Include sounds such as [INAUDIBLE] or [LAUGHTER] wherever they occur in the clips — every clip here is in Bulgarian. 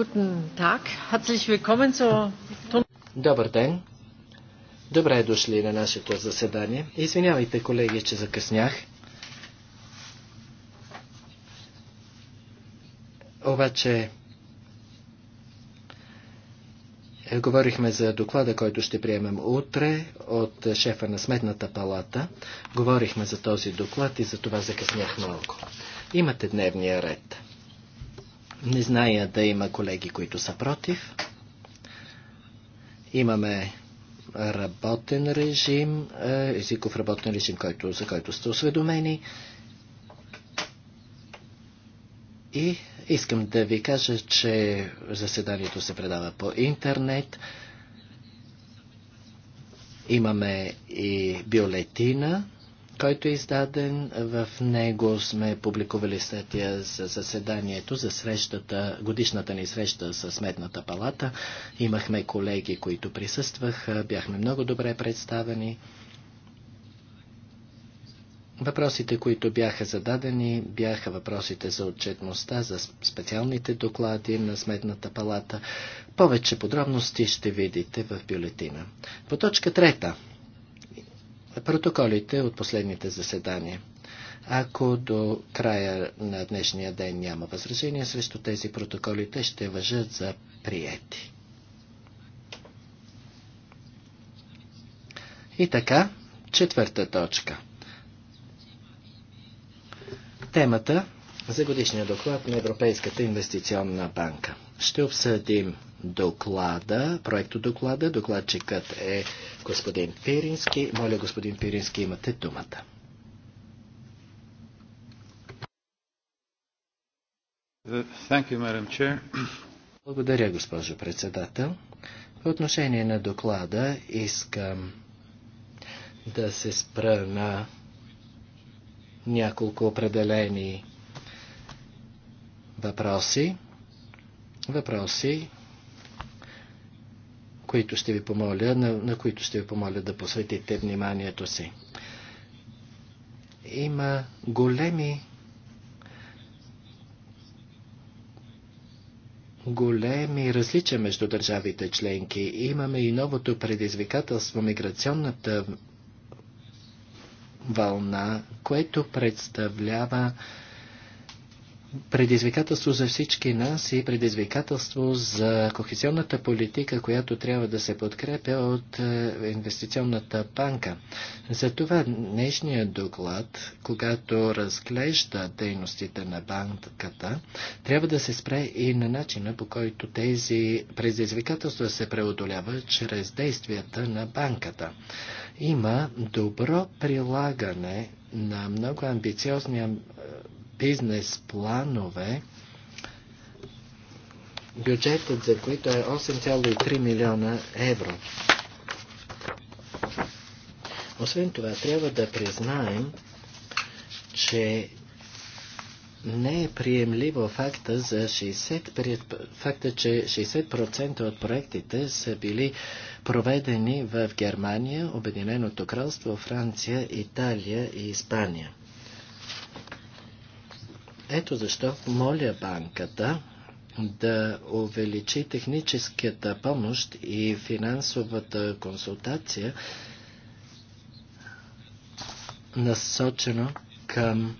Guten Tag. Herzlich willkommen Добър ден. Добре дошли на нашето заседание. Извинявайте, колеги, че закъснях. Обаче, е, Говорихме за доклада, който ще приемем утре от шефа на Сметната палата. Говорихме за този доклад и за това закъснях малко. Имате дневния ред. Не зная да има колеги, които са против. Имаме работен режим, е, езиков работен режим, който, за който сте осведомени. И искам да ви кажа, че заседанието се предава по интернет. Имаме и бюлетина който е издаден. В него сме публикували статия за заседанието, за срещата, годишната ни среща с Сметната палата. Имахме колеги, които присъстваха, бяхме много добре представени. Въпросите, които бяха зададени, бяха въпросите за отчетността, за специалните доклади на Сметната палата. Повече подробности ще видите в бюлетина. По точка трета – протоколите от последните заседания. Ако до края на днешния ден няма възражения срещу тези протоколи, те ще въжат за приети. И така, четвърта точка. Темата за годишния доклад на Европейската инвестиционна банка ще обсъдим доклада, проекто доклада. Докладчикът е господин Пирински. Моля, господин Пирински, имате думата. You, Благодаря, госпожо председател. По отношение на доклада искам да се спра на няколко определени въпроси въпроси, които ще ви помоля, на, на които ще ви помоля да посветите вниманието си. Има големи големи различия между държавите членки. Имаме и новото предизвикателство миграционната вълна, което представлява предизвикателство за всички нас и предизвикателство за кохезионната политика, която трябва да се подкрепя от е, инвестиционната банка. Затова днешният доклад, когато разглежда дейностите на банката, трябва да се спре и на начина по който тези предизвикателства се преодоляват чрез действията на банката. Има добро прилагане на много амбициозния бизнес планове, бюджетът за които е 8,3 милиона евро. Освен това, трябва да признаем, че не е приемливо факта, за 60, факта че 60% от проектите са били проведени в Германия, Обединеното кралство, Франция, Италия и Испания. Ето защо моля банката да увеличи техническата помощ и финансовата консултация насочено към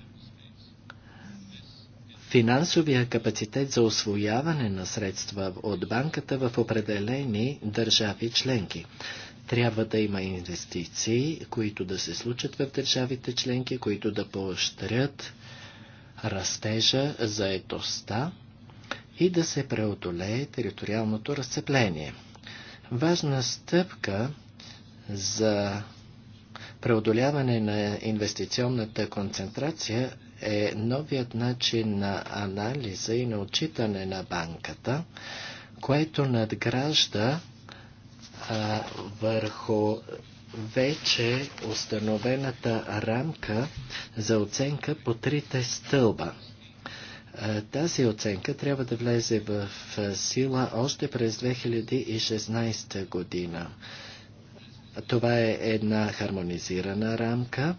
финансовия капацитет за освояване на средства от банката в определени държави членки. Трябва да има инвестиции, които да се случат в държавите членки, които да поощрят растежа, заетостта и да се преодолее териториалното разцепление. Важна стъпка за преодоляване на инвестиционната концентрация е новият начин на анализа и на отчитане на банката, което надгражда а, върху вече установената рамка за оценка по трите стълба. Е, тази оценка трябва да влезе в е, сила още през 2016 година. Това е една хармонизирана рамка.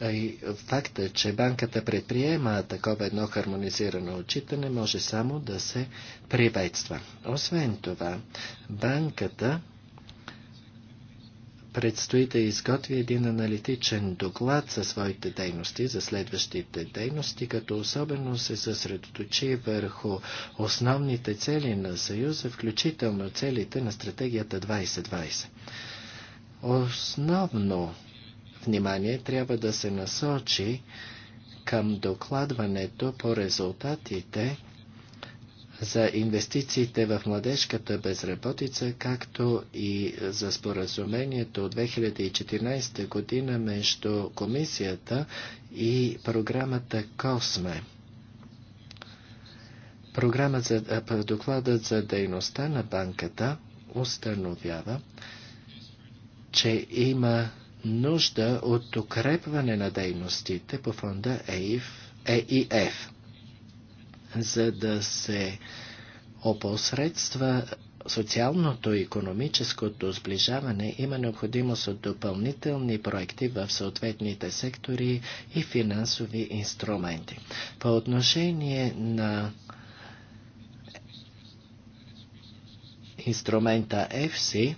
Е, и факта, че банката предприема такова едно хармонизирано отчитане, може само да се приветства. Освен това, банката предстои да изготви един аналитичен доклад за своите дейности, за следващите дейности, като особено се съсредоточи върху основните цели на Съюза, включително целите на стратегията 2020. Основно внимание трябва да се насочи към докладването по резултатите за инвестициите в младежката безработица, както и за споразумението от 2014 година между комисията и програмата КОСМЕ. Програма за, докладът за дейността на банката установява, че има нужда от укрепване на дейностите по фонда ЕИФ. Е за да се опосредства социалното и економическото сближаване има необходимост от допълнителни проекти в съответните сектори и финансови инструменти. По отношение на инструмента EFSI,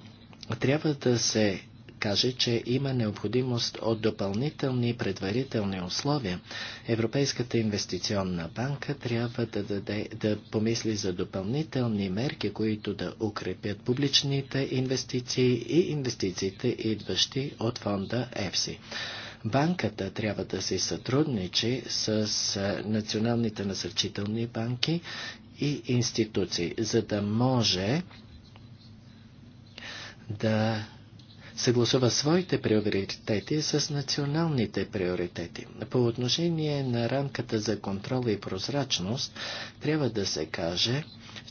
трябва да се каже, че има необходимост от допълнителни предварителни условия. Европейската инвестиционна банка трябва да, даде, да помисли за допълнителни мерки, които да укрепят публичните инвестиции и инвестициите, идващи от фонда ЕФСИ. Банката трябва да се сътрудничи с националните насърчителни банки и институции, за да може да съгласува своите приоритети с националните приоритети. По отношение на рамката за контрол и прозрачност, трябва да се каже,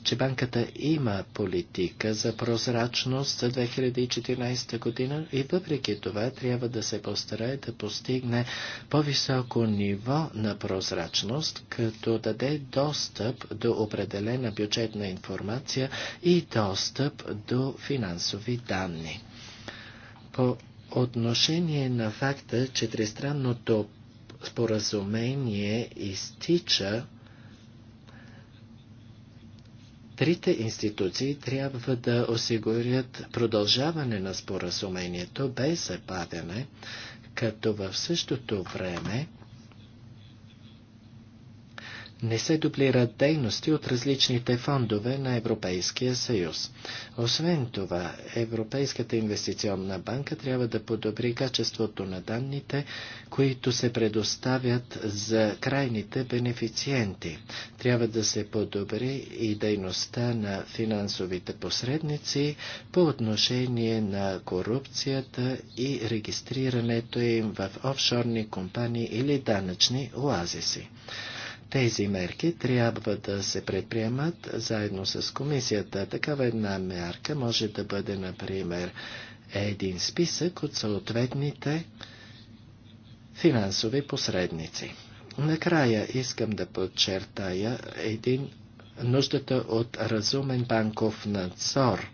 че банката има политика за прозрачност за 2014 година и въпреки това трябва да се постарае да постигне по-високо ниво на прозрачност, като даде достъп до определена бюджетна информация и достъп до финансови данни. По отношение на факта, че тристранното споразумение изтича, трите институции трябва да осигурят продължаване на споразумението без забавяне, като в същото време не се дублират дейности от различните фондове на Европейския съюз. Освен това, Европейската инвестиционна банка трябва да подобри качеството на данните, които се предоставят за крайните бенефициенти. Трябва да се подобри и дейността на финансовите посредници по отношение на корупцията и регистрирането им в офшорни компании или данъчни оазиси. Тези мерки трябва да се предприемат заедно с комисията. Такава една мерка може да бъде, например, един списък от съответните финансови посредници. Накрая искам да подчертая един нуждата от разумен банков надзор.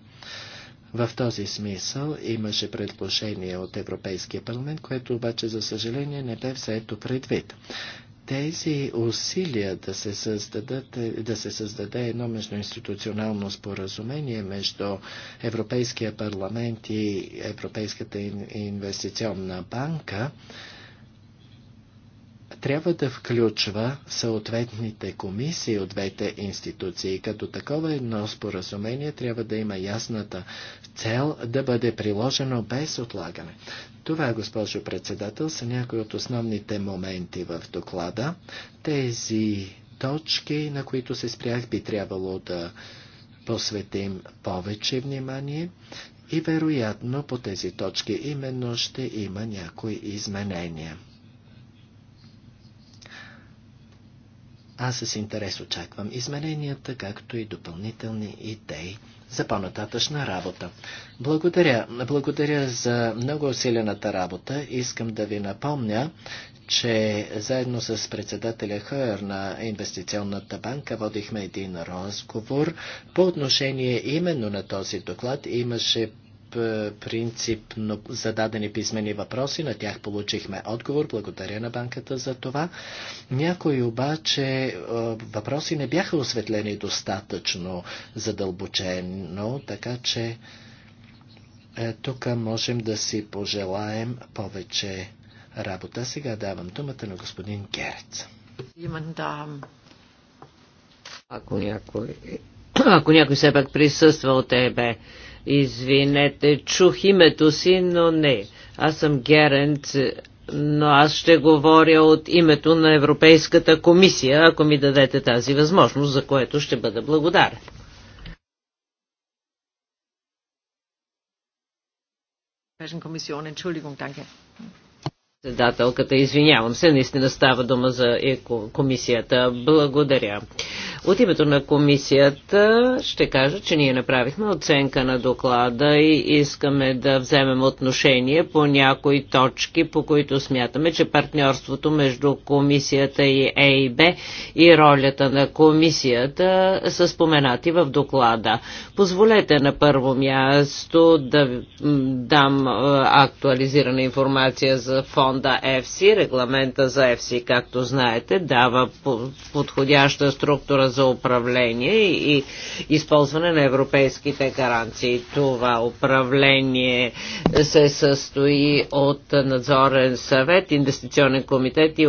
В този смисъл имаше предложение от Европейския парламент, което обаче за съжаление не бе взето предвид тези усилия да се, създадат, да се създаде едно междуинституционално споразумение между Европейския парламент и Европейската инвестиционна банка трябва да включва съответните комисии от двете институции. Като такова едно споразумение трябва да има ясната цел да бъде приложено без отлагане. Това, госпожо председател, са някои от основните моменти в доклада. Тези точки, на които се спрях, би трябвало да посветим повече внимание и вероятно по тези точки именно ще има някои изменения. Аз с интерес очаквам измененията, както и допълнителни идеи за по-нататъчна работа. Благодаря. Благодаря за много усилената работа. Искам да ви напомня, че заедно с председателя Хъер на Инвестиционната банка водихме един разговор по отношение именно на този доклад. Имаше е, принципно зададени писмени въпроси. На тях получихме отговор. Благодаря на банката за това. Някои обаче е, въпроси не бяха осветлени достатъчно задълбочено, така че е, тук можем да си пожелаем повече работа. Сега давам думата на господин Герц. Ако някой, ако някой все пак присъства от тебе, Извинете, чух името си, но не. Аз съм Герент, но аз ще говоря от името на Европейската комисия, ако ми дадете тази възможност, за което ще бъда благодарен. Комисион, Entschuldigung, danke. Председателката, извинявам се, наистина става дума за комисията. Благодаря. От името на комисията ще кажа, че ние направихме оценка на доклада и искаме да вземем отношение по някои точки, по които смятаме, че партньорството между комисията и ЕИБ и ролята на комисията са споменати в доклада. Позволете на първо място да дам актуализирана информация за фонд фонда ЕФСИ, регламента за ЕФСИ, както знаете, дава подходяща структура за управление и използване на европейските гаранции. Това управление се състои от надзорен съвет, инвестиционен комитет и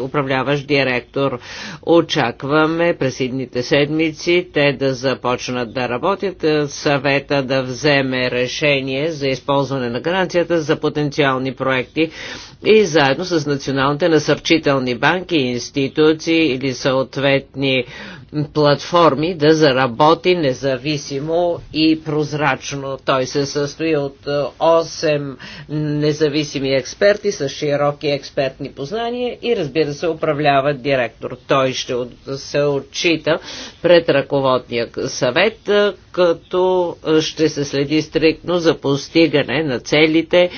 управляващ директор. Очакваме през идните седмици те да започнат да работят, съвета да вземе решение за използване на гаранцията за потенциални проекти и заедно с националните насърчителни банки, институции или съответни платформи да заработи независимо и прозрачно. Той се състои от 8 е, независими експерти с широки експертни познания и разбира се управлява директор. Той ще се отчита пред ръководния съвет, е, като е, ще се следи стриктно за постигане на целите,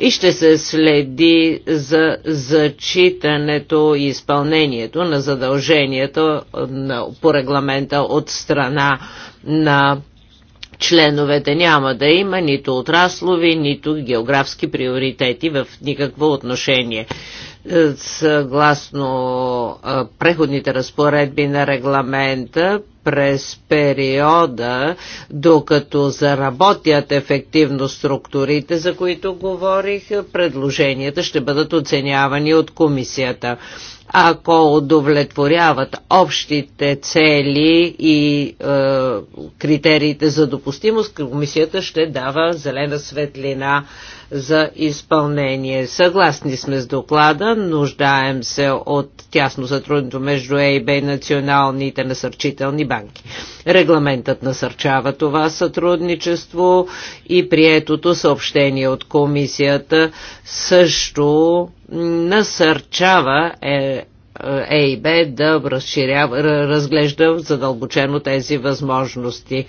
и ще се следи за зачитането и изпълнението на задълженията по регламента от страна на членовете няма да има нито отраслови, нито географски приоритети в никакво отношение. Е, съгласно е, преходните разпоредби на регламента, през периода, докато заработят ефективно структурите, за които говорих, предложенията ще бъдат оценявани от комисията ако удовлетворяват общите цели и е, критериите за допустимост, комисията ще дава зелена светлина за изпълнение. Съгласни сме с доклада, нуждаем се от тясно сътрудничество между ЕИБ и националните насърчителни банки. Регламентът насърчава това сътрудничество и приетото съобщение от комисията също насърчава е, ЕИБ да разширява, разглежда задълбочено тези възможности.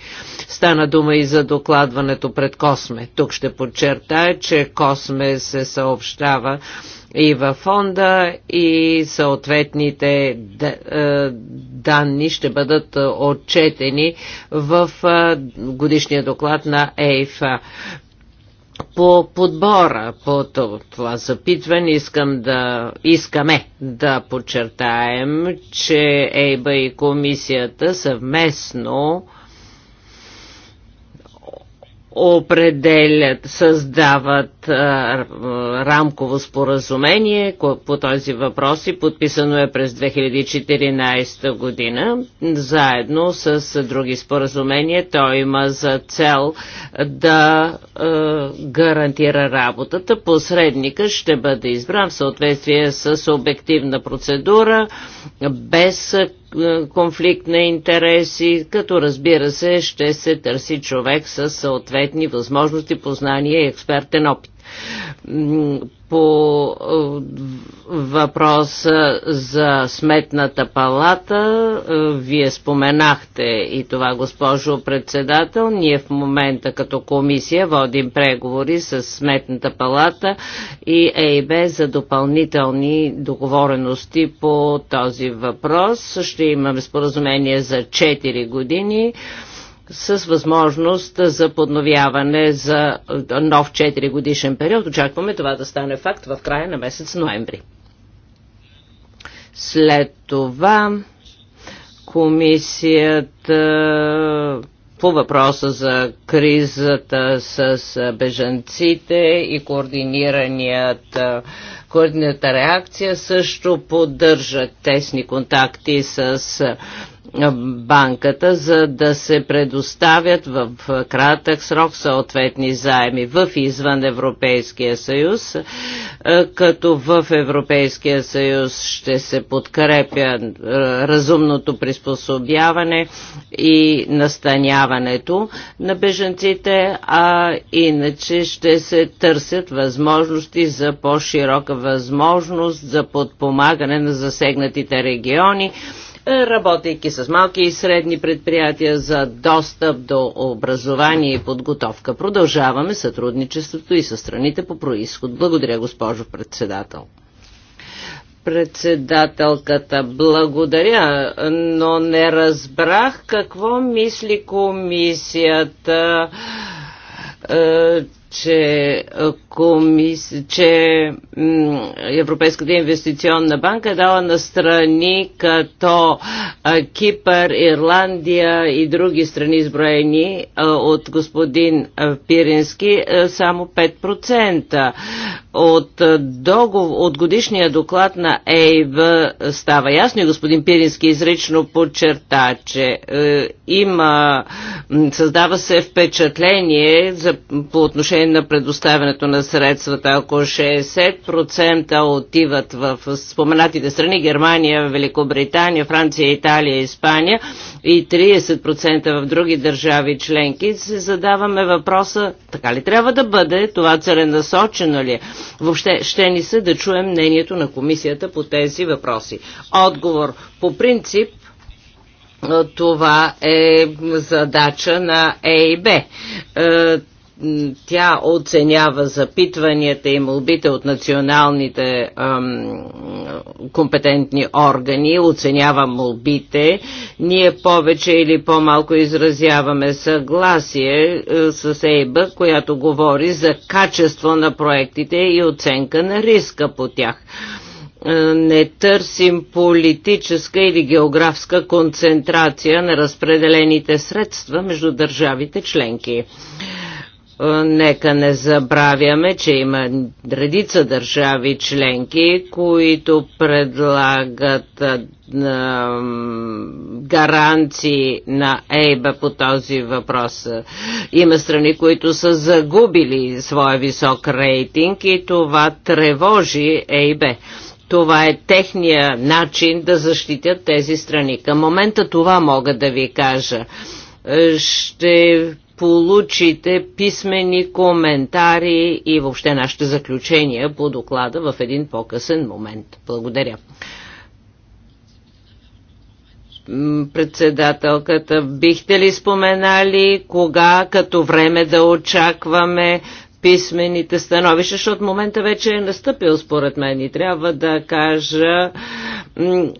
Стана дума и за докладването пред Косме. Тук ще подчертая, че Косме се съобщава и във фонда и съответните е, данни ще бъдат е, отчетени в е, годишния доклад на ЕИФА по подбора по това запитване искам да искаме да подчертаем, че ЕЙБА и комисията съвместно определят, създават а, рамково споразумение по този въпрос и подписано е през 2014 година. Заедно с други споразумения той има за цел да а, гарантира работата. Посредника ще бъде избран в съответствие с обективна процедура без е, конфликт на интереси, като разбира се ще се търси човек с съответни възможности, познания и експертен опит. По е, въпроса за сметната палата, е, вие споменахте и това, госпожо председател. Ние в момента като комисия водим преговори с сметната палата и ЕИБ за допълнителни договорености по този въпрос. Ще имаме споразумение за 4 години с възможност за подновяване за нов 4 годишен период. Очакваме това да стане факт в края на месец ноември. След това комисията е, по въпроса за кризата с е, бежанците и координираната е, реакция също поддържат тесни контакти с банката, за да се предоставят в кратък срок съответни заеми в извън Европейския съюз, като в Европейския съюз ще се подкрепя разумното приспособяване и настаняването на беженците, а иначе ще се търсят възможности за по-широка възможност за подпомагане на засегнатите региони, работейки с малки и средни предприятия за достъп до образование и подготовка. Продължаваме сътрудничеството и с страните по происход. Благодаря, госпожо председател председателката. Благодаря, но не разбрах какво мисли комисията е, че, комис... че Европейската инвестиционна банка е дала на страни като Кипър, Ирландия и други страни изброени от господин Пирински само 5%. От, догов... от годишния доклад на ЕИВ става ясно и господин Пирински изрично подчерта, че има, създава се впечатление за, по отношение отношение на предоставянето на средствата. Ако 60% отиват в споменатите страни Германия, Великобритания, Франция, Италия, Испания и 30% в други държави членки, се задаваме въпроса, така ли трябва да бъде, това целенасочено ли е? Въобще ще ни се да чуем мнението на комисията по тези въпроси. Отговор. По принцип, това е задача на ЕИБ. Тя оценява запитванията и молбите от националните ам, компетентни органи, оценява молбите. Ние повече или по-малко изразяваме съгласие е, с ЕИБА, която говори за качество на проектите и оценка на риска по тях е, не търсим политическа или географска концентрация на разпределените средства между държавите членки. Е, нека не забравяме, че има редица държави членки, които предлагат е, гаранции на ЕЙБА по този въпрос. Има страни, които са загубили своя висок рейтинг и това тревожи ЕИБ. Това е техния начин да защитят тези страни. Към момента това мога да ви кажа. Е, ще получите писмени коментари и въобще нашите заключения по доклада в един по-късен момент. Благодаря председателката. Бихте ли споменали кога като време да очакваме писмените становища, защото момента вече е настъпил според мен и трябва да кажа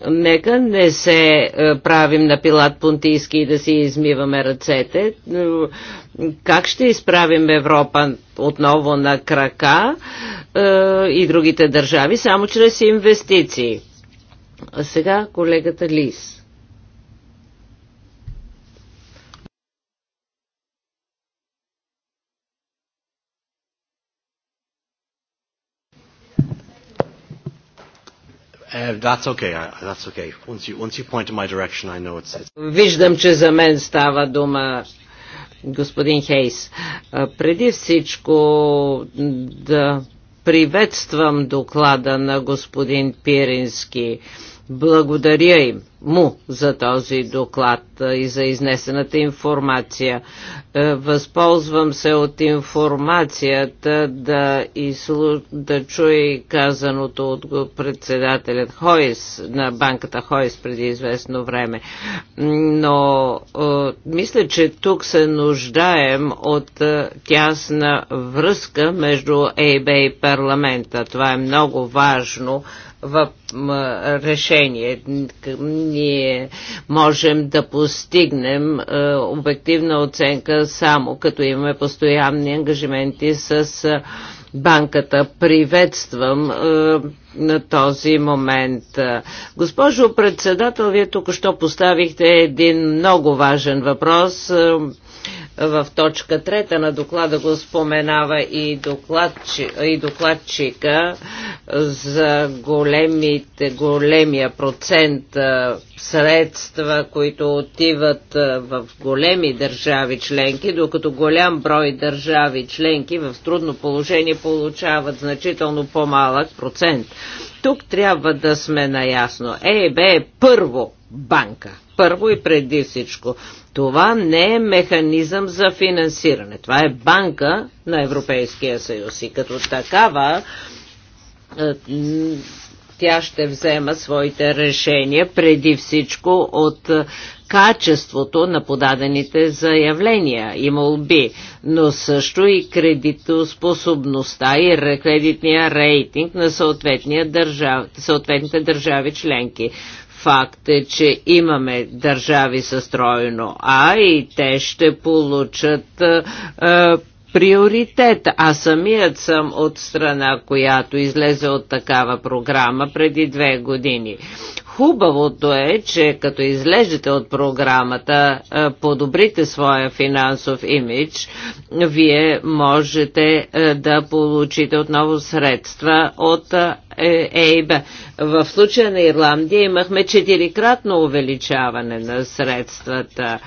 Нека не се е, правим на Пилат Понтийски и да си измиваме ръцете. Е, как ще изправим Европа отново на крака е, и другите държави? Само чрез инвестиции. А сега колегата Лис. Uh, that's okay. That's okay. Once you, once you point in my direction, I know it's... Виждам, че за мен става дума господин Хейс. Преди всичко да приветствам доклада на господин Пирински. Благодаря им му за този доклад и за изнесената информация. Е, възползвам се от информацията да, изслу... да чуя казаното от председателят Хойс на банката Хойс преди известно време. Но е, мисля, че тук се нуждаем от е, тясна връзка между ЕБ и парламента. Това е много важно в решение. Ние можем да постигнем е, обективна оценка само като имаме постоянни ангажименти с е, банката. Приветствам е, на този момент. Госпожо председател, вие тук що поставихте един много важен въпрос в точка трета на доклада го споменава и, докладчи, и докладчика за големите, големия процент средства, които отиват в големи държави членки, докато голям брой държави членки в трудно положение получават значително по-малък процент. Тук трябва да сме наясно. ЕБ е първо банка. Първо и преди всичко. Това не е механизъм за финансиране. Това е банка на Европейския съюз и като такава е, тя ще взема своите решения преди всичко от е, качеството на подадените заявления и молби, но също и кредитоспособността и кредитния рейтинг на съответния държав, съответните държави членки. Факт е, че имаме държави с тройно А и те ще получат е, е, а, приоритет. Аз самият съм от страна, която излезе от такава програма преди две години. Хубавото е, че като излежете от програмата, е, подобрите своя финансов имидж, вие можете да получите отново средства от ЕИБ. В случая на Ирландия имахме четирикратно увеличаване на средствата.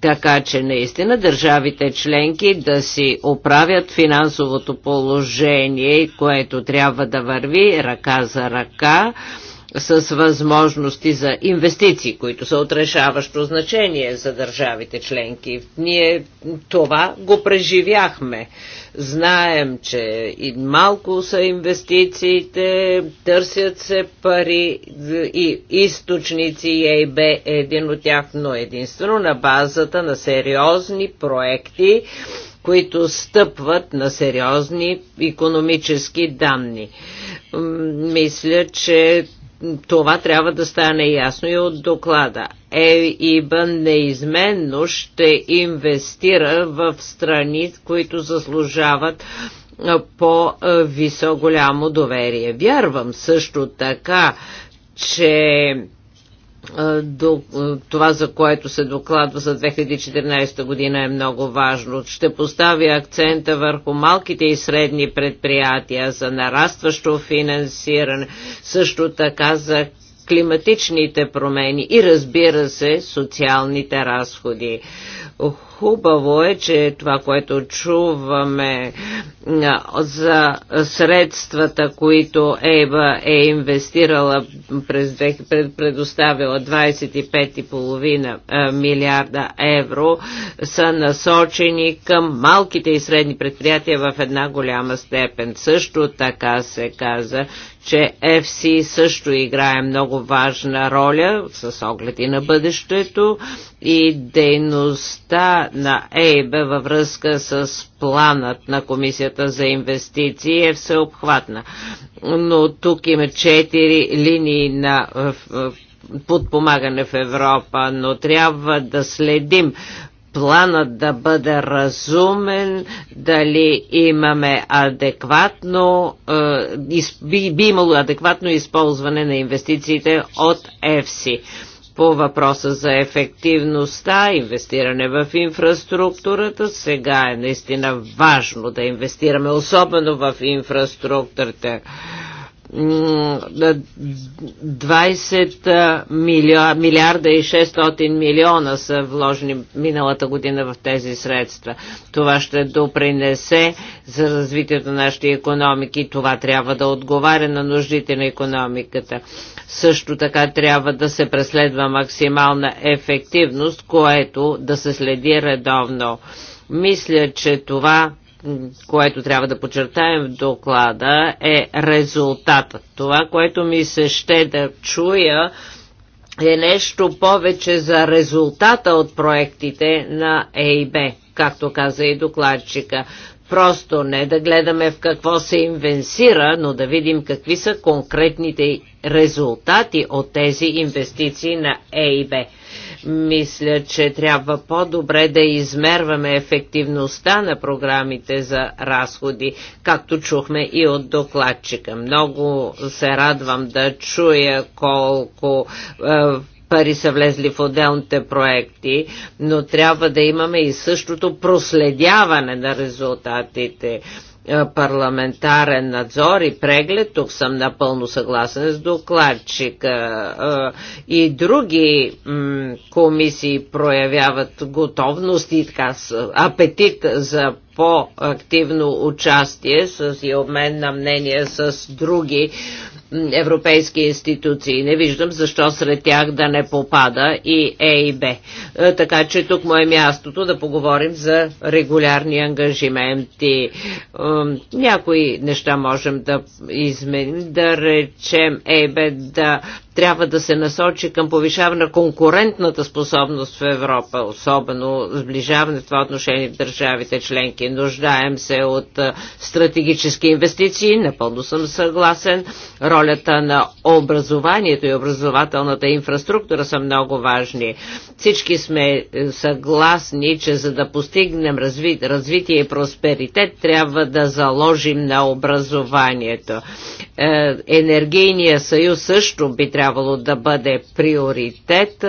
Така че наистина държавите членки да си оправят финансовото положение, което трябва да върви ръка за ръка с възможности за инвестиции, които са отрешаващо значение за държавите членки. Ние това го преживяхме. Знаем, че и малко са инвестициите, търсят се пари и източници, и ЕИБ е един от тях, но единствено на базата на сериозни проекти, които стъпват на сериозни економически данни. Мисля, че това трябва да стане ясно и от доклада. ЕИБА неизменно ще инвестира в страни, които заслужават по-високо голямо доверие. Вярвам също така, че до, това, за което се докладва за 2014 година е много важно. Ще поставя акцента върху малките и средни предприятия за нарастващо финансиране, също така за климатичните промени и разбира се социалните разходи Хубаво е, че това, което чуваме за средствата, които ЕБА е инвестирала през предоставила 25,5 милиарда евро, са насочени към малките и средни предприятия в една голяма степен. Също така се каза, че FC също играе много важна роля с оглед и на бъдещето и дейността на, ЕИБ във връзка с планът на Комисията за инвестиции е всеобхватна. Но тук има четири линии на подпомагане в Европа, но трябва да следим планът да бъде разумен, дали имаме адекватно, е, би имало адекватно използване на инвестициите от ЕФСИ по въпроса за ефективността, инвестиране в инфраструктурата. Сега е наистина важно да инвестираме, особено в инфраструктурата. 20 милиарда и 600 милиона са вложени миналата година в тези средства. Това ще допринесе за развитието на нашите економики това трябва да отговаря на нуждите на економиката. Също така трябва да се преследва максимална ефективност, което да се следи редовно. Мисля, че това което трябва да подчертаем в доклада е резултатът. Това, което ми се ще да чуя е нещо повече за резултата от проектите на ЕИБ, както каза и докладчика. Просто не да гледаме в какво се инвенсира, но да видим какви са конкретните резултати от тези инвестиции на ЕИБ. Мисля, че трябва по-добре да измерваме ефективността на програмите за разходи, както чухме и от докладчика. Много се радвам да чуя колко е, пари са влезли в отделните проекти, но трябва да имаме и същото проследяване на резултатите е, парламентарен надзор и преглед. Тук съм напълно съгласен с докладчика. Е, и други комисии проявяват готовност и така апетит за по-активно участие с и обмен на мнение с други европейски институции. Не виждам защо сред тях да не попада и Е и Б. Е, така че тук му е мястото да поговорим за регулярни ангажименти. Някои неща можем да изменим, да речем Е и Б да трябва да се насочи към повишаване на конкурентната способност в Европа, особено сближаване в това отношение в държавите членки. Нуждаем се от стратегически инвестиции, напълно съм съгласен. Ролята на образованието и образователната инфраструктура са много важни. Всички сме е, съгласни, че за да постигнем разви... развитие и просперитет, трябва да заложим на образованието. Е, Енергийния съюз също би трябвало трябвало да бъде приоритет,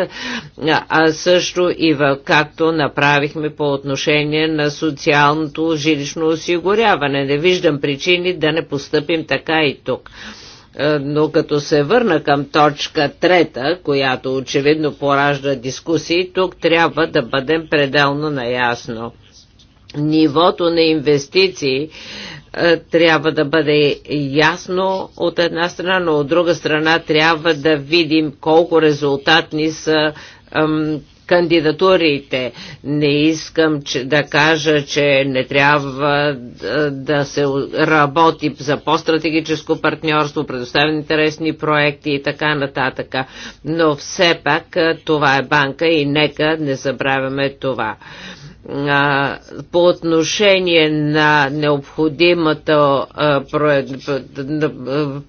а също и в, както направихме по отношение на социалното жилищно осигуряване. Не виждам причини да не постъпим така и тук е, но като се върна към точка трета, която очевидно поражда дискусии, тук трябва да бъдем пределно наясно. Нивото на инвестиции е, трябва да бъде ясно от една страна, но от друга страна трябва да видим колко резултатни са кандидатурите. Не искам че, да кажа, че не трябва е, да, се работи за по-стратегическо партньорство, предоставени интересни проекти и така нататък. Но все пак е, това е банка и нека не забравяме това по отношение на необходимата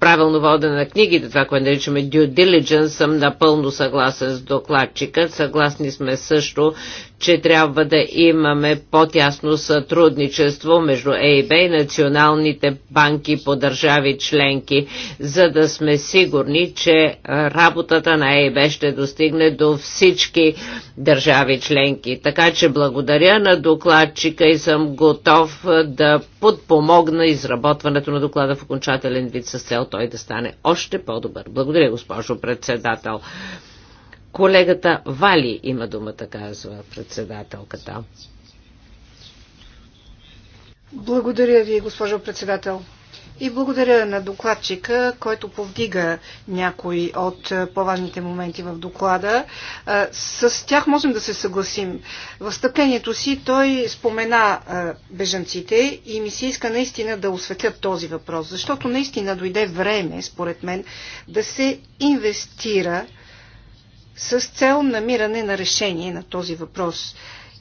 правилно водене на книгите, това, което наричаме due diligence, съм напълно съгласен с докладчика. Съгласни сме също, че трябва да имаме по-тясно сътрудничество между ЕИБ и националните банки по държави членки, за да сме сигурни, че работата на ЕИБ ще достигне до всички държави членки. Така че благодаря на докладчика и съм готов да подпомогна изработването на доклада в окончателен вид с цел той да стане още по-добър. Благодаря, госпожо председател. Колегата Вали има думата, казва председателката. Благодаря ви, госпожо председател. И благодаря на докладчика, който повдига някои от по-важните моменти в доклада. С тях можем да се съгласим. В стъплението си той спомена бежанците и ми се иска наистина да осветлят този въпрос, защото наистина дойде време, според мен, да се инвестира с цел намиране на решение на този въпрос.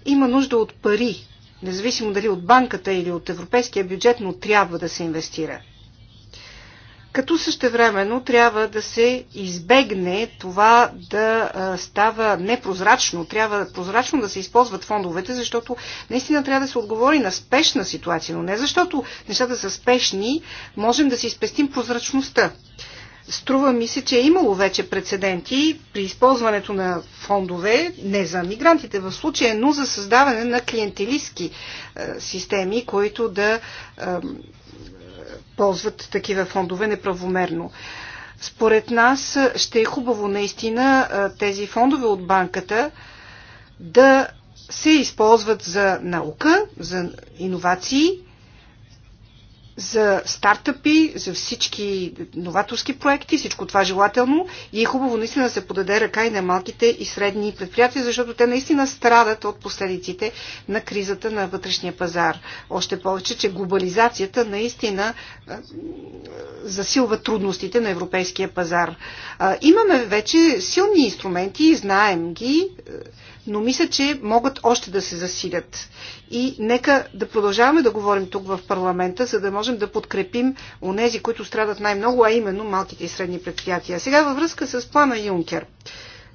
Има нужда от пари, независимо дали от банката или от европейския бюджет, но трябва да се инвестира. Като същевременно трябва да се избегне това да става непрозрачно, трябва прозрачно да се използват фондовете, защото наистина трябва да се отговори на спешна ситуация, но не защото нещата са спешни, можем да си спестим прозрачността. Струва ми се, че е имало вече прецеденти при използването на фондове, не за мигрантите в случая, но за създаване на клиентелистки е, системи, които да е, ползват такива фондове неправомерно. Според нас е, ще е хубаво наистина тези фондове от банката да се използват за наука, за иновации за стартъпи, за всички новаторски проекти, всичко това желателно и е хубаво наистина да се подаде ръка и на малките и средни предприятия, защото те наистина страдат от последиците на кризата на вътрешния пазар. Още повече, че глобализацията наистина засилва трудностите на европейския пазар. Имаме вече силни инструменти, знаем ги, но мисля, че могат още да се засилят. И нека да продължаваме да говорим тук в парламента, за да можем да подкрепим онези, които страдат най-много, а именно малките и средни предприятия. Сега във връзка с плана Юнкер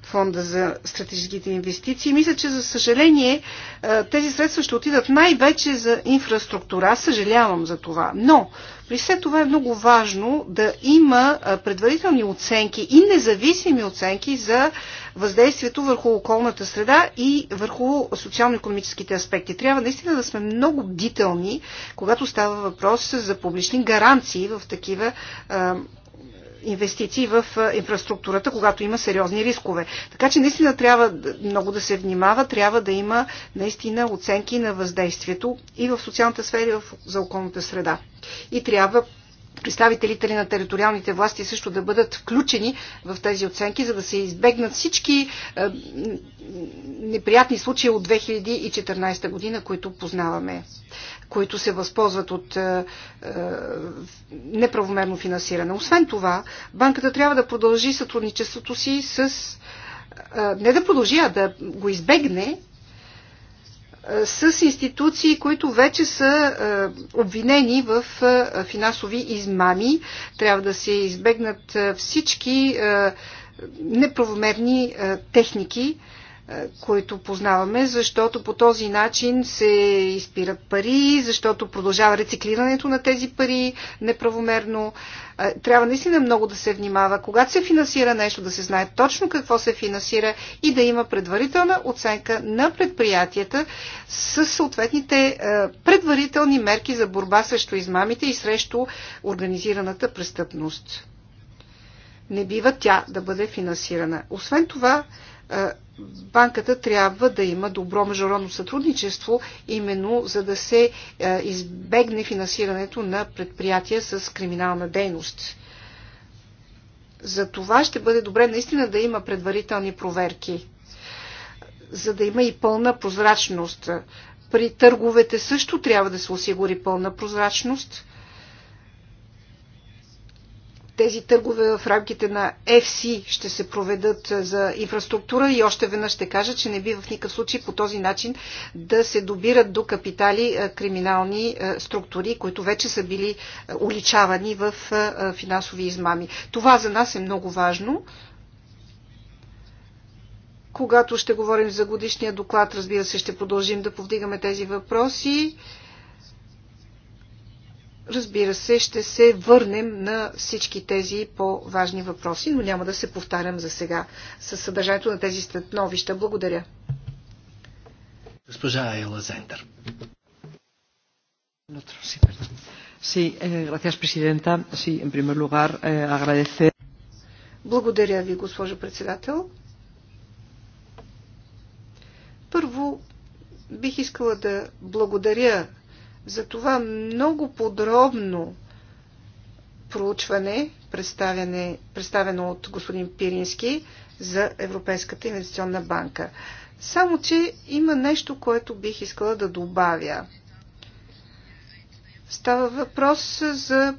фонда за стратегическите инвестиции. Мисля, че за съжаление е, тези средства ще отидат най-вече за инфраструктура. Аз съжалявам за това. Но при все това е много важно да има е, предварителни оценки и независими оценки за въздействието върху околната среда и върху социално-економическите аспекти. Трябва наистина да сме много бдителни, когато става въпрос за публични гаранции в такива е, инвестиции в инфраструктурата, когато има сериозни рискове. Така че наистина трябва много да се внимава, трябва да има наистина оценки на въздействието и в социалната сфера, и в, за околната среда. И трябва представителите на териториалните власти също да бъдат включени в тези оценки, за да се избегнат всички е, неприятни случаи от 2014 година, които познаваме, които се възползват от е, е, неправомерно финансиране. Освен това, банката трябва да продължи сътрудничеството си с не да продължи, а да го избегне е, с институции, които вече са е, обвинени в е, финансови измами. Трябва да се избегнат всички неправомерни техники, които познаваме, защото по този начин се изпират пари, защото продължава рециклирането на тези пари неправомерно, трябва наистина много да се внимава, когато се финансира нещо, да се знае точно какво се финансира и да има предварителна оценка на предприятията с съответните предварителни мерки за борба срещу измамите и срещу организираната престъпност. Не бива тя да бъде финансирана. Освен това, банката трябва да има добро международно сътрудничество, именно за да се е, избегне финансирането на предприятия с криминална дейност. За това ще бъде добре наистина да има предварителни проверки, за да има и пълна прозрачност. При търговете също трябва да се осигури пълна прозрачност тези търгове в рамките на FC ще се проведат за инфраструктура и още веднъж ще кажа, че не би в никакъв случай по този начин да се добират до капитали криминални структури, които вече са били уличавани в финансови измами. Това за нас е много важно. Когато ще говорим за годишния доклад, разбира се, ще продължим да повдигаме тези въпроси. Разбира се, ще се върнем на всички тези по-важни въпроси, но няма да се повтарям за сега с съдържанието на тези становища. Благодаря. Госпожа Айла Зендър. Eh, eh, благодаря ви, госпожо председател. Първо, бих искала да благодаря затова много подробно проучване, представено от господин Пирински за Европейската инвестиционна банка. Само, че има нещо, което бих искала да добавя. Става въпрос за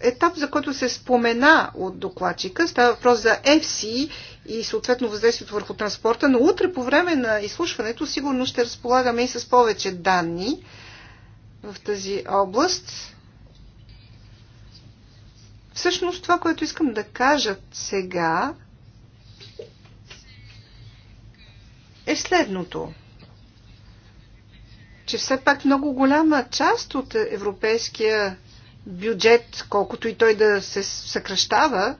етап, за който се спомена от докладчика. Става въпрос за FC и съответно въздействието върху транспорта, но утре по време на изслушването сигурно ще разполагаме и с повече данни в тази област. Всъщност това, което искам да кажа сега, е следното. Че все пак много голяма част от европейския бюджет, колкото и той да се съкръщава,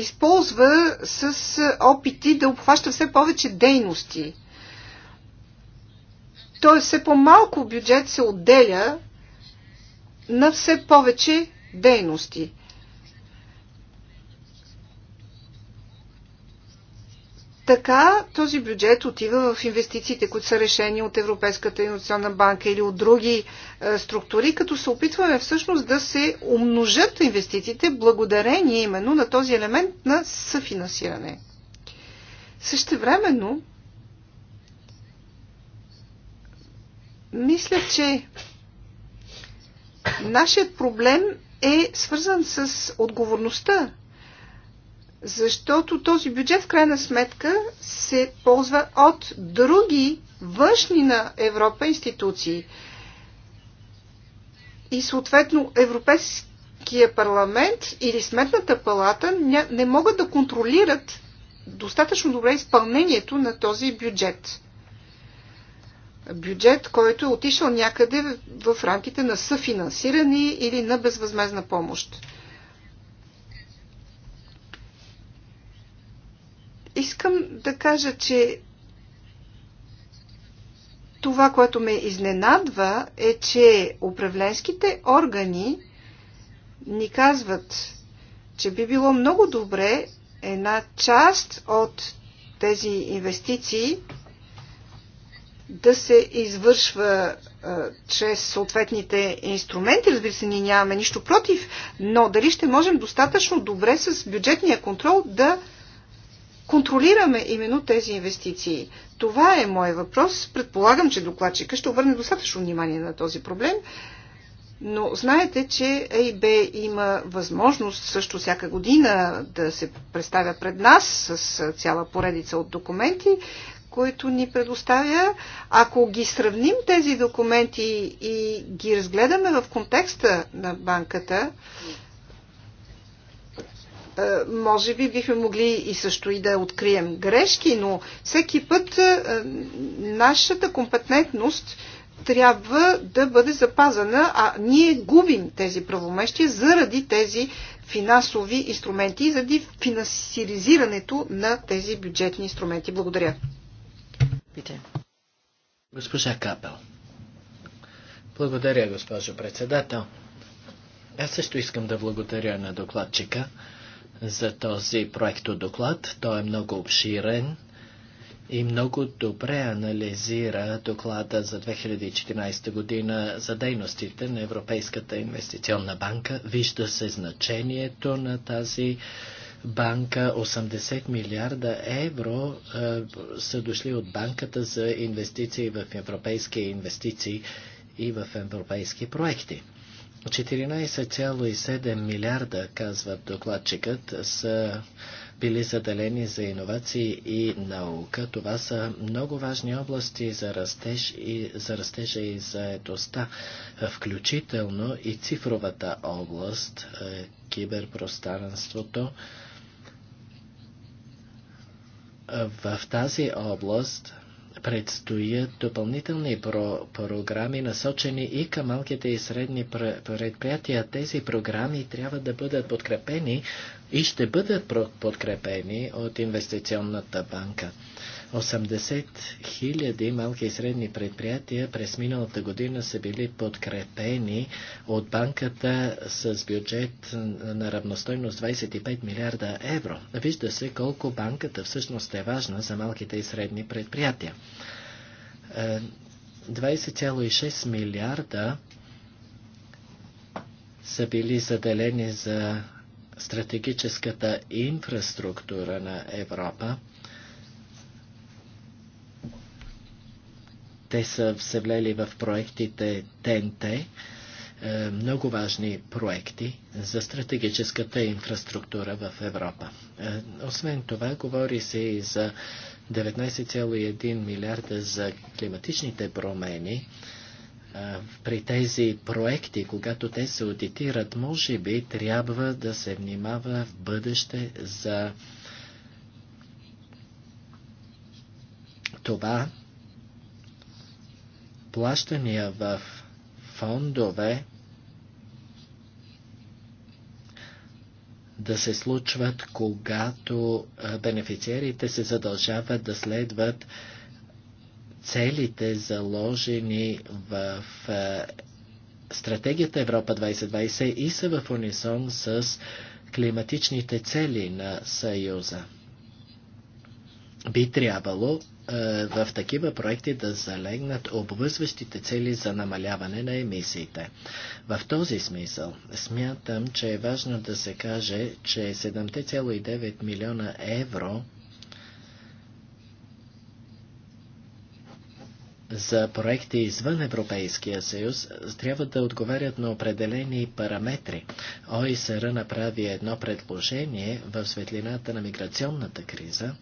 използва с опити да обхваща все повече дейности. Тоест все по-малко бюджет се отделя на все повече дейности. Така този бюджет отива в инвестициите, които са решени от Европейската инвестиционна банка или от други е, структури, като се опитваме всъщност да се умножат инвестициите благодарение именно на този елемент на съфинансиране. Същевременно, мисля, че нашият проблем е свързан с отговорността защото този бюджет в крайна сметка се ползва от други външни на Европа институции. И съответно Европейския парламент или Сметната палата не могат да контролират достатъчно добре изпълнението на този бюджет. Бюджет, който е отишъл някъде в рамките на съфинансиране или на безвъзмезна помощ. Искам да кажа, че това, което ме изненадва, е, че управленските органи ни казват, че би било много добре една част от тези инвестиции да се извършва а, чрез съответните инструменти. Разбира се, ние нямаме нищо против, но дали ще можем достатъчно добре с бюджетния контрол да контролираме именно тези инвестиции? Това е мой въпрос. Предполагам, че докладчика ще обърне достатъчно внимание на този проблем. Но знаете, че АИБ има възможност също всяка година да се представя пред нас с цяла поредица от документи, които ни предоставя. Ако ги сравним тези документи и ги разгледаме в контекста на банката, е, може би бихме могли и също и да открием грешки, но всеки път е, нашата компетентност трябва да бъде запазена, а ние губим тези правомещия заради тези финансови инструменти и заради финансиризирането на тези бюджетни инструменти. Благодаря. Госпожа Капел. Благодаря, госпожо председател. Аз също искам да благодаря на докладчика за този проектодоклад. Той е много обширен и много добре анализира доклада за 2014 година за дейностите на Европейската инвестиционна банка. Вижда се значението на тази банка. 80 милиарда евро е, са дошли от банката за инвестиции в европейски инвестиции и в европейски проекти. 14,7 милиарда, казва докладчикът, са били заделени за иновации и наука. Това са много важни области за, растеж и, за растежа и заедостта, включително и цифровата област, е, киберпространството. В тази област предстоят допълнителни про програми, насочени и към малките и средни предприятия. Тези програми трябва да бъдат подкрепени и ще бъдат подкрепени от инвестиционната банка. 80 000 малки и средни предприятия през миналата година са били подкрепени от банката с бюджет на равностойност 25 милиарда евро. Вижда се колко банката всъщност е важна за малките и средни предприятия. 20,6 е, милиарда са били заделени за стратегическата инфраструктура на Европа. Те са се влели в проектите ТНТ, е, много важни проекти за стратегическата инфраструктура в Европа. Е, освен това, говори се и за 19,1 милиарда за климатичните промени. Е, при тези проекти, когато те се аудитират, може би трябва да се внимава в бъдеще за това плащания в фондове да се случват, когато бенефициерите се задължават да следват целите заложени в стратегията Европа 2020 и са в унисон с климатичните цели на Съюза. Би трябвало е, в такива проекти да залегнат обвързващите цели за намаляване на емисиите. В този смисъл смятам, че е важно да се каже, че 7,9 милиона евро за проекти извън Европейския съюз трябва да отговарят на определени параметри. ОИСР направи едно предложение в светлината на миграционната криза,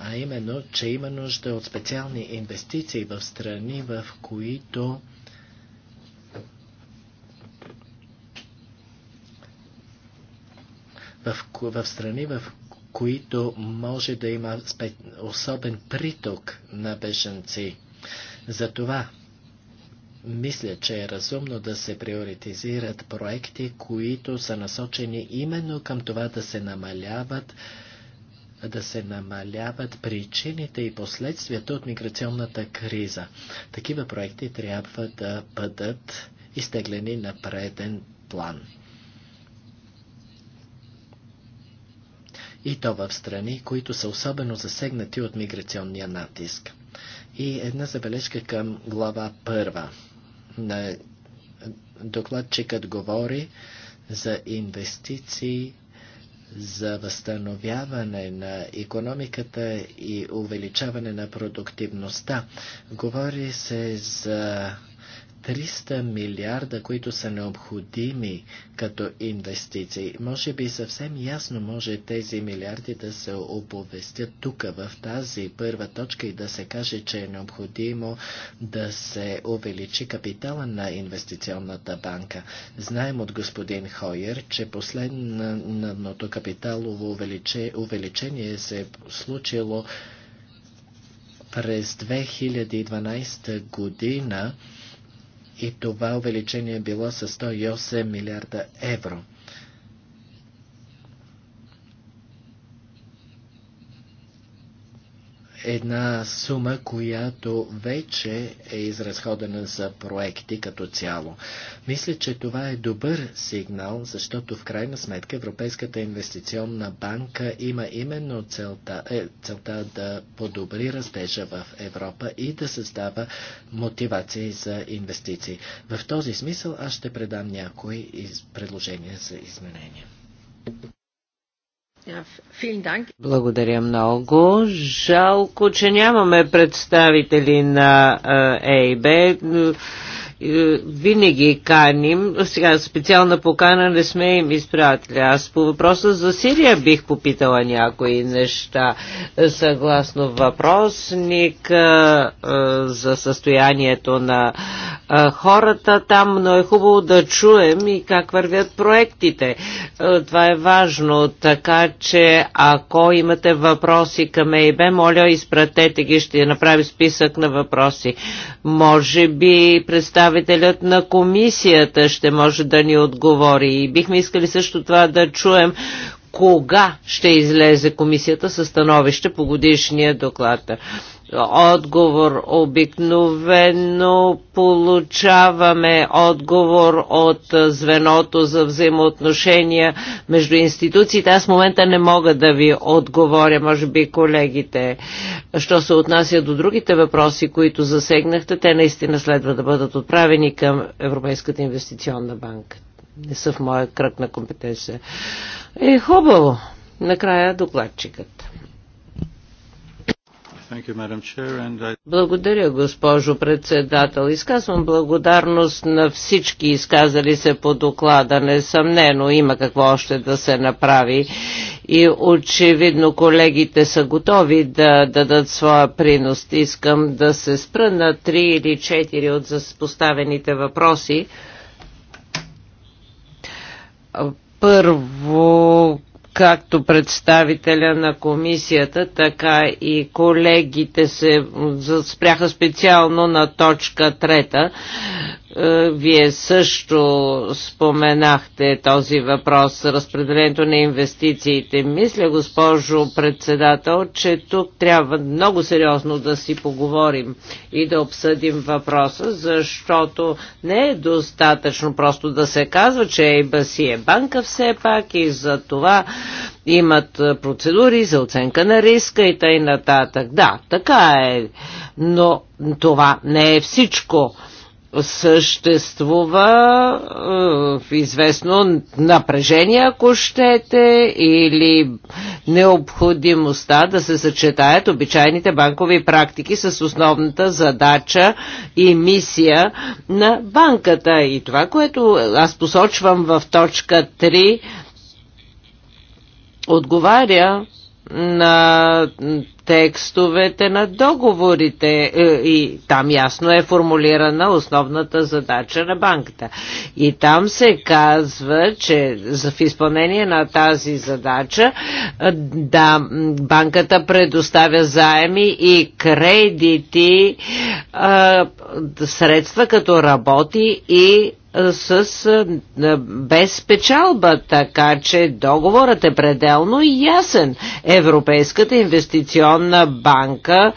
а именно, че има нужда от специални инвестиции в страни, в които в, в страни, в които може да има спе, особен приток на беженци. Затова мисля, че е разумно да се приоритизират проекти, които са насочени именно към това да се намаляват да се намаляват причините и последствията от миграционната криза. Такива проекти трябва да бъдат изтеглени на преден план. И то в страни, които са особено засегнати от миграционния натиск. И една забележка към глава първа. На докладчикът говори за инвестиции за възстановяване на економиката и увеличаване на продуктивността. Говори се за 300 милиарда, които са необходими като инвестиции. Може би съвсем ясно може тези милиарди да се оповестят тук в тази първа точка и да се каже, че е необходимо да се увеличи капитала на инвестиционната банка. Знаем от господин Хойер, че последното капиталово увеличение се е случило през 2012 година и това увеличение било с 108 милиарда евро. една сума, която вече е изразходена за проекти като цяло. Мисля, че това е добър сигнал, защото в крайна сметка Европейската инвестиционна банка има именно целта, е, целта да подобри растежа в Европа и да създава мотивации за инвестиции. В този смисъл аз ще предам някои из... предложения за изменения. Благодаря много. Жалко, че нямаме представители на ЕИБ. Е, винаги каним. Сега специална покана не сме им изпратили. Аз по въпроса за Сирия бих попитала някои неща. Съгласно въпросник е, е, за състоянието на хората там, но е хубаво да чуем и как вървят проектите. Това е важно, така че ако имате въпроси към ЕИБ, моля изпратете ги, ще направи списък на въпроси. Може би представя представителят на комисията ще може да ни отговори. И бихме искали също това да чуем кога ще излезе комисията със становище по годишния доклад отговор. Обикновено получаваме отговор от звеното за взаимоотношения между институциите. Аз в момента не мога да ви отговоря, може би колегите. Що се отнася до другите въпроси, които засегнахте, те наистина следва да бъдат отправени към Европейската инвестиционна банка. Не са в моя кръг на компетенция. Е, хубаво. Накрая докладчикът. Благодаря, госпожо председател. Изказвам благодарност на всички изказали се по доклада. Несъмнено има какво още да се направи и очевидно колегите са готови да дадат своя принос. Искам да се спра на три или четири от поставените въпроси. Първо, както представителя на комисията, така и колегите се спряха специално на точка трета, е, вие също споменахте този въпрос, разпределението на инвестициите. Мисля, госпожо председател, че тук трябва много сериозно да си поговорим и да обсъдим въпроса, защото не е достатъчно просто да се казва, че ЕБА си е банка все пак и за това имат процедури за оценка на риска и т.н. нататък. Да, така е, но това не е всичко съществува в е, известно напрежение, ако щете, или необходимостта да се съчетаят обичайните банкови практики с основната задача и мисия на банката. И това, което аз посочвам в точка 3, отговаря на текстовете на договорите е, и там ясно е формулирана основната задача на банката. И там се казва, че в изпълнение на тази задача е, да, банката предоставя заеми и кредити, е, средства като работи и с, без печалба, така че договорът е пределно ясен. Европейската инвестиционна банка,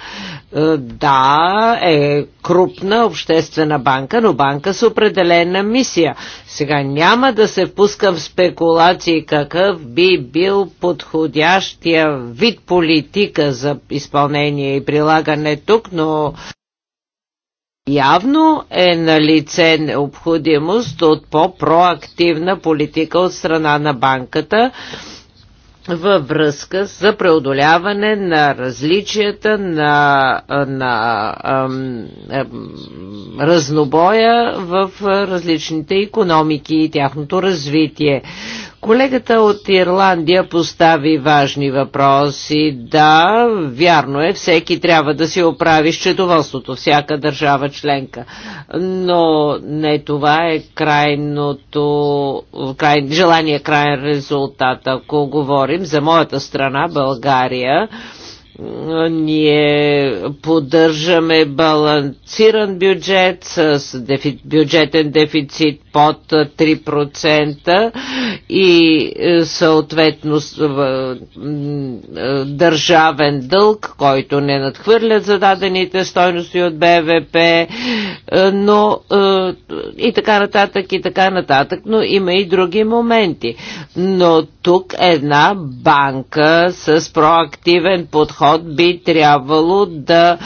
да, е крупна обществена банка, но банка с определена мисия. Сега няма да се впускам в спекулации какъв би бил подходящия вид политика за изпълнение и прилагане тук, но Явно е на лице необходимост от по-проактивна политика от страна на банката във връзка за преодоляване на различията, на, на ам, ам, разнобоя в различните економики и тяхното развитие. Колегата от Ирландия постави важни въпроси. Да, вярно е, всеки трябва да си оправи счетоводството, всяка държава членка. Но не това е крайното, край, желание крайен резултат. Ако говорим за моята страна, България, ние поддържаме балансиран бюджет с дефи, бюджетен дефицит под 3% и е, съответно е, държавен дълг, който не надхвърлят зададените стойности от БВП, е, но и така нататък, и така нататък, но има и други моменти. Но тук една банка с проактивен подход подход би трябвало да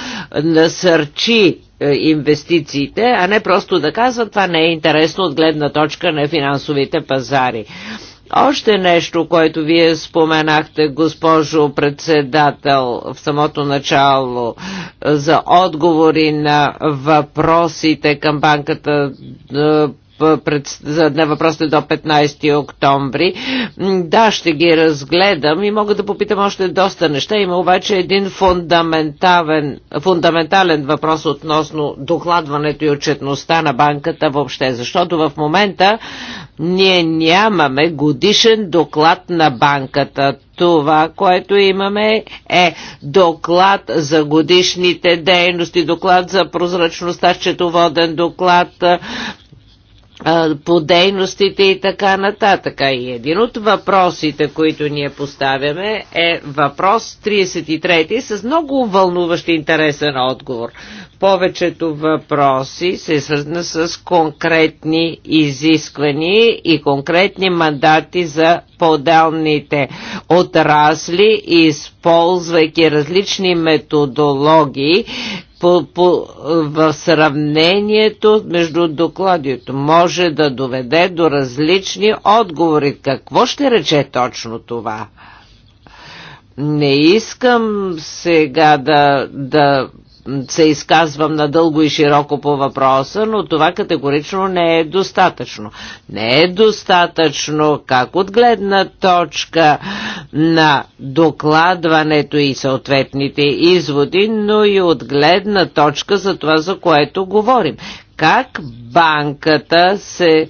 насърчи е, инвестициите, а не просто да казва това не е интересно от гледна точка на финансовите пазари. Още нещо, което вие споменахте, госпожо председател, в самото начало за отговори на въпросите към банката е, пред, за на въпросите до 15 октомври. Да, ще ги разгледам и мога да попитам още доста неща. Има обаче един фундаментален, фундаментален въпрос относно докладването и отчетността на банката въобще, защото в момента ние нямаме годишен доклад на банката. Това, което имаме е доклад за годишните дейности, доклад за прозрачността, счетоводен доклад по дейностите и така нататък. И един от въпросите, които ние поставяме е въпрос 33 с много вълнуващ интересен отговор. Повечето въпроси се свързани с конкретни изисквания и конкретни мандати за поделните отрасли, използвайки различни методологии, по, по, в сравнението между докладието може да доведе до различни отговори. Какво ще рече точно това? Не искам сега да, да се изказвам надълго и широко по въпроса, но това категорично не е достатъчно. Не е достатъчно как от гледна точка на докладването и съответните изводи, но и от гледна точка за това, за което говорим. Как банката се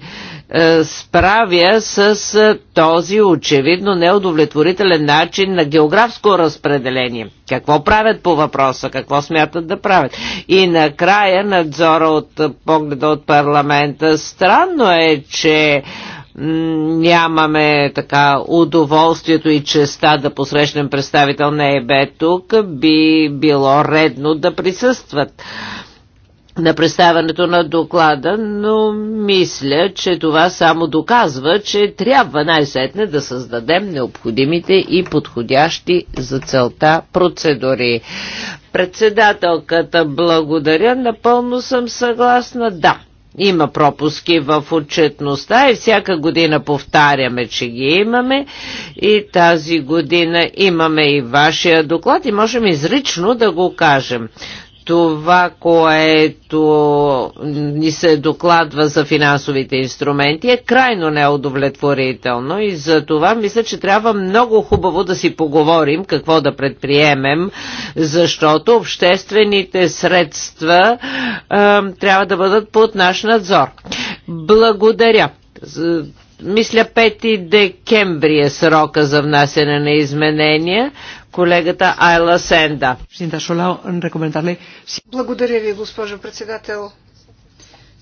е, справя с е, този очевидно неудовлетворителен начин на географско разпределение. Какво правят по въпроса, какво смятат да правят. И накрая надзора от е, погледа от парламента. Странно е, че нямаме така удоволствието и честа да посрещнем представител на ЕБ тук, би било редно да присъстват на представянето на доклада, но мисля, че това само доказва, че трябва най-сетне да създадем необходимите и подходящи за целта процедури. Председателката благодаря, напълно съм съгласна, да. Има пропуски в отчетността и всяка година повтаряме, че ги имаме и тази година имаме и вашия доклад и можем изрично да го кажем това, което ни се докладва за финансовите инструменти, е крайно неудовлетворително и за това мисля, че трябва много хубаво да си поговорим какво да предприемем, защото обществените средства е, трябва да бъдат под наш надзор. Благодаря. Мисля 5 декември е срока за внасяне на изменения колегата Айла Сенда. Благодаря ви, госпожо председател.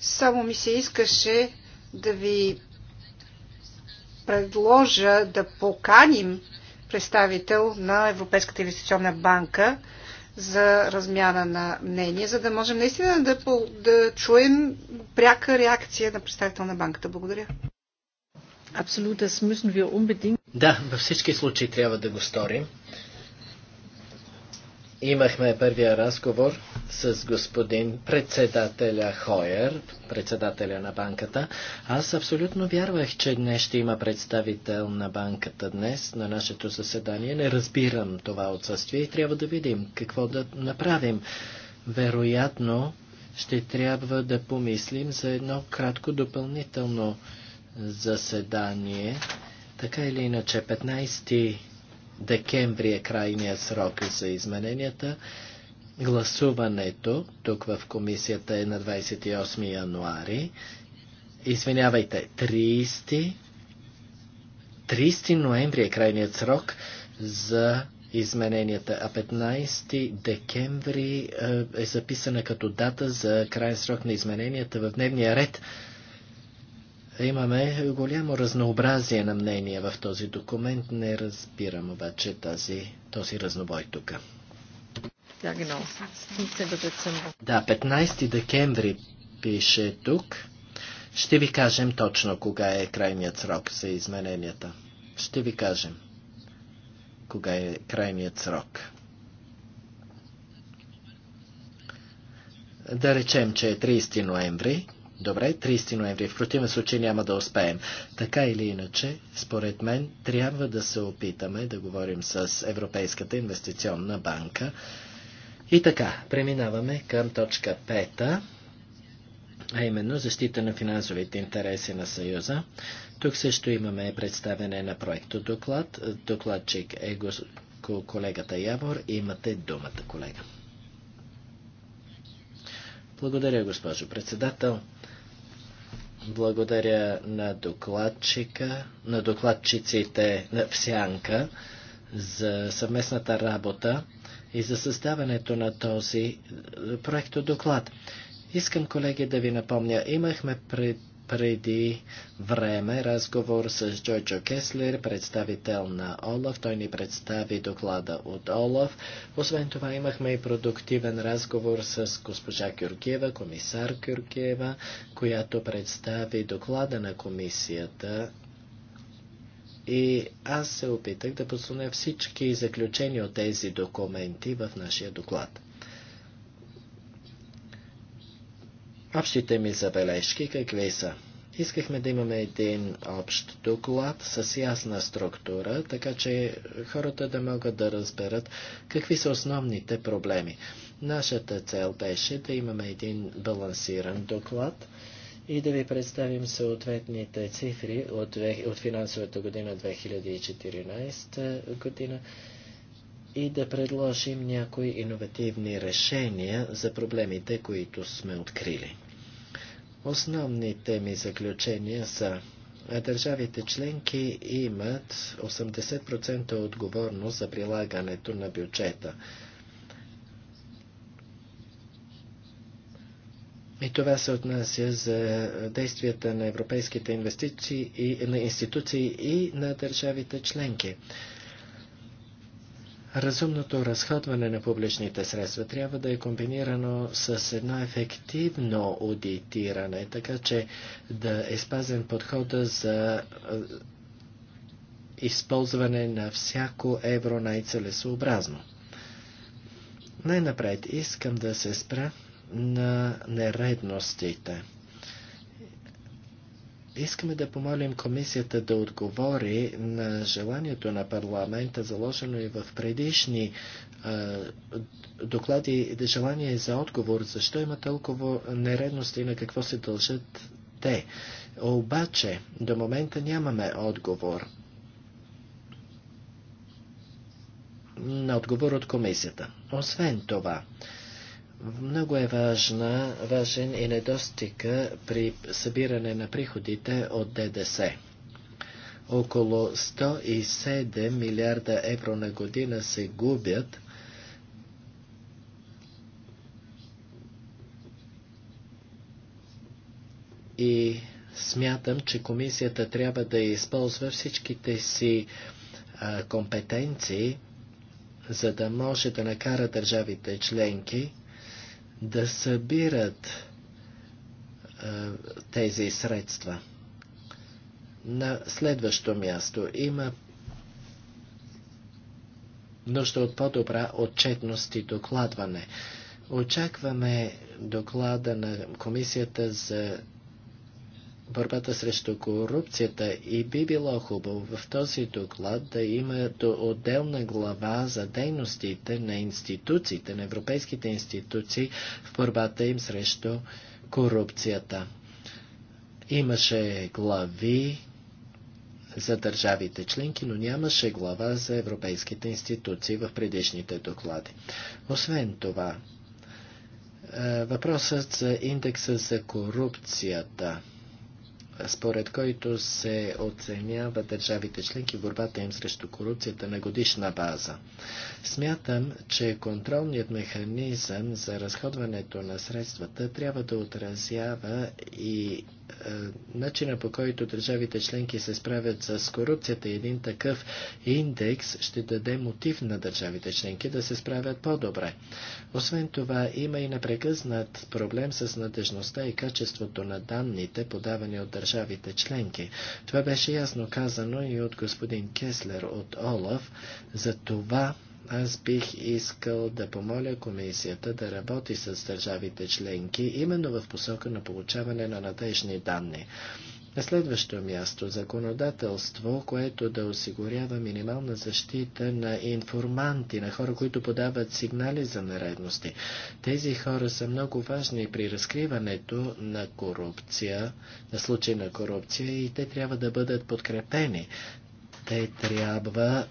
Само ми се искаше да ви предложа да поканим представител на Европейската инвестиционна банка за размяна на мнение, за да можем наистина да, да чуем пряка реакция на представител на банката. Благодаря. Абсолютно, Да, във всички случаи трябва да го сторим. Имахме първия разговор с господин председателя Хойер, председателя на банката. Аз абсолютно вярвах, че днес ще има представител на банката днес на нашето заседание. Не разбирам това отсъствие и трябва да видим какво да направим. Вероятно ще трябва да помислим за едно кратко допълнително заседание. Така или иначе, 15 декември е крайния срок за измененията. Гласуването тук в комисията е на 28 януари. Извинявайте, 30, 30 ноември е крайният срок за измененията, а 15 декември е, е записана като дата за крайен срок на измененията в дневния ред Имаме голямо разнообразие на мнения в този документ. Не разбирам обаче тази, този разнобой тук. Да, 15 декември пише тук. Ще ви кажем точно кога е крайният срок за измененията. Ще ви кажем кога е крайният срок. Да речем, че е 30 ноември. Добре, 30 ноември. В противен случай няма да успеем. Така или иначе, според мен, трябва да се опитаме да говорим с Европейската инвестиционна банка. И така, преминаваме към точка 5 а именно защита на финансовите интереси на Съюза. Тук също имаме представене на проекто доклад. Докладчик е колегата Явор. Имате думата, колега. Благодаря, госпожо председател. Благодаря на докладчика, на докладчиците на Сянка за съвместната работа и за създаването на този е, проектодоклад. Искам, колеги, да ви напомня, имахме пред преди време разговор с Джорджо Кеслер, представител на Олаф. Той ни представи доклада от Олаф. Освен това имахме и продуктивен разговор с госпожа Кюргиева, комисар Кюргиева, която представи доклада на комисията и аз се опитах да подсуня всички заключения от тези документи в нашия доклад. Общите ми забележки какви са? Искахме да имаме един общ доклад с ясна структура, така че хората да могат да разберат какви са основните проблеми. Нашата цел беше да имаме един балансиран доклад и да ви представим съответните цифри от, от финансовата година 2014 година и да предложим някои иновативни решения за проблемите, които сме открили. Основните ми заключения са Държавите членки имат 80% отговорност за прилагането на бюджета. И това се отнася за действията на европейските инвестиции и на институции и на държавите членки. Разумното разходване на публичните средства трябва да е комбинирано с едно ефективно аудитиране, така че да е спазен подхода за използване на всяко евро най-целесообразно. Най-напред искам да се спра на нередностите. Искаме да помолим комисията да отговори на желанието на парламента, заложено и в предишни а, доклади, желание за отговор, защо има толкова нередности и на какво се дължат те. Обаче, до момента нямаме отговор. На отговор от комисията. Освен това, много е важна, важен и недостига при събиране на приходите от ДДС. Около 107 милиарда евро на година се губят и смятам, че комисията трябва да използва всичките си а, компетенции, за да може да накара държавите членки да събират тези средства. На следващо място има нужда от по-добра отчетност и докладване. Очакваме доклада на Комисията за борбата срещу корупцията и би било хубаво в този доклад да има отделна глава за дейностите на институциите, на европейските институции в борбата им срещу корупцията. Имаше глави за държавите членки, но нямаше глава за европейските институции в предишните доклади. Освен това, е, въпросът за индекса за корупцията – според който се оценява държавите членки в борбата им срещу корупцията на годишна база. Смятам, че контролният механизъм за разходването на средствата трябва да отразява и е, начина по който държавите членки се справят с корупцията един такъв индекс ще даде мотив на държавите членки да се справят по-добре. Освен това, има и напрекъснат проблем с надежността и качеството на данните, подавани от държавите членки. Това беше ясно казано и от господин Кеслер от Олаф за това, аз бих искал да помоля комисията да работи с държавите членки именно в посока на получаване на надежни данни. На следващо място законодателство, което да осигурява минимална защита на информанти, на хора, които подават сигнали за наредности. Тези хора са много важни при разкриването на корупция, на случай на корупция и те трябва да бъдат подкрепени. Те трябва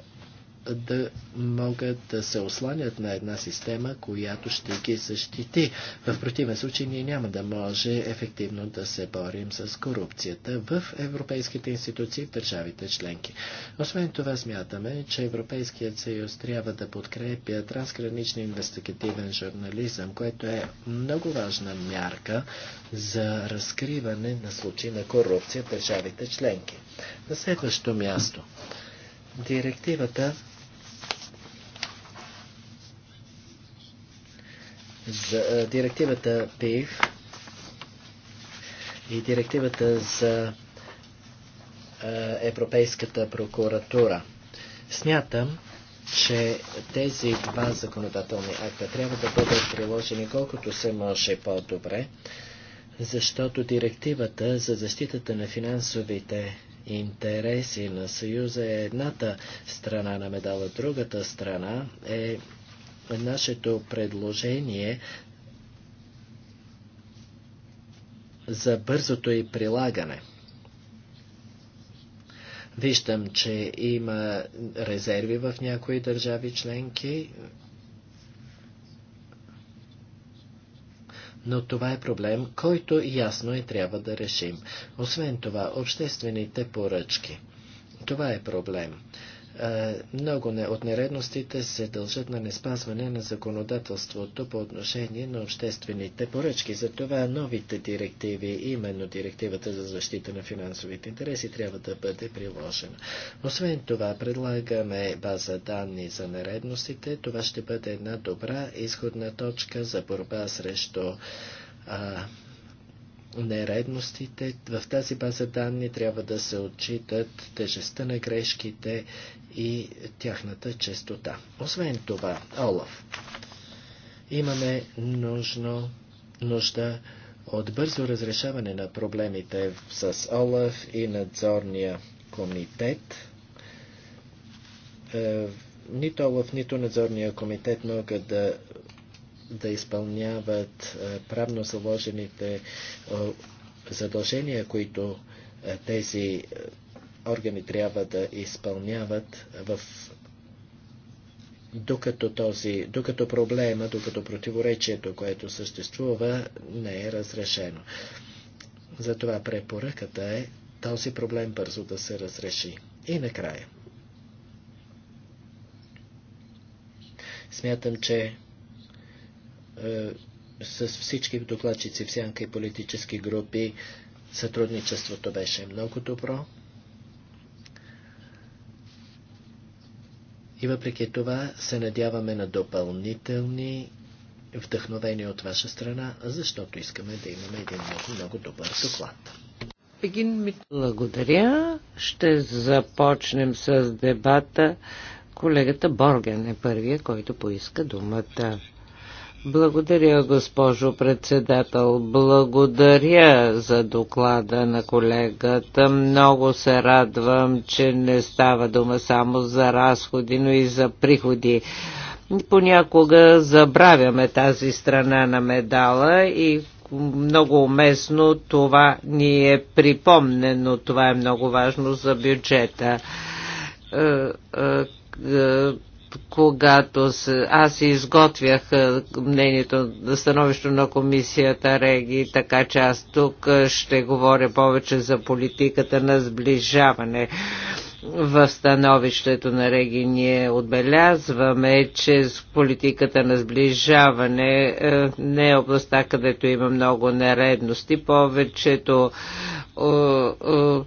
да могат да се осланят на една система, която ще ги защити. В противен случай ние няма да може ефективно да се борим с корупцията в европейските институции в държавите членки. Освен това смятаме, че Европейският съюз трябва да подкрепя трансграничен инвестигативен журнализъм, което е много важна мярка за разкриване на случаи на корупция в държавите членки. На следващо място. Директивата за директивата ПИФ и директивата за Европейската прокуратура. Смятам, че тези два законодателни акта трябва да бъдат приложени колкото се може по-добре, защото директивата за защитата на финансовите интереси на Съюза е едната страна на медала, другата страна е нашето предложение за бързото и прилагане. Виждам, че има резерви в някои държави членки, но това е проблем, който ясно и трябва да решим. Освен това, обществените поръчки. Това е проблем. Е, много от нередностите се дължат на неспазване на законодателството по отношение на обществените поръчки. Затова новите директиви, именно директивата за защита на финансовите интереси, трябва да бъде приложена. Освен това, предлагаме база данни за нередностите. Това ще бъде една добра изходна точка за борба срещу а, нередностите. В тази база данни трябва да се отчитат тежестта на грешките и тяхната честота. Освен това, Олаф, имаме нужно, нужда от бързо разрешаване на проблемите с Олаф и надзорния комитет. Е, нито Олаф, нито надзорния комитет могат да да изпълняват е, правно заложените е, задължения, които е, тези органи трябва да изпълняват в докато, този, докато проблема, докато противоречието, което съществува, не е разрешено. Затова препоръката е този проблем бързо да се разреши. И накрая. Смятам, че е, с всички докладчици в и политически групи сътрудничеството беше много добро. И въпреки това се надяваме на допълнителни вдъхновения от ваша страна, защото искаме да имаме един много, много добър доклад. Благодаря. Ще започнем с дебата. Колегата Борген е първия, който поиска думата. Благодаря, госпожо председател. Благодаря за доклада на колегата. Много се радвам, че не става дума само за разходи, но и за приходи. Понякога забравяме тази страна на медала и много уместно това ни е припомнено. Това е много важно за бюджета е, е, е, когато аз изготвях мнението на становището на комисията Реги, така че аз тук ще говоря повече за политиката на сближаване. В становището на Реги ние отбелязваме, че с политиката на сближаване е, не е областта, където има много нередности. Повечето е, е,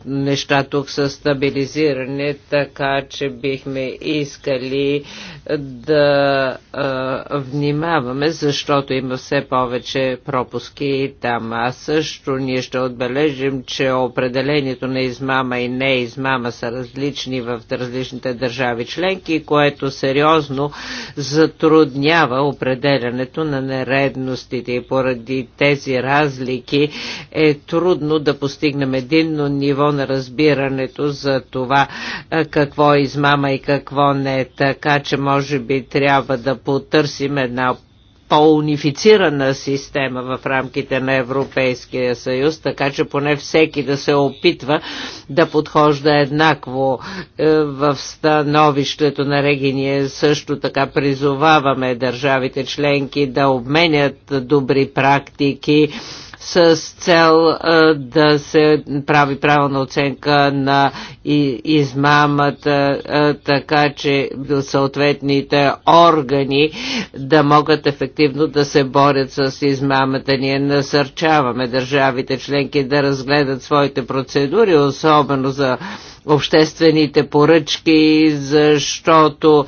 неща тук са стабилизиране, така че бихме искали да внимаваме, защото има все повече пропуски и там. А също ние ще отбележим, че определението на измама и не измама са различни различни в различните държави членки, което сериозно затруднява определянето на нередностите и поради тези разлики е трудно да постигнем единно ниво на разбирането за това какво е измама и какво не е, така че може би трябва да потърсим една по-унифицирана система в рамките на Европейския съюз, така че поне всеки да се опитва да подхожда еднакво е, в становището на Региния. Също така призоваваме държавите членки да обменят добри практики, с цел да се прави правилна оценка на измамата, така че съответните органи да могат ефективно да се борят с измамата. Ние насърчаваме държавите членки да разгледат своите процедури, особено за обществените поръчки, защото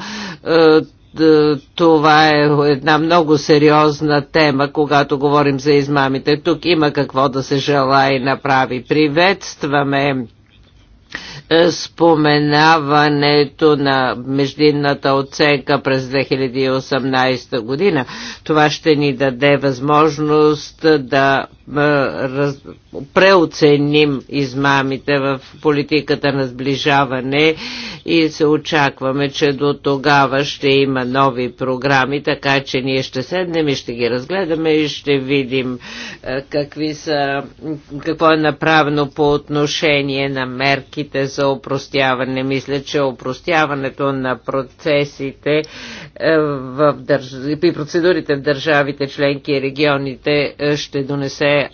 е, това е една много сериозна тема, когато говорим за измамите. Тук има какво да се желая и направи. Приветстваме е, споменаването на междинната оценка през 2018 година. Това ще ни даде възможност да раз, преоценим измамите в политиката на сближаване и се очакваме, че до тогава ще има нови програми, така че ние ще седнем и ще ги разгледаме и ще видим какви са, какво е направено по отношение на мерките за опростяване. Мисля, че опростяването на процесите в държ... и процедурите в държавите, членки и регионите ще донесе е,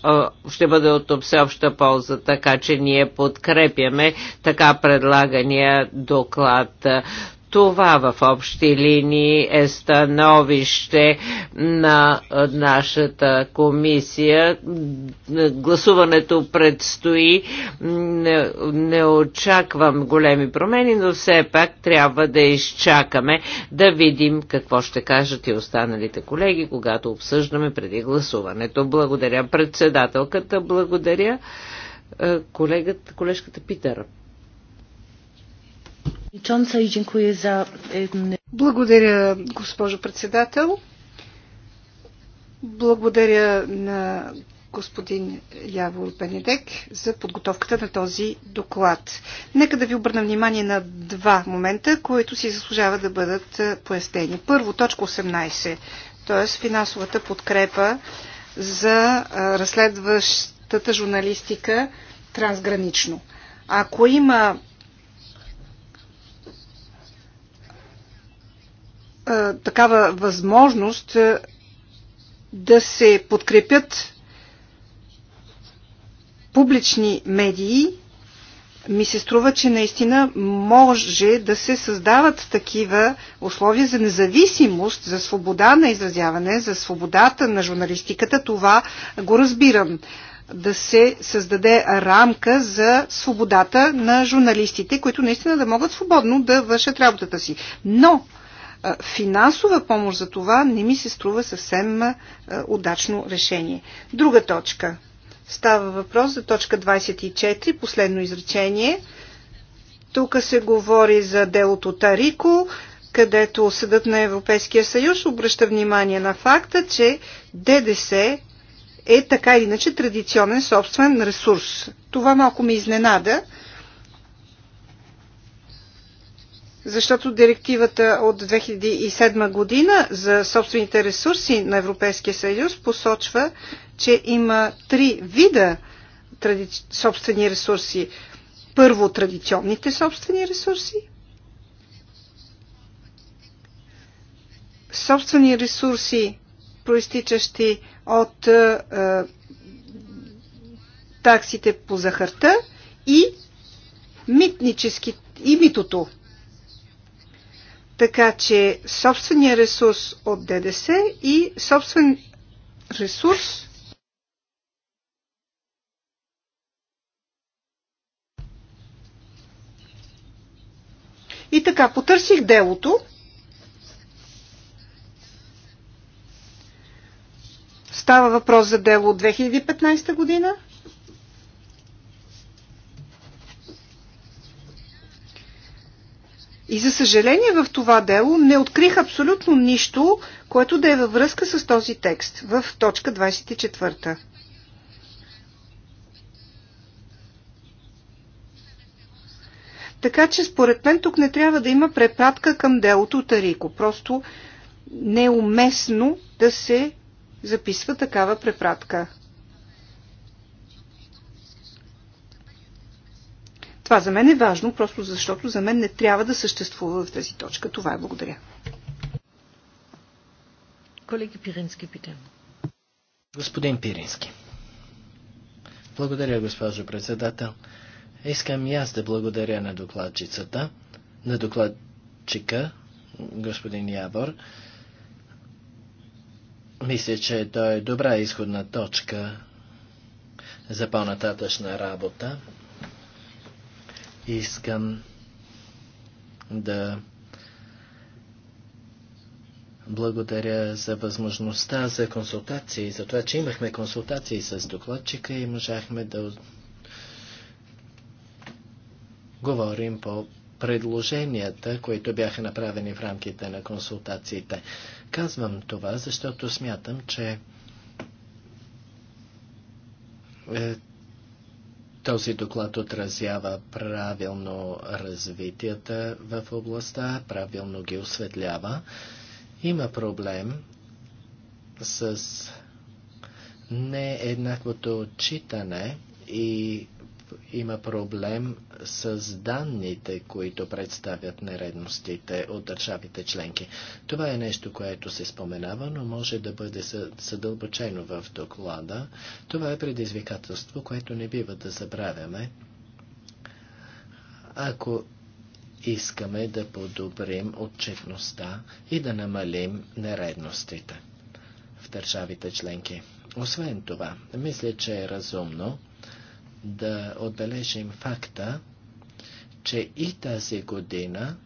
ще бъде от обсеобща полза, така че ние подкрепяме така предлагания доклад. Това в общи линии е становище на нашата комисия. Гласуването предстои. Не, не очаквам големи промени, но все пак трябва да изчакаме да видим какво ще кажат и останалите колеги, когато обсъждаме преди гласуването. Благодаря председателката, благодаря е, колегата, колежката Питър. Благодаря, госпожо председател. Благодаря на господин Явор Бенедек за подготовката на този доклад. Нека да ви обърна внимание на два момента, които си заслужава да бъдат е, пояснени. Първо, точка 18, т.е. финансовата подкрепа за е, разследващата журналистика трансгранично. Ако има такава възможност да се подкрепят публични медии, ми се струва, че наистина може да се създават такива условия за независимост, за свобода на изразяване, за свободата на журналистиката. Това го разбирам. Да се създаде рамка за свободата на журналистите, които наистина да могат свободно да вършат работата си. Но финансова помощ за това не ми се струва съвсем удачно решение. Друга точка. Става въпрос за точка 24, последно изречение. Тук се говори за делото Тарико, където Съдът на Европейския съюз обръща внимание на факта, че ДДС е така или иначе традиционен собствен ресурс. Това малко ме изненада, защото директивата от 2007 година за собствените ресурси на Европейския съюз посочва, че има три вида тради... собствени ресурси. Първо, традиционните собствени ресурси. Собствени ресурси, проистичащи от е, таксите по захарта и митнически и митото, така че собствения ресурс от ДДС и собствен ресурс И така, потърсих делото. Става въпрос за дело от 2015 година. И за съжаление в това дело не открих абсолютно нищо, което да е във връзка с този текст в точка 24. Така че според мен тук не трябва да има препратка към делото Тарико. Просто неуместно да се записва такава препратка. Това за мен е важно, просто защото за мен не трябва да съществува в тази точка. Това е благодаря. Колеги Пирински, питам. Господин Пирински. Благодаря, госпожо председател. Искам и аз да благодаря на докладчицата, на докладчика, господин Явор. Мисля, че той е добра изходна точка за по-нататъчна работа. Искам да благодаря за възможността за консултации, за това, че имахме консултации с докладчика и можахме да говорим по предложенията, които бяха направени в рамките на консултациите. Казвам това, защото смятам, че е, този доклад отразява правилно развитията в областта, правилно ги осветлява. Има проблем с нееднаквото отчитане и има проблем с данните, които представят нередностите от държавите членки. Това е нещо, което се споменава, но може да бъде съдълбочено в доклада. Това е предизвикателство, което не бива да забравяме. Ако искаме да подобрим отчетността и да намалим нередностите в държавите членки. Освен това, мисля, че е разумно да отбележим факта, че и тази година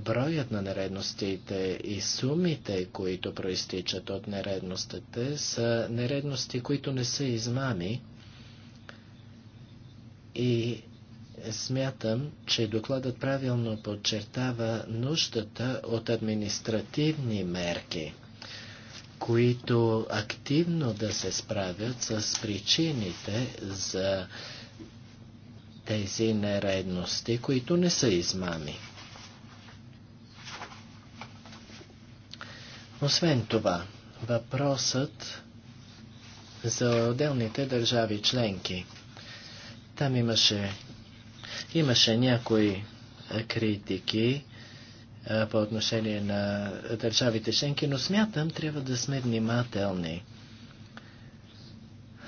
броят на нередностите и сумите, които проистичат от нередностите, са нередности, които не са измами. И смятам, че докладът правилно подчертава нуждата от административни мерки – които активно да се справят с причините за тези нередности, които не са измами. Освен това, въпросът за отделните държави членки. Там имаше, имаше някои критики по отношение на държавите членки, но смятам, трябва да сме внимателни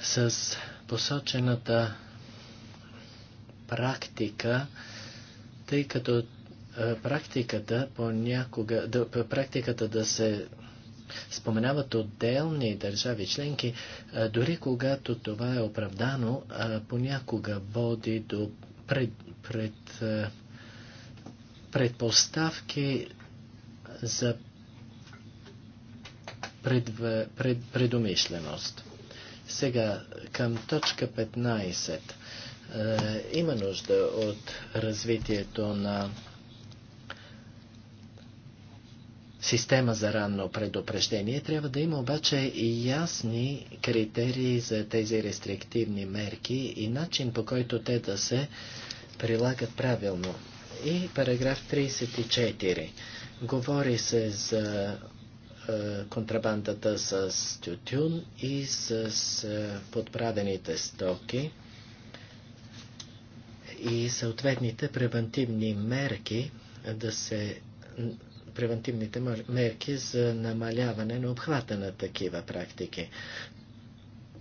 с посочената практика, тъй като практиката понякога, да, практиката да се споменават отделни държави членки, дори когато това е оправдано, понякога води до пред, пред предпоставки за предв... пред, предумишленост. Сега към точка 15. Е, има нужда от развитието на система за ранно предупреждение. Трябва да има обаче и ясни критерии за тези рестриктивни мерки и начин по който те да се прилагат правилно. И параграф 34. Говори се за е, контрабандата с тютюн и с е, подправените стоки и съответните превентивни мерки да се превентивните мерки за намаляване на обхвата на такива практики.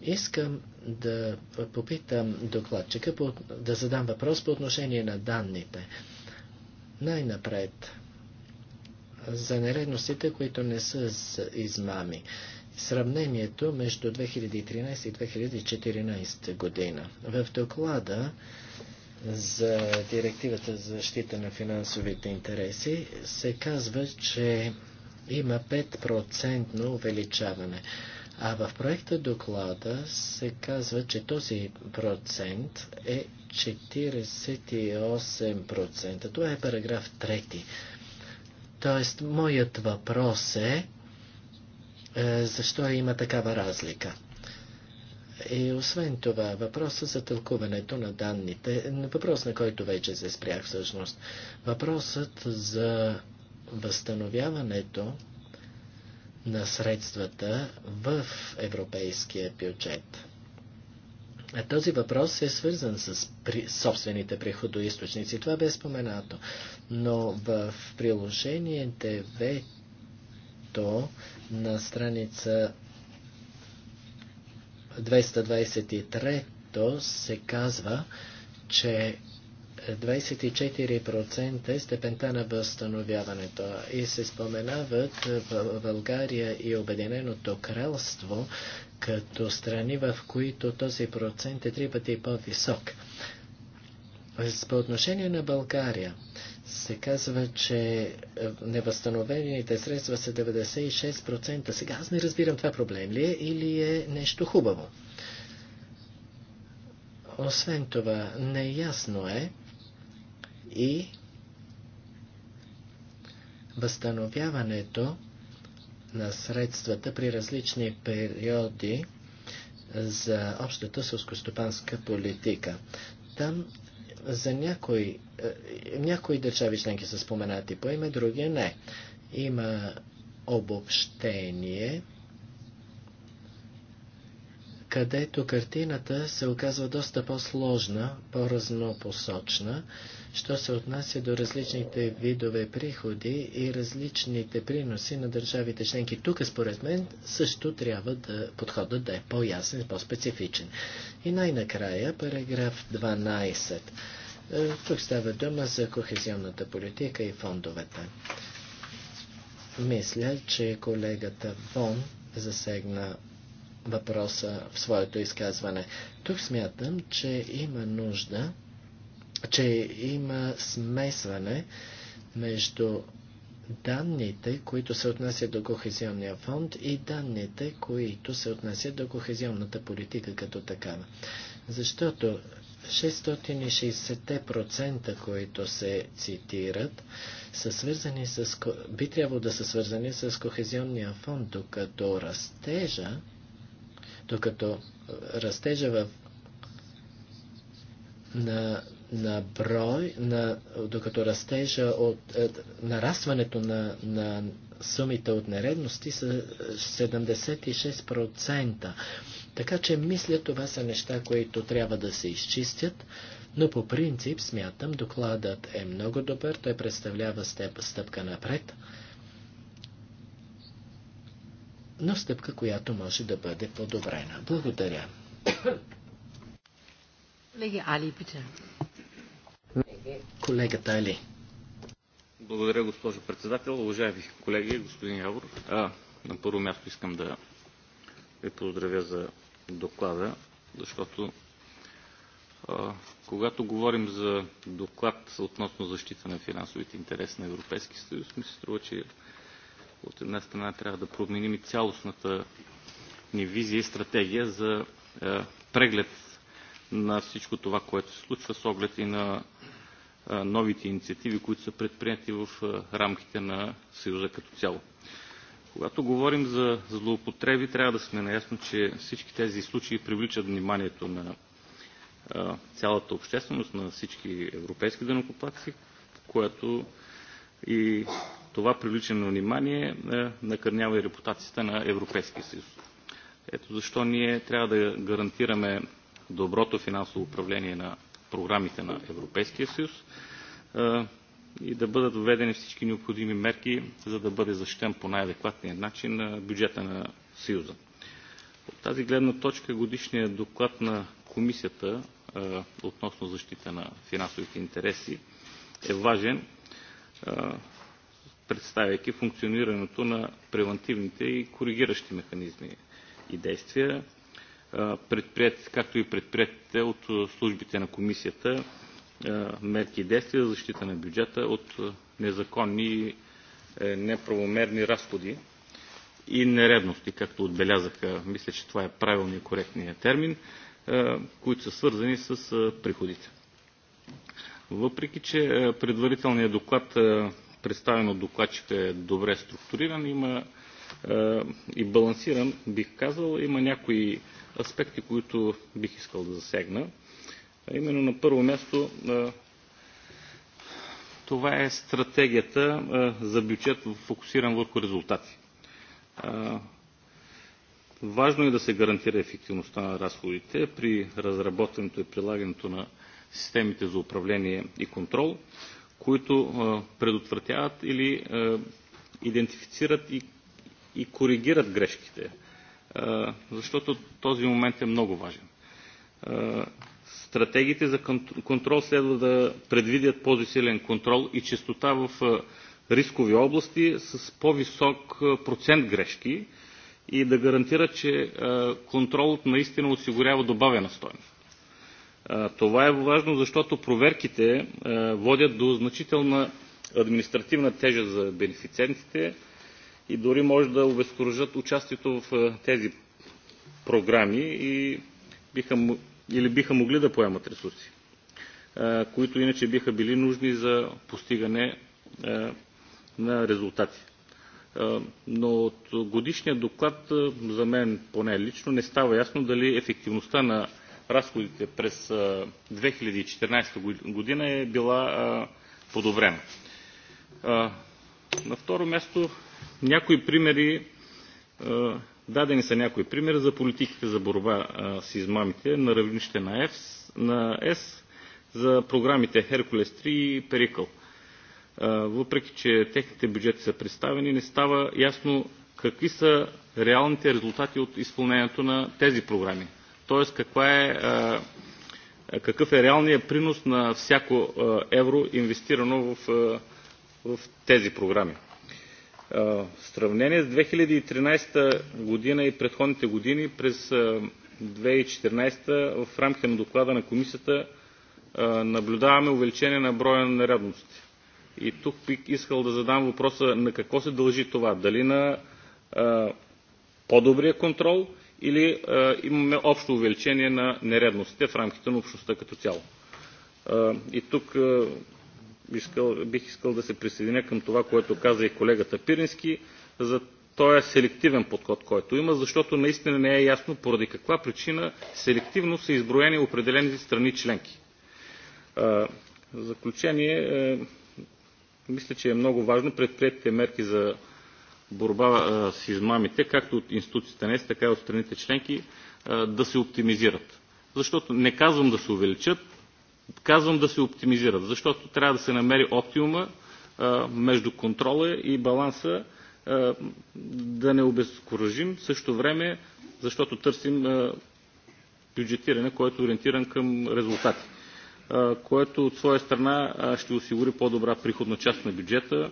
Искам да попитам докладчика, да задам въпрос по отношение на данните. Най-напред за нередностите, които не са с измами. Сравнението между 2013 и 2014 година. В доклада за директивата за защита на финансовите интереси се казва, че има 5% увеличаване. А в проекта доклада се казва, че този процент е 48%. Това е параграф 3. Тоест, моят въпрос е, е, защо има такава разлика? И освен това, въпроса за тълкуването на данните, въпрос на който вече се спрях всъщност, въпросът за възстановяването на средствата в европейския бюджет. Този въпрос е свързан с при... собствените приходоисточници. Това бе споменато. Но в приложение 9 на страница 223 се казва, че 24% е степента на възстановяването и се споменават в България и Обединеното кралство като страни, в които този процент е три пъти по-висок. По отношение на България се казва, че е, невъзстановените средства са 96%. Сега аз не разбирам това проблем ли е или е нещо хубаво. Освен това, неясно е и възстановяването на средствата при различни периоди за общата сълскостопанска политика. Там за някои, е, някои държави членки са споменати по име, други не. Има обобщение, където картината се оказва доста по-сложна, по-разнопосочна що се отнася до различните видове приходи и различните приноси на държавите членки. Тук, според мен, също трябва да подходът да е по-ясен, по-специфичен. И най-накрая, параграф 12. Е, тук става дума за кохезионната политика и фондовете. Мисля, че колегата Вон засегна въпроса в своето изказване. Тук смятам, че има нужда че има смесване между данните, които се отнасят до Кохезионния фонд и данните, които се отнасят до кохезионната политика като такава. Защото 660%, които се цитират, са свързани с, би трябвало да са свързани с Кохезионния фонд, докато растежа, докато е, растежа в на на брой, на, докато растежа от е, нарастването на, на сумите от нередности са 76%. Е, така че мисля, това са неща, които трябва да се изчистят, но по принцип смятам, докладът е много добър, той представлява степ, стъпка напред, но стъпка, която може да бъде подобрена. Благодаря. Леги Али, питам. Колегата Али. Благодаря, госпожо председател. Уважаеми колеги, господин Явор, а, на първо място искам да ви поздравя за доклада, защото а, когато говорим за доклад относно защита на финансовите интереси на Европейския съюз, ми се струва, че от една страна трябва да променим и цялостната ни визия и стратегия за а, преглед на всичко това, което се случва с оглед и на новите инициативи, които са предприяти в рамките на Съюза като цяло. Когато говорим за злоупотреби, трябва да сме наясно, че всички тези случаи привличат вниманието на цялата общественост, на всички европейски денокопаци, което и това привличане на внимание накърнява и репутацията на Европейския съюз. Ето защо ние трябва да гарантираме доброто финансово управление на програмите на Европейския съюз и да бъдат введени всички необходими мерки, за да бъде защитен по най-адекватния начин на бюджета на Съюза. От тази гледна точка годишният доклад на Комисията относно защита на финансовите интереси е важен, представяйки функционирането на превентивните и коригиращи механизми и действия, предприят, както и предприятите от службите на комисията мерки и действия за защита на бюджета от незаконни и е, неправомерни разходи и нередности, както отбелязаха, мисля, че това е правилният и коректният термин, които са свързани с приходите. Въпреки, че предварителният доклад, представен от докладчика, е добре структуриран, има е, и балансиран, бих казал. Има някои аспекти, които бих искал да засегна. Именно на първо място е, това е стратегията е, за бюджет, фокусиран върху резултати. Важно е да се гарантира ефективността на разходите при разработването и прилагането на системите за управление и контрол, които предотвратяват или идентифицират и и коригират грешките, защото този момент е много важен. Стратегиите за контрол следва да предвидят по-засилен контрол и частота в рискови области с по-висок процент грешки и да гарантира, че контролът наистина осигурява добавена стойност. Това е важно, защото проверките водят до значителна административна тежест за бенефициентите, и дори може да обезкуражат участието в е, тези програми и биха, или биха могли да поемат ресурси, е, които иначе биха били нужни за постигане е, на резултати. Но от годишния доклад, за мен поне лично, не става ясно дали ефективността на разходите през 2014 година е била подобрена. На второ място, някои примери, дадени са някои примери за политиките за борба с измамите на равнище на, ЕФС, на ЕС за програмите Херкулес 3 и Перикъл. Въпреки, че техните бюджети са представени, не става ясно какви са реалните резултати от изпълнението на тези програми. Тоест, каква е, какъв е реалният принос на всяко евро инвестирано в в тези програми. В сравнение с 2013 година и предходните години, през 2014 в рамките на доклада на комисията наблюдаваме увеличение на броя на нарядности. И тук бих искал да задам въпроса на какво се дължи това. Дали на по-добрия контрол или а, имаме общо увеличение на нередностите в рамките на общността като цяло. А, и тук искал, бих искал да се присъединя към това, което каза и колегата Пирински за този е селективен подход, който има, защото наистина не е ясно поради каква причина селективно са изброени определени страни членки. В заключение, е, мисля, че е много важно предприятите мерки за борба с измамите, както от институциите днес, така и от страните членки, да се оптимизират. Защото не казвам да се увеличат, Казвам да се оптимизират, защото трябва да се намери оптимума между контрола и баланса, да не обезкуражим също време, защото търсим бюджетиране, което е ориентиран към резултати, което от своя страна ще осигури по-добра приходна част на бюджета,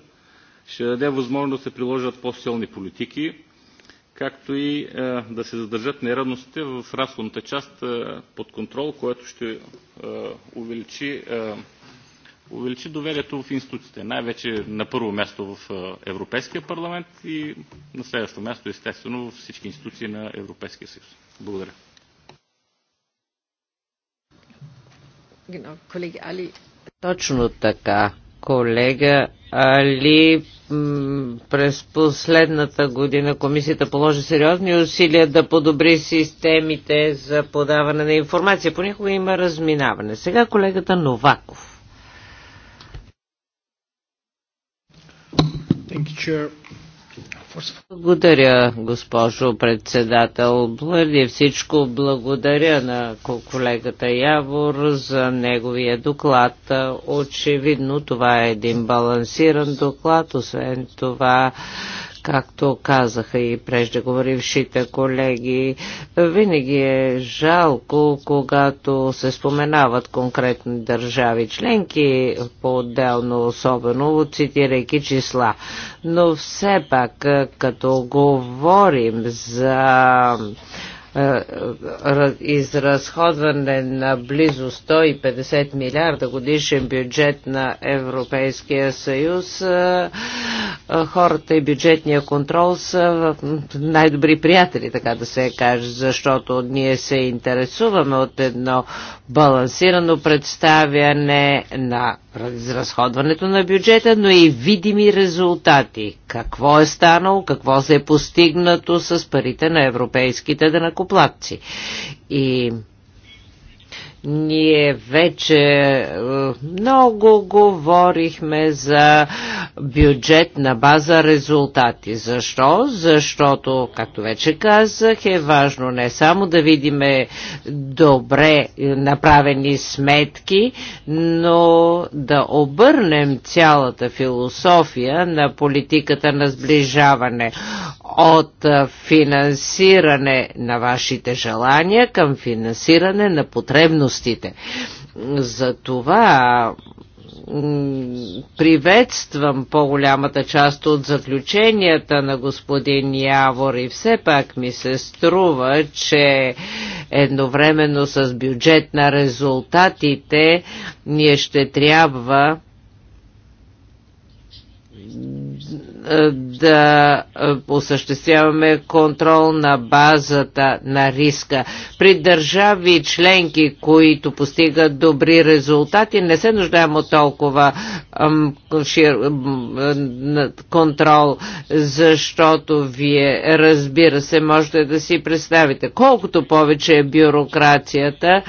ще даде възможност да се приложат по-силни политики, както и е, да се задържат неравностите в разходната част е, под контрол, което ще е, увеличи, увеличи доверието в институциите. Най-вече на първо място в Европейския парламент и на следващо място, естествено, в всички институции на Европейския съюз. Благодаря. Точно така, колега Али през последната година комисията положи сериозни усилия да подобри системите за подаване на информация. Понякога има разминаване. Сега колегата Новаков. Thank you, Chair. Благодаря, госпожо председател. Преди всичко благодаря на колегата Явор за неговия доклад. Очевидно това е един балансиран доклад, освен това Както казаха и преждеговорившите колеги, винаги е жалко, когато се споменават конкретни държави членки, по-отделно особено, цитирайки числа. Но все пак, като говорим за е, е, изразходване на близо 150 милиарда годишен бюджет на Европейския съюз, е, хората и бюджетния контрол са най-добри приятели, така да се каже, защото ние се интересуваме от едно балансирано представяне на изразходването на бюджета, но и видими резултати. Какво е станало, какво се е постигнато с парите на европейските денакоплатци. И ние вече е, много говорихме за бюджет на база резултати. Защо? Защото, както вече казах, е важно не само да видиме добре направени сметки, но да обърнем цялата философия на политиката на сближаване от финансиране на вашите желания към финансиране на потребности ценностите. За това приветствам по-голямата част от заключенията на господин Явор и все пак ми се струва, че едновременно с бюджет на резултатите ние ще трябва да осъществяваме контрол на базата на риска. При държави членки, които постигат добри резултати, не се нуждаем от толкова контрол, защото вие, разбира се, можете да си представите. Колкото повече е бюрокрацията,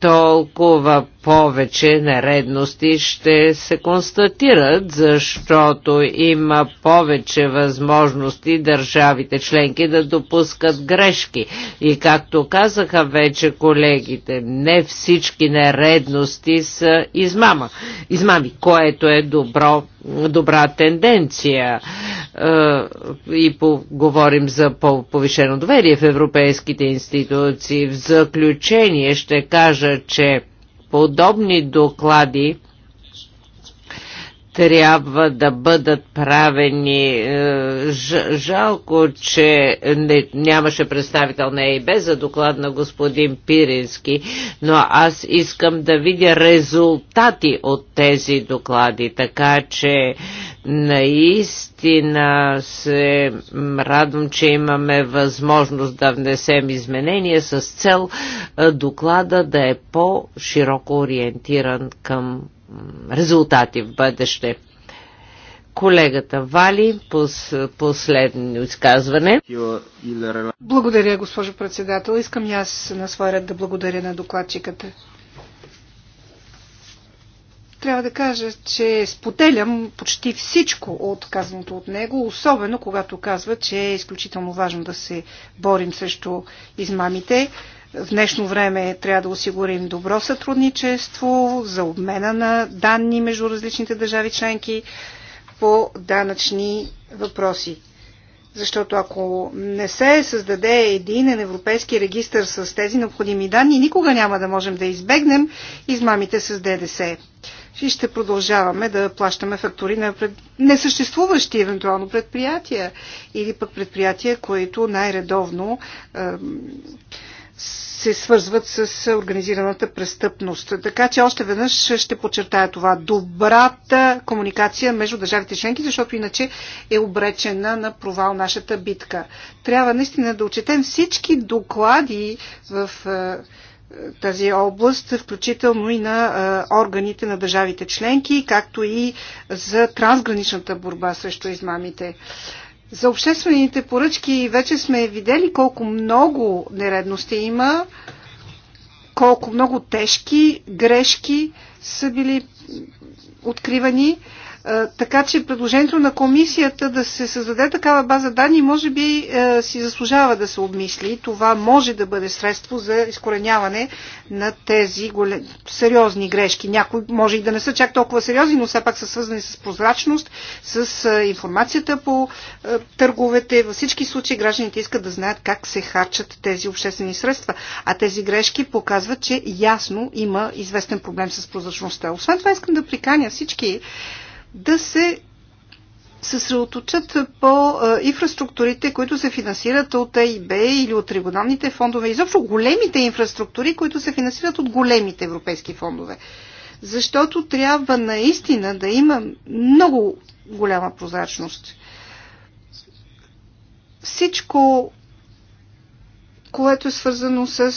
толкова повече нередности ще се констатират, защото има повече възможности държавите членки да допускат грешки. И както казаха вече колегите, не всички нередности са измама. измами, което е добро добра тенденция е, и по, говорим за по, повишено доверие в европейските институции. В заключение ще кажа, че подобни доклади трябва да бъдат правени. Е, жалко, че не, нямаше представител на ЕИБ за доклад на господин Пирински, но аз искам да видя резултати от тези доклади, така че наистина се радвам, че имаме възможност да внесем изменения с цел е, доклада да е по-широко ориентиран към резултати в бъдеще. Колегата Вали, пос, последно изказване. Благодаря, госпожо председател. Искам и аз на своя ред да благодаря на докладчиката. Трябва да кажа, че споделям почти всичко от казаното от него, особено когато казва, че е изключително важно да се борим срещу измамите. В днешно време трябва да осигурим добро сътрудничество за обмена на данни между различните държави членки по данъчни въпроси. Защото ако не се създаде един европейски регистр с тези необходими данни, никога няма да можем да избегнем измамите с ДДС. И ще продължаваме да плащаме фактури на пред... несъществуващи евентуално предприятия или пък предприятия, които най-редовно е, се свързват с организираната престъпност. Така че още веднъж ще подчертая това. Добрата комуникация между държавите членки, защото иначе е обречена на провал нашата битка. Трябва наистина да отчетем всички доклади в е, е, тази област, включително и на е, органите на държавите членки, както и за трансграничната борба срещу измамите. За обществените поръчки вече сме видели колко много нередности има, колко много тежки грешки са били откривани. Е, така че предложението на комисията да се създаде такава база данни може би е, си заслужава да се обмисли. Това може да бъде средство за изкореняване на тези голем... сериозни грешки. Някои може и да не са чак толкова сериозни, но все пак са свързани с прозрачност, с е, информацията по търговете. Във всички случаи гражданите искат да знаят как се харчат тези обществени средства. А тези грешки показват, че ясно има известен проблем с прозрачността. Освен това искам да приканя всички да се съсредоточат по инфраструктурите, които се финансират от ЕИБ или от регионалните фондове, изобщо големите инфраструктури, които се финансират от големите европейски фондове. Защото трябва наистина да има много голяма прозрачност. Всичко, което е свързано с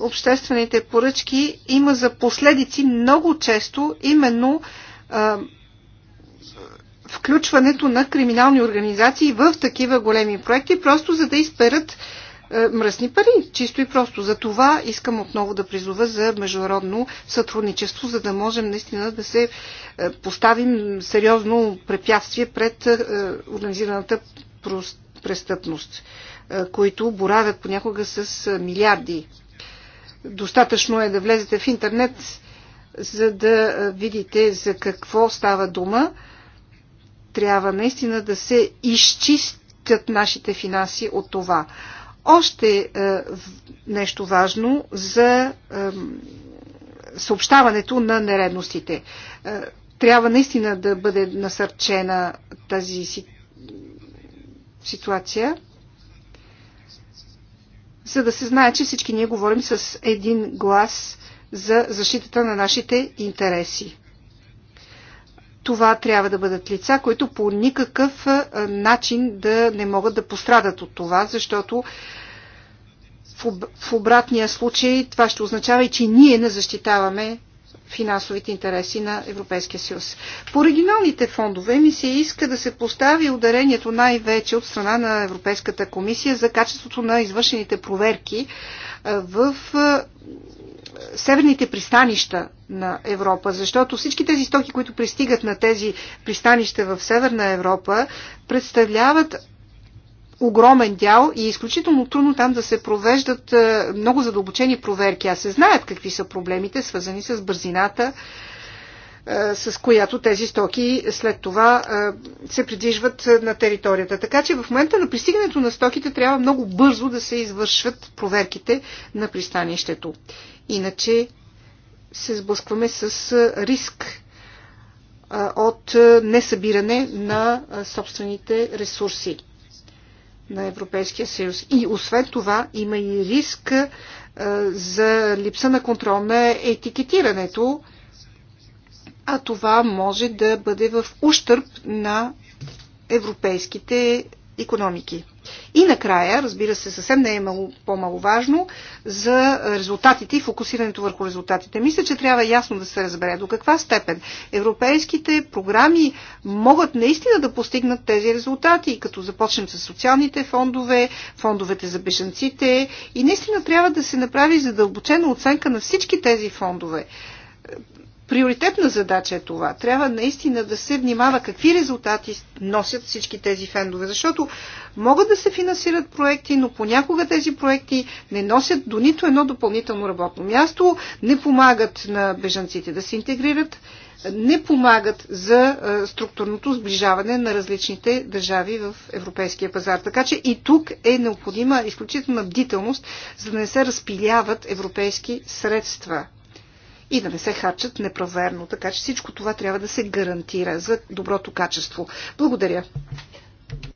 обществените поръчки, има за последици много често именно включването на криминални организации в такива големи проекти, просто за да изперат е, мръсни пари, чисто и просто. За това искам отново да призова за международно сътрудничество, за да можем наистина да се е, поставим сериозно препятствие пред е, организираната престъпност, които боравят понякога с милиарди. Достатъчно е да влезете в интернет, за да видите за какво става дума трябва наистина да се изчистят нашите финанси от това. Още е, нещо важно за е, съобщаването на нередностите. Е, трябва наистина да бъде насърчена тази си, ситуация, за да се знае, че всички ние говорим с един глас за защитата на нашите интереси това трябва да бъдат лица, които по никакъв начин да не могат да пострадат от това, защото в обратния случай това ще означава и, че ние не защитаваме финансовите интереси на Европейския съюз. По оригиналните фондове ми се иска да се постави ударението най-вече от страна на Европейската комисия за качеството на извършените проверки в северните пристанища на Европа, защото всички тези стоки, които пристигат на тези пристанища в Северна Европа, представляват огромен дял и е изключително трудно там да се провеждат е, много задълбочени проверки, а се знаят какви са проблемите, свързани с бързината, е, с която тези стоки след това е, се придвижват на територията. Така че в момента на пристигането на стоките трябва много бързо да се извършват проверките на пристанището. Иначе се сблъскваме с риск от несъбиране на собствените ресурси на Европейския съюз. И освен това има и риск за липса на контрол на етикетирането, а това може да бъде в ущърп на европейските економики. И накрая, разбира се, съвсем не е мало, по-маловажно за резултатите и фокусирането върху резултатите. Мисля, че трябва ясно да се разбере до каква степен европейските програми могат наистина да постигнат тези резултати, като започнем с социалните фондове, фондовете за бежанците и наистина трябва да се направи задълбочена оценка на всички тези фондове Приоритетна задача е това. Трябва наистина да се внимава какви резултати носят всички тези фендове, защото могат да се финансират проекти, но понякога тези проекти не носят до нито едно допълнително работно място, не помагат на бежанците да се интегрират, не помагат за е, структурното сближаване на различните държави в европейския пазар. Така че и тук е необходима изключителна бдителност, за да не се разпиляват европейски средства и да не се харчат непроверно. Така че всичко това трябва да се гарантира за доброто качество. Благодаря.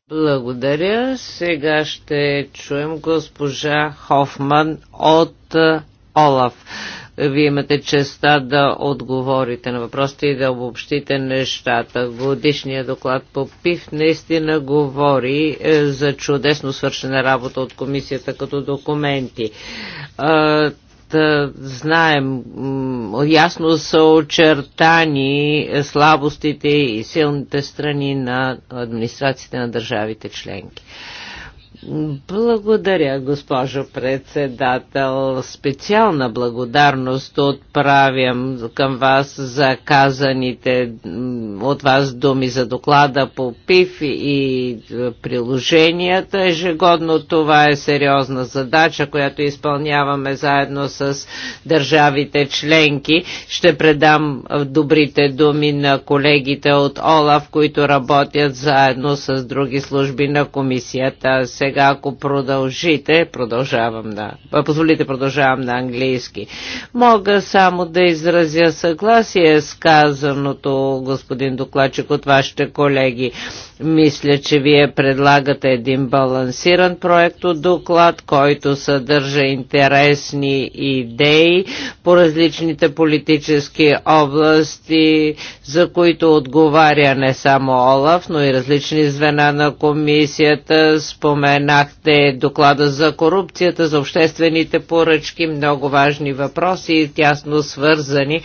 Благодаря. Сега ще чуем госпожа Хофман от е, Олаф. Вие имате честа да отговорите на въпросите и да обобщите нещата. Годишният доклад по ПИФ наистина говори е, за чудесно свършена работа от комисията като документи. Е, знаем, ясно са очертани слабостите и силните страни на администрацията на държавите членки. Благодаря, госпожо председател. Специална благодарност отправям към вас за казаните от вас думи за доклада по ПИФ и приложенията. Ежегодно това е сериозна задача, която изпълняваме заедно с държавите членки. Ще предам добрите думи на колегите от ОЛАВ, които работят заедно с други служби на комисията. Се сега, ако продължите, продължавам на, позволите, продължавам на английски. Мога само да изразя съгласие с казаното, господин докладчик, от вашите колеги. Мисля, че вие предлагате един балансиран проект от доклад, който съдържа интересни идеи по различните политически области, за които отговаря не само Олаф, но и различни звена на комисията. Споменахте доклада за корупцията, за обществените поръчки, много важни въпроси и тясно свързани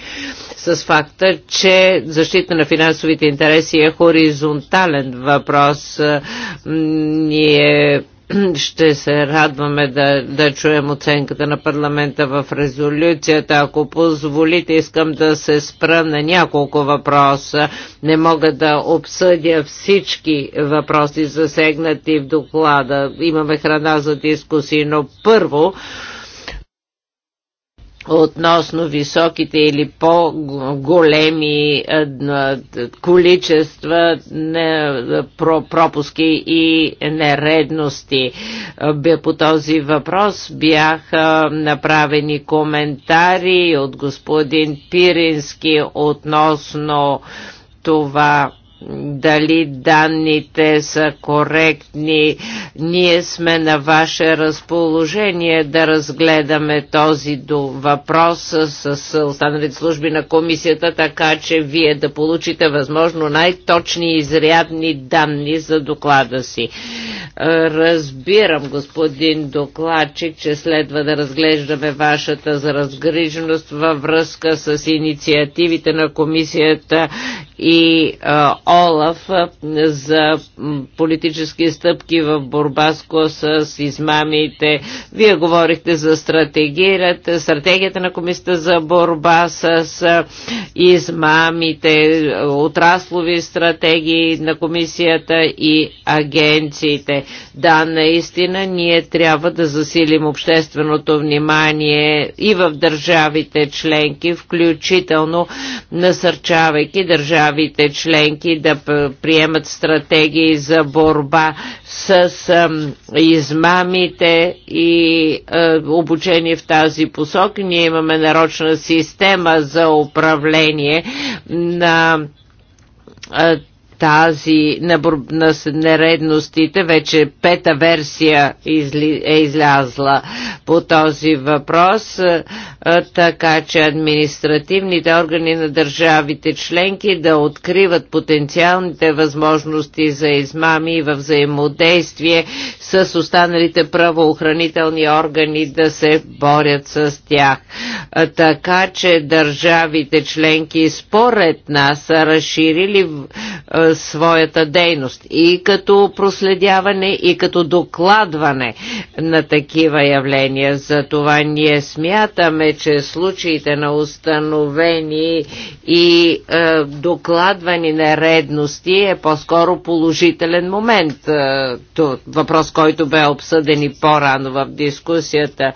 с факта, че защита на финансовите интереси е хоризонтален въпрос. Ние ще се радваме да, да чуем оценката на парламента в резолюцията. Ако позволите, искам да се спра на няколко въпроса. Не мога да обсъдя всички въпроси засегнати в доклада. Имаме храна за дискусии, но първо относно високите или по-големи количества пропуски и нередности. По този въпрос бяха направени коментари от господин Пирински относно това дали данните са коректни. Ние сме на ваше разположение да разгледаме този въпрос с, с останалите служби на комисията, така че вие да получите възможно най-точни и изрядни данни за доклада си. Разбирам, господин докладчик, че следва да разглеждаме вашата за разгриженост във връзка с инициативите на комисията и а, Олаф за политически стъпки в борба с измамите. Вие говорихте за стратегията, стратегията на комисията за борба с измамите, отраслови стратегии на комисията и агенциите. Да, наистина ние трябва да засилим общественото внимание и в държавите членки, включително насърчавайки държавите членки да приемат стратегии за борба с измамите и обучение в тази посок. Ние имаме нарочна система за управление на тази на, на нередностите. Вече пета версия изли, е излязла по този въпрос, така че административните органи на държавите членки да откриват потенциалните възможности за измами и във взаимодействие с останалите правоохранителни органи да се борят с тях. Така че държавите членки според нас са разширили своята дейност и като проследяване, и като докладване на такива явления. Затова ние смятаме, че случаите на установени и е, докладвани нередности е по-скоро положителен момент. Е, то, въпрос, който бе обсъден и по-рано в дискусията.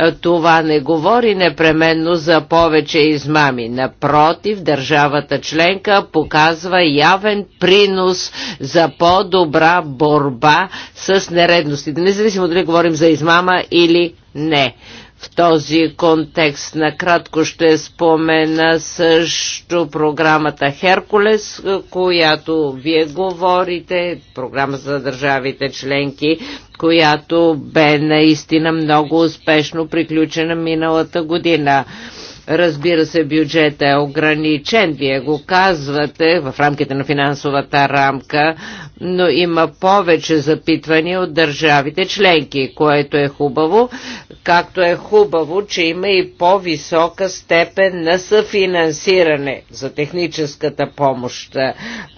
Е, това не говори непременно за повече измами. Напротив, държавата членка показва явен принос за по-добра борба с нередностите, независимо дали говорим за измама или не. В този контекст накратко ще спомена също програмата Херкулес, която вие говорите, програма за държавите членки, която бе наистина много успешно приключена миналата година. Разбира се, бюджетът е ограничен, вие го казвате в рамките на финансовата рамка, но има повече запитвания от държавите членки, което е хубаво, както е хубаво, че има и по-висока степен на съфинансиране за техническата помощ.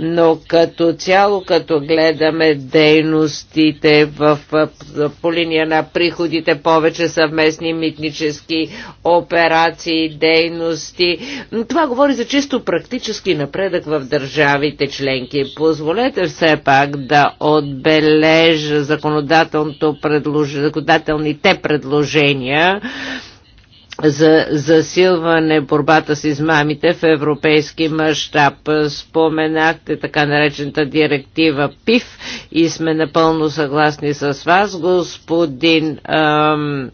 Но като цяло, като гледаме дейностите в, по линия на приходите, повече съвместни митнически операции, дейности. Това говори за чисто практически напредък в държавите членки. Позволете все пак да отбележа законодателното предлож... законодателните предложения за засилване борбата с измамите в европейски мащаб. Споменахте така наречената директива ПИФ и сме напълно съгласни с вас, господин ам,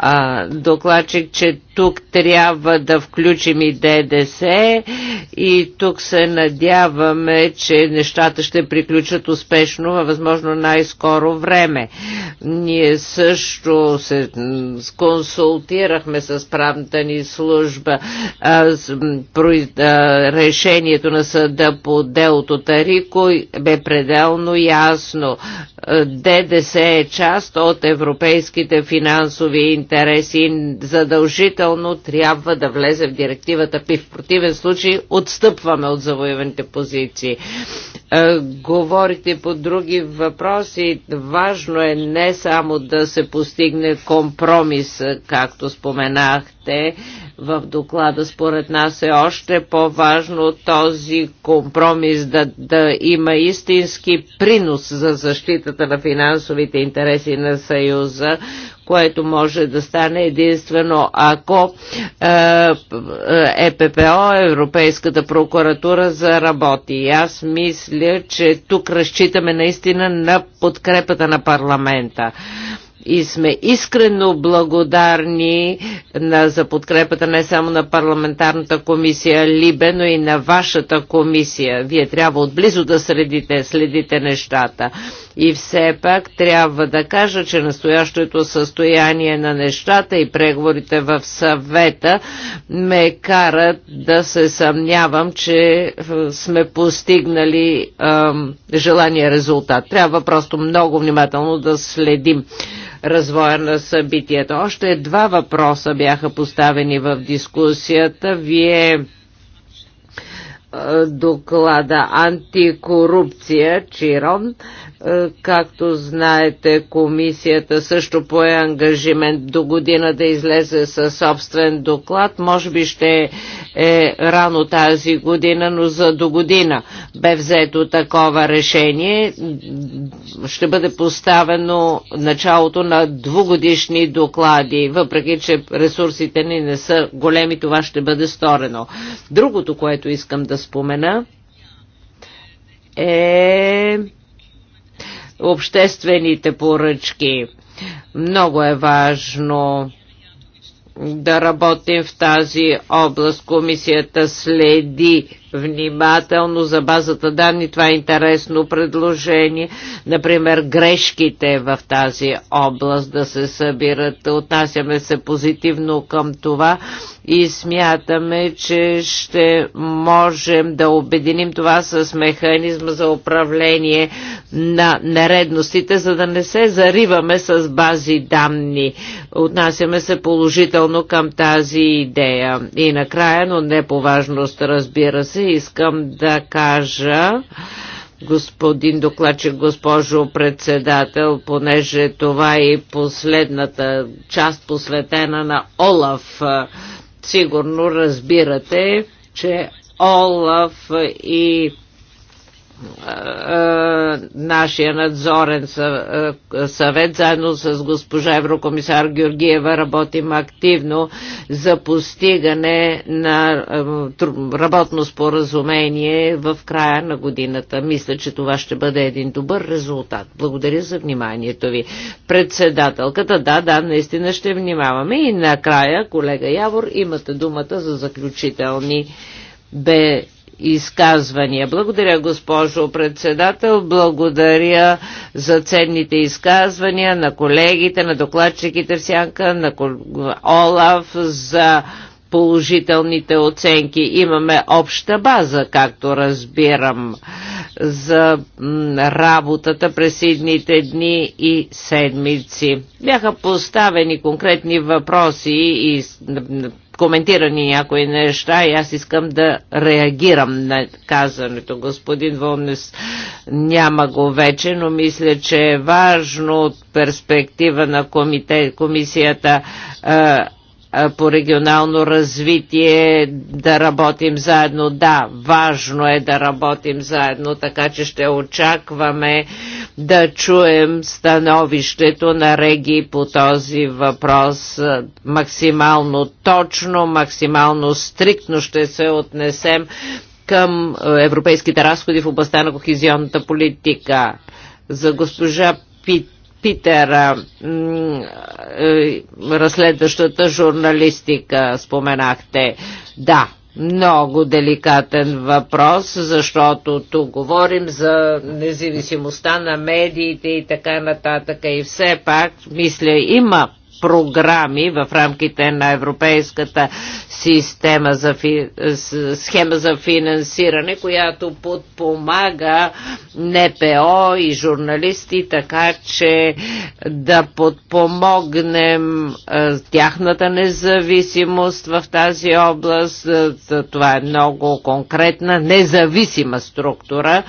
а, докладчик, че тук трябва да включим и ДДС и тук се надяваме, че нещата ще приключат успешно във възможно най-скоро време. Ние също се консултирахме с правната ни служба а, с, про, а, решението на съда по делото Тарико бе пределно ясно. ДДС е част от европейските финансови интереси интереси задължително трябва да влезе в директивата ПИВ. В противен случай отстъпваме от завоеваните позиции. Е, говорите по други въпроси. Важно е не само да се постигне компромис, както споменах казахте в доклада. Според нас е още по-важно този компромис да, да има истински принос за защитата на финансовите интереси на Съюза, което може да стане единствено ако е, е, ЕППО, Европейската прокуратура, заработи. И аз мисля, че тук разчитаме наистина на подкрепата на парламента и сме искрено благодарни на, за подкрепата не само на парламентарната комисия Либе, но и на вашата комисия. Вие трябва отблизо да следите, следите нещата. И все пак трябва да кажа, че настоящото състояние на нещата и преговорите в съвета ме карат да се съмнявам, че е, сме постигнали ем, желания резултат. Трябва просто много внимателно да следим развоя на събитията. Още два въпроса бяха поставени в дискусията. Вие е, доклада Антикорупция Чирон е, както знаете, комисията също пое ангажимент до година да излезе със собствен доклад. Може би ще е рано тази година, но за до година бе взето такова решение. Ще бъде поставено началото на двугодишни доклади. Въпреки, че ресурсите ни не са големи, това ще бъде сторено. Другото, което искам да спомена е обществените поръчки. Много е важно да работим в тази област. Комисията следи внимателно за базата данни. Това е интересно предложение. Например, грешките в тази област да се събират. Отнасяме се позитивно към това и смятаме, че ще можем да обединим това с механизма за управление на нередностите, за да не се зариваме с бази данни. Отнасяме се положително към тази идея. И накрая, но не по важност, разбира се, се, искам да кажа, господин докладчик, госпожо председател, понеже това е последната част посветена на Олаф. Сигурно разбирате, че Олаф и е, е, нашия надзорен е, съвет, заедно с госпожа Еврокомисар Георгиева, работим активно за постигане на работно споразумение в края на годината. Мисля, че това ще бъде един добър резултат. Благодаря за вниманието ви. Председателката, да, да, наистина ще внимаваме. И накрая, колега Явор, имате думата за заключителни бе изказвания. Благодаря, госпожо председател. Благодаря за ценните изказвания на колегите, на докладчиките в Сянка, на Олаф, за положителните оценки. Имаме обща база, както разбирам, за работата през идните дни и седмици. Бяха поставени конкретни въпроси и коментирани някои неща и аз искам да реагирам на казаното. Господин Волнес няма го вече, но мисля, че е важно от перспектива на комите, комисията по регионално развитие, да работим заедно. Да, важно е да работим заедно, така че ще очакваме да чуем становището на Реги по този въпрос. Максимално точно, максимално стриктно ще се отнесем към европейските разходи в областта на кохизионната политика. За госпожа Пит Питера, разследващата журналистика, споменахте. Да, много деликатен въпрос, защото тук говорим за независимостта на медиите и така нататък. И все пак, мисля, има програми в рамките на Европейската система за фи... схема за финансиране, която подпомага НПО и журналисти, така че да подпомогнем тяхната независимост в тази област. Това е много конкретна, независима структура,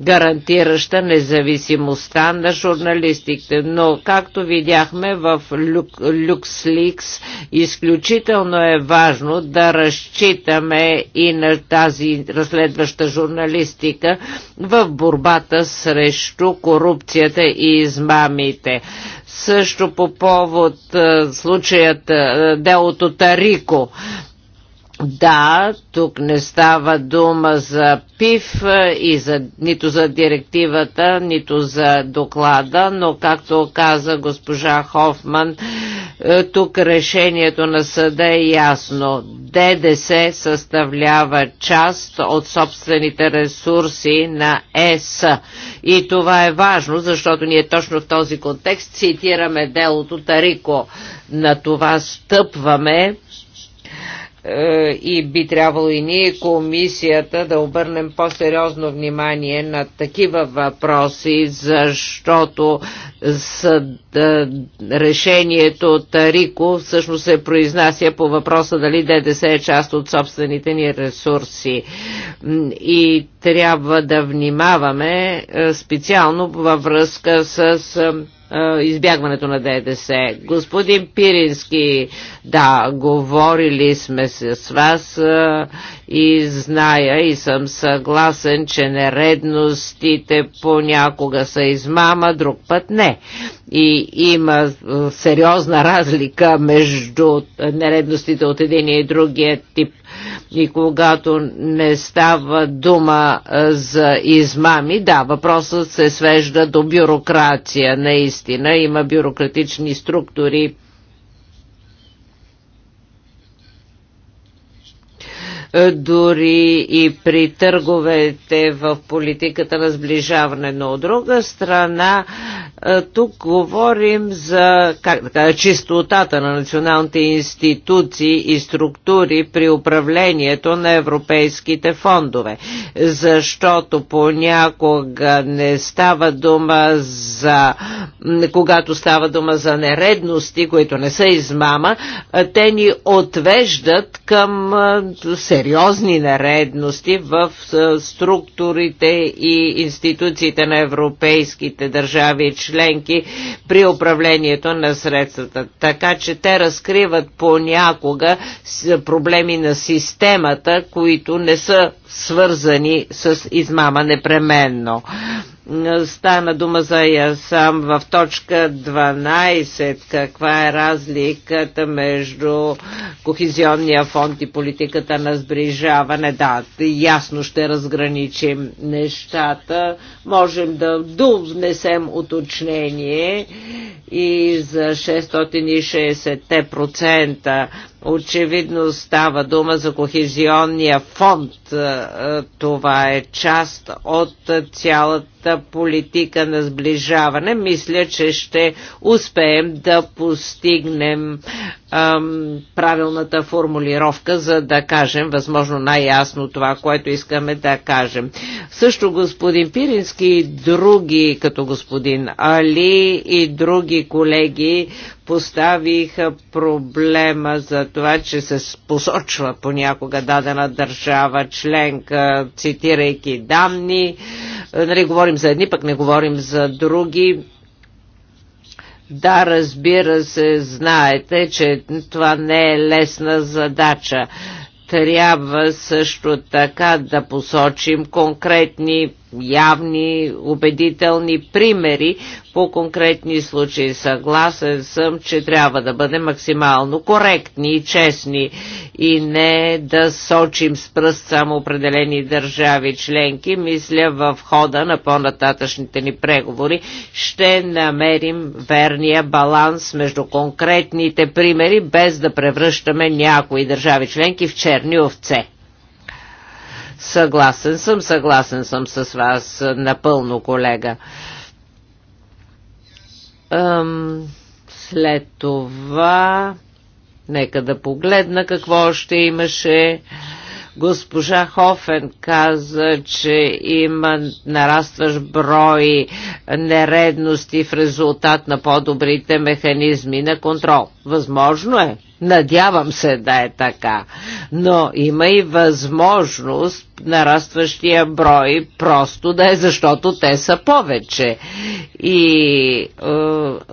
гарантираща независимостта на журналистите. Но, както видяхме в Люк LuxLeaks, изключително е важно да разчитаме и на тази разследваща журналистика в борбата срещу корупцията и измамите. Също по повод случаят делото Тарико да, тук не става дума за ПИВ и за, нито за директивата, нито за доклада, но както каза госпожа Хофман, е, тук решението на съда е ясно. ДДС съставлява част от собствените ресурси на ЕС. И това е важно, защото ние точно в този контекст цитираме делото Тарико. На това стъпваме е, и би трябвало и ние комисията да обърнем по-сериозно внимание на такива въпроси, защото съд, е, решението Тарико всъщност се произнася по въпроса дали ДДС е част от собствените ни ресурси. И трябва да внимаваме е, специално във връзка с избягването на ДДС. Господин Пирински, да, говорили сме с вас и зная и съм съгласен, че нередностите понякога са измама, друг път не. И има е, сериозна разлика между нередностите от един и другия тип. И когато не става дума е, за измами, да, въпросът се свежда до бюрокрация. Наистина има бюрократични структури дори и при търговете в политиката на сближаване. Но от друга страна, е, тук говорим за как да кажа, чистотата на националните институции и структури при управлението на европейските фондове, защото понякога не става дума за, когато става дума за нередности, които не са измама, е, те ни отвеждат към е, се сериозни наредности в структурите и институциите на европейските държави и членки при управлението на средствата. Така че те разкриват понякога проблеми на системата, които не са свързани с измама непременно. Стана дума за я сам в точка 12. Каква е разликата между Кохизионния фонд и политиката на сближаване? Да, ясно ще разграничим нещата. Можем да довнесем уточнение и за 660% Очевидно става дума за кохезионния фонд. Е, е, това е част от цялата политика на сближаване. Мисля, че ще успеем да постигнем ам, правилната формулировка, за да кажем възможно най-ясно това, което искаме да кажем. Също господин Пирински и други, като господин Али и други колеги, поставиха проблема за това, че се посочва понякога дадена държава членка, цитирайки данни. Нали, говорим за едни, пък не говорим за други. Да, разбира се, знаете, че това не е лесна задача трябва също така да посочим конкретни явни, убедителни примери по конкретни случаи. Съгласен съм, че трябва да бъдем максимално коректни и честни и не да сочим с пръст само определени държави членки. Мисля, в хода на по-нататъчните ни преговори ще намерим верния баланс между конкретните примери, без да превръщаме някои държави членки в черни овце. Съгласен съм, съгласен съм с вас е, напълно, колега. Ам, след това, нека да погледна какво още имаше. Госпожа Хофен каза, че има нарастваш брой нередности в резултат на по-добрите механизми на контрол. Възможно е, Надявам се да е така. Но има и възможност нарастващия брой просто да е, защото те са повече. И е,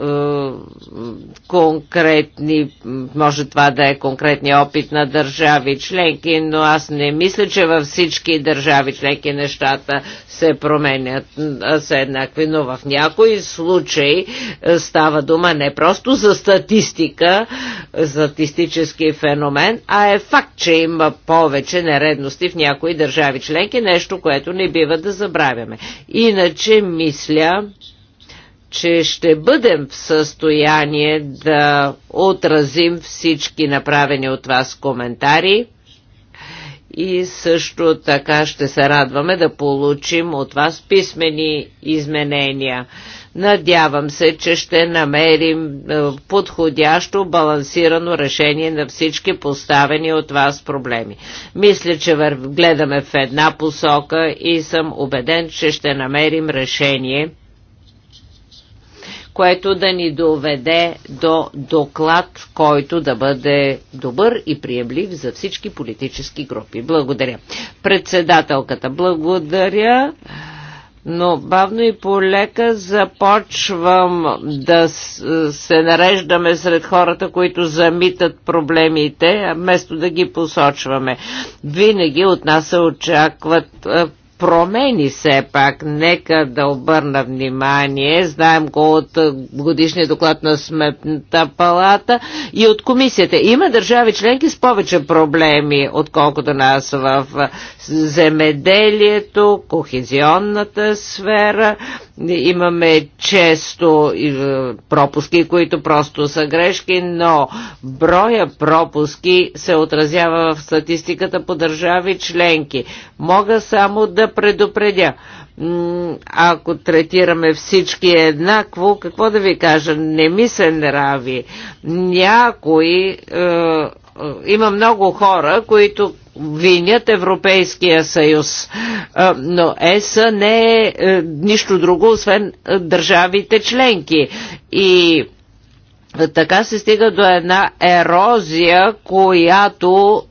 е, конкретни, може това да е конкретния опит на държави членки, но аз не мисля, че във всички държави членки нещата се променят са еднакви, но в някои случаи е, става дума не просто за статистика, за статистически феномен, а е факт, че има повече нередности в някои държави членки, нещо, което не бива да забравяме. Иначе, мисля, че ще бъдем в състояние да отразим всички направени от вас коментари и също така ще се радваме да получим от вас писмени изменения. Надявам се, че ще намерим е, подходящо балансирано решение на всички поставени от вас проблеми. Мисля, че гледаме в една посока и съм убеден, че ще намерим решение което да ни доведе до доклад, който да бъде добър и приемлив за всички политически групи. Благодаря. Председателката, благодаря но бавно и полека започвам да се нареждаме сред хората, които замитат проблемите, вместо да ги посочваме. Винаги от нас се очакват промени все пак. Нека да обърна внимание, знаем го от годишния доклад на Сметната палата и от комисията. Има държави членки с повече проблеми, отколкото нас в земеделието, кохезионната сфера, Имаме често е, пропуски, които просто са грешки, но броя пропуски се отразява в статистиката по държави членки. Мога само да предупредя ако третираме всички еднакво, какво да ви кажа, не ми се нрави. Някои, е, е, има много хора, които винят Европейския съюз. Но ЕС не е, е нищо друго, освен е, държавите членки. И е, така се стига до една ерозия, която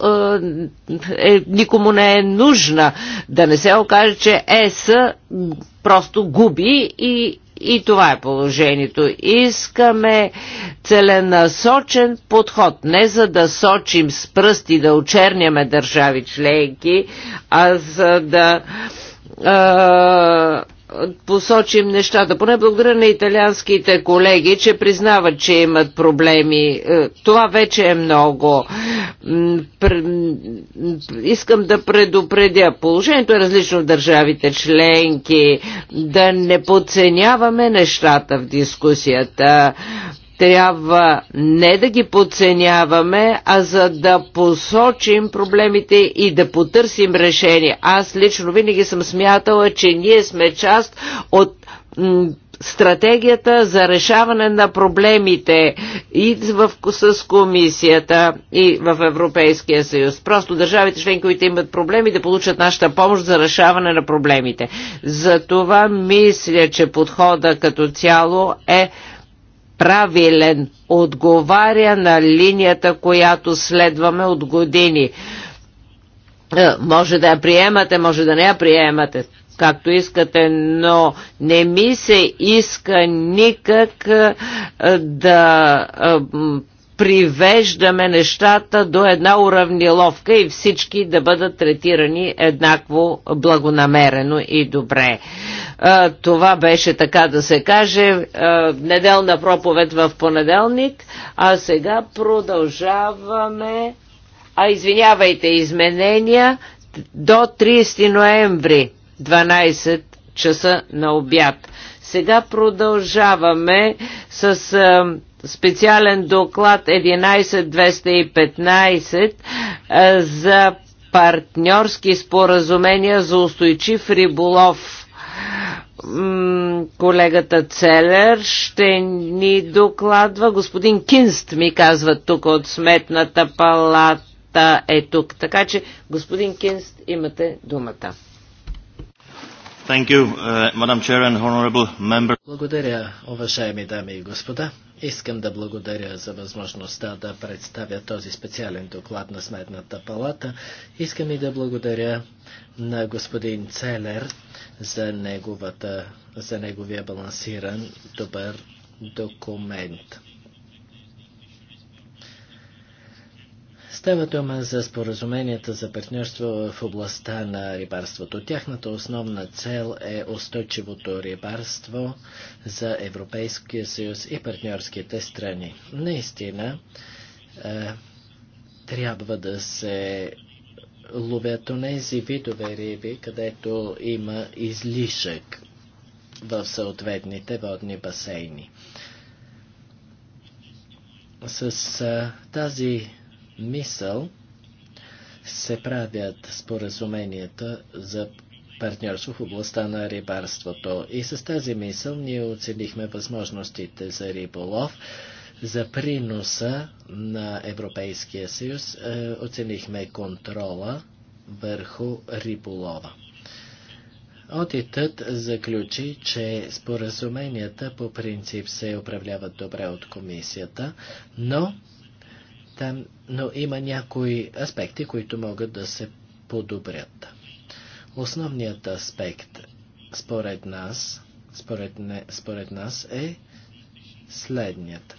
е, никому не е нужна. Да не се окаже, че ЕС просто губи и и това е положението. Искаме целенасочен подход, не за да сочим с пръсти, да очерняме държави членки, а за да посочим нещата. Поне благодаря на италианските колеги, че признават, че имат проблеми. Е, това вече е много. Искам да предупредя. Положението е различно в държавите членки. Да не подценяваме нещата в дискусията трябва не да ги подценяваме, а за да посочим проблемите и да потърсим решение. Аз лично винаги съм смятала, че ние сме част от стратегията за решаване на проблемите и в, с комисията и в Европейския съюз. Просто държавите член, които имат проблеми, да получат нашата помощ за решаване на проблемите. Затова мисля, че подхода като цяло е правилен, отговаря на линията, която следваме от години. Е, може да я приемате, може да не я приемате, както искате, но не ми се иска никак е, да е, привеждаме нещата до една уравниловка и всички да бъдат третирани еднакво благонамерено и добре. Това беше така да се каже неделна проповед в понеделник, а сега продължаваме. А извинявайте, изменения до 30 ноември 12 часа на обяд. Сега продължаваме с специален доклад 11215 за партньорски споразумения за устойчив риболов. Колегата Целер ще ни докладва. Господин Кинст ми казва тук от Сметната палата е тук. Така че, господин Кинст, имате думата. Uh, Благодаря, уважаеми дами и господа. Искам да благодаря за възможността да представя този специален доклад на Сметната палата. Искам и да благодаря на господин Целер за, неговата, за неговия балансиран добър документ. Става дума за споразуменията за партньорство в областта на рибарството. Тяхната основна цел е устойчивото рибарство за Европейския съюз и партньорските страни. Наистина, е, трябва да се ловят онези видове риби, където има излишък в съответните водни басейни. С е, тази мисъл се правят споразуменията за партньорство в областта на рибарството. И с тази мисъл ние оценихме възможностите за риболов, за приноса на Европейския съюз, е, оценихме контрола върху риболова. Одитът заключи, че споразуменията по принцип се управляват добре от комисията, но там, но има някои аспекти, които могат да се подобрят. Основният аспект според нас, според, не, според нас е следният.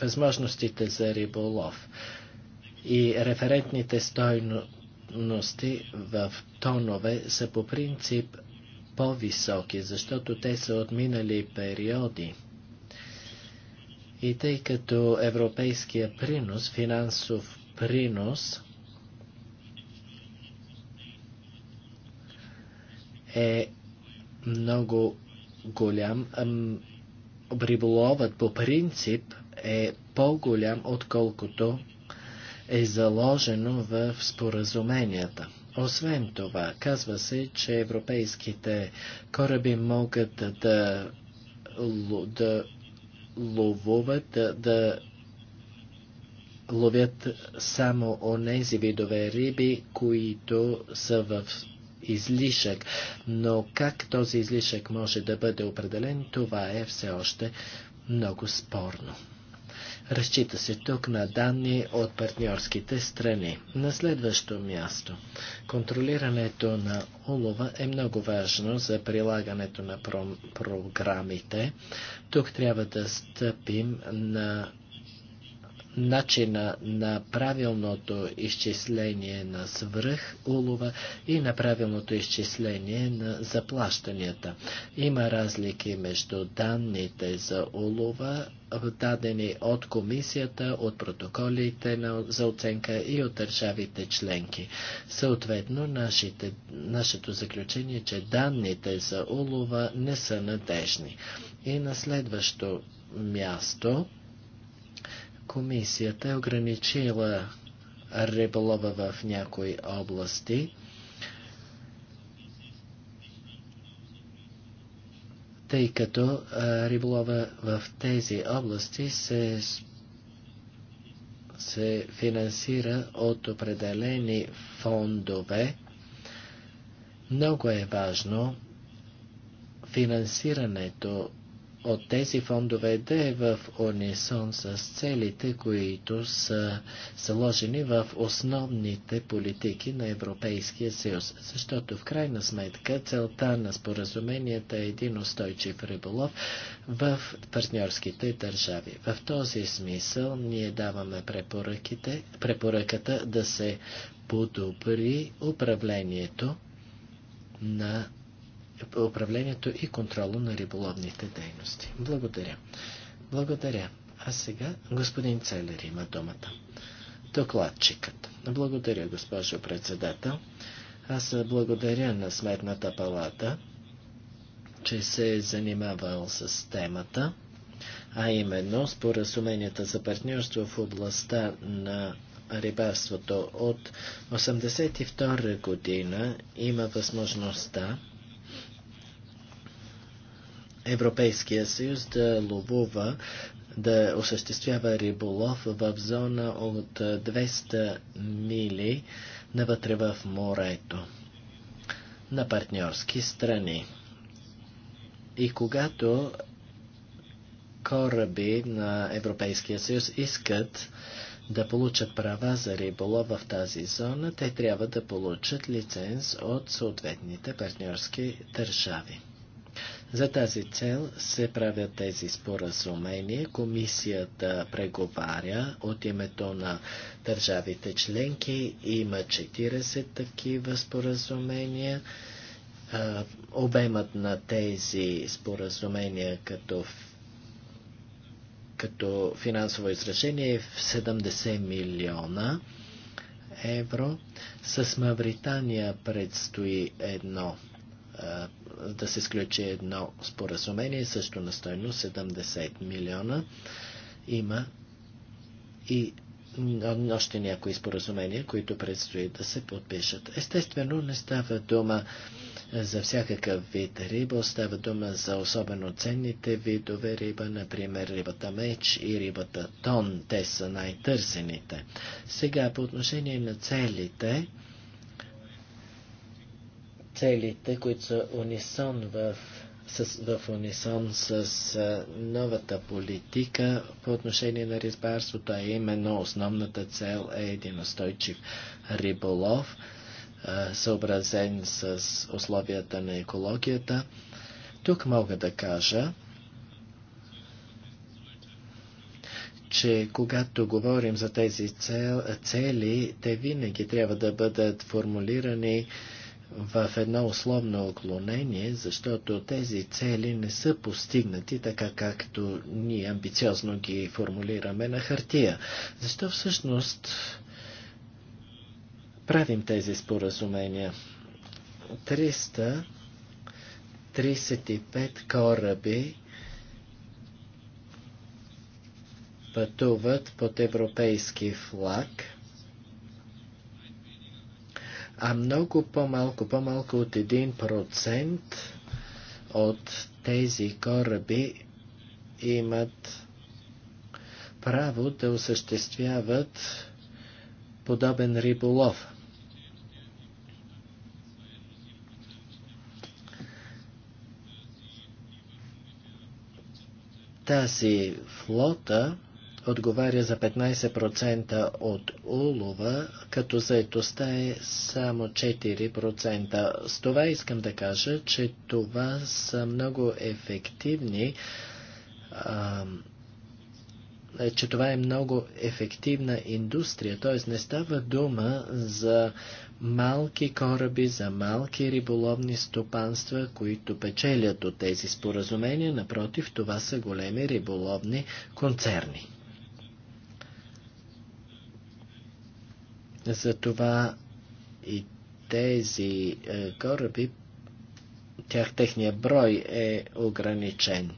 Възможностите за риболов и референтните стойности в тонове са по принцип по-високи, защото те са отминали периоди. И тъй като европейския принос, финансов принос е много голям, риболовът по принцип е по-голям, отколкото е заложено в споразуменията. Освен това, казва се, че европейските кораби могат да, да ловуват, да, да ловят само онези видове риби, които са в излишък. Но как този излишък може да бъде определен, това е все още много спорно. Разчита се тук на данни от партньорските страни. На следващо място. Контролирането на улова е много важно за прилагането на програмите. Тук трябва да стъпим на начина на правилното изчисление на свръх улова и на правилното изчисление на заплащанията. Има разлики между данните за улова, дадени от комисията, от протоколите за оценка и от държавите членки. Съответно, нашите, нашето заключение е, че данните за улова не са надежни. И на следващо място Комисията е ограничила риболова в някои области. тъй като риболова в тези области се, се финансира от определени фондове. Много е важно финансирането от тези фондове да е в унисон с целите, които са заложени в основните политики на Европейския съюз. Защото в крайна сметка целта на споразуменията е един устойчив риболов в партньорските държави. В този смисъл ние даваме препоръката да се подобри управлението на управлението и контрола на риболовните дейности. Благодаря. Благодаря. А сега господин Целер има думата. Докладчикът. Благодаря, госпожо председател. Аз благодаря на Сметната палата, че се е занимавал с темата, а именно споразуменията за партньорство в областта на рибарството от 1982 година има възможността Европейския съюз да ловува, да осъществява риболов в зона от 200 мили навътре в морето на партньорски страни. И когато кораби на Европейския съюз искат да получат права за риболов в тази зона, те трябва да получат лиценз от съответните партньорски държави. За тази цел се правят тези споразумения. Комисията преговаря от името на държавите членки. Има 40 такива споразумения. Обемът на тези споразумения като като финансово изражение е в 70 милиона евро. С Мавритания предстои едно е, да се сключи едно споразумение, също на стойност 70 милиона. Има и още някои споразумения, които предстои да се подпишат. Естествено, не става дума за всякакъв вид риба, става дума за особено ценните видове риба, например рибата меч и рибата тон. Те са най-търсените. Сега, по отношение на целите, целите, които са унисон в, с, в унисон с новата политика по отношение на рибарството, а именно основната цел е един устойчив риболов, съобразен с условията на екологията. Тук мога да кажа, че когато говорим за тези цел, цели, те винаги трябва да бъдат формулирани в едно условно отклонение, защото тези цели не са постигнати така, както ние амбициозно ги формулираме на хартия. Защо всъщност правим тези споразумения? 335 кораби пътуват под европейски флаг – а много по-малко, по-малко от 1% от тези кораби имат право да осъществяват подобен риболов. Тази флота отговаря за 15% от улова, като заетостта е само 4%. С това искам да кажа, че това са много ефективни е, че това е много ефективна индустрия, т.е. не става дума за малки кораби, за малки риболовни стопанства, които печелят от тези споразумения, напротив, това са големи риболовни концерни. Затова и тези е, кораби, тях, техния брой е ограничен.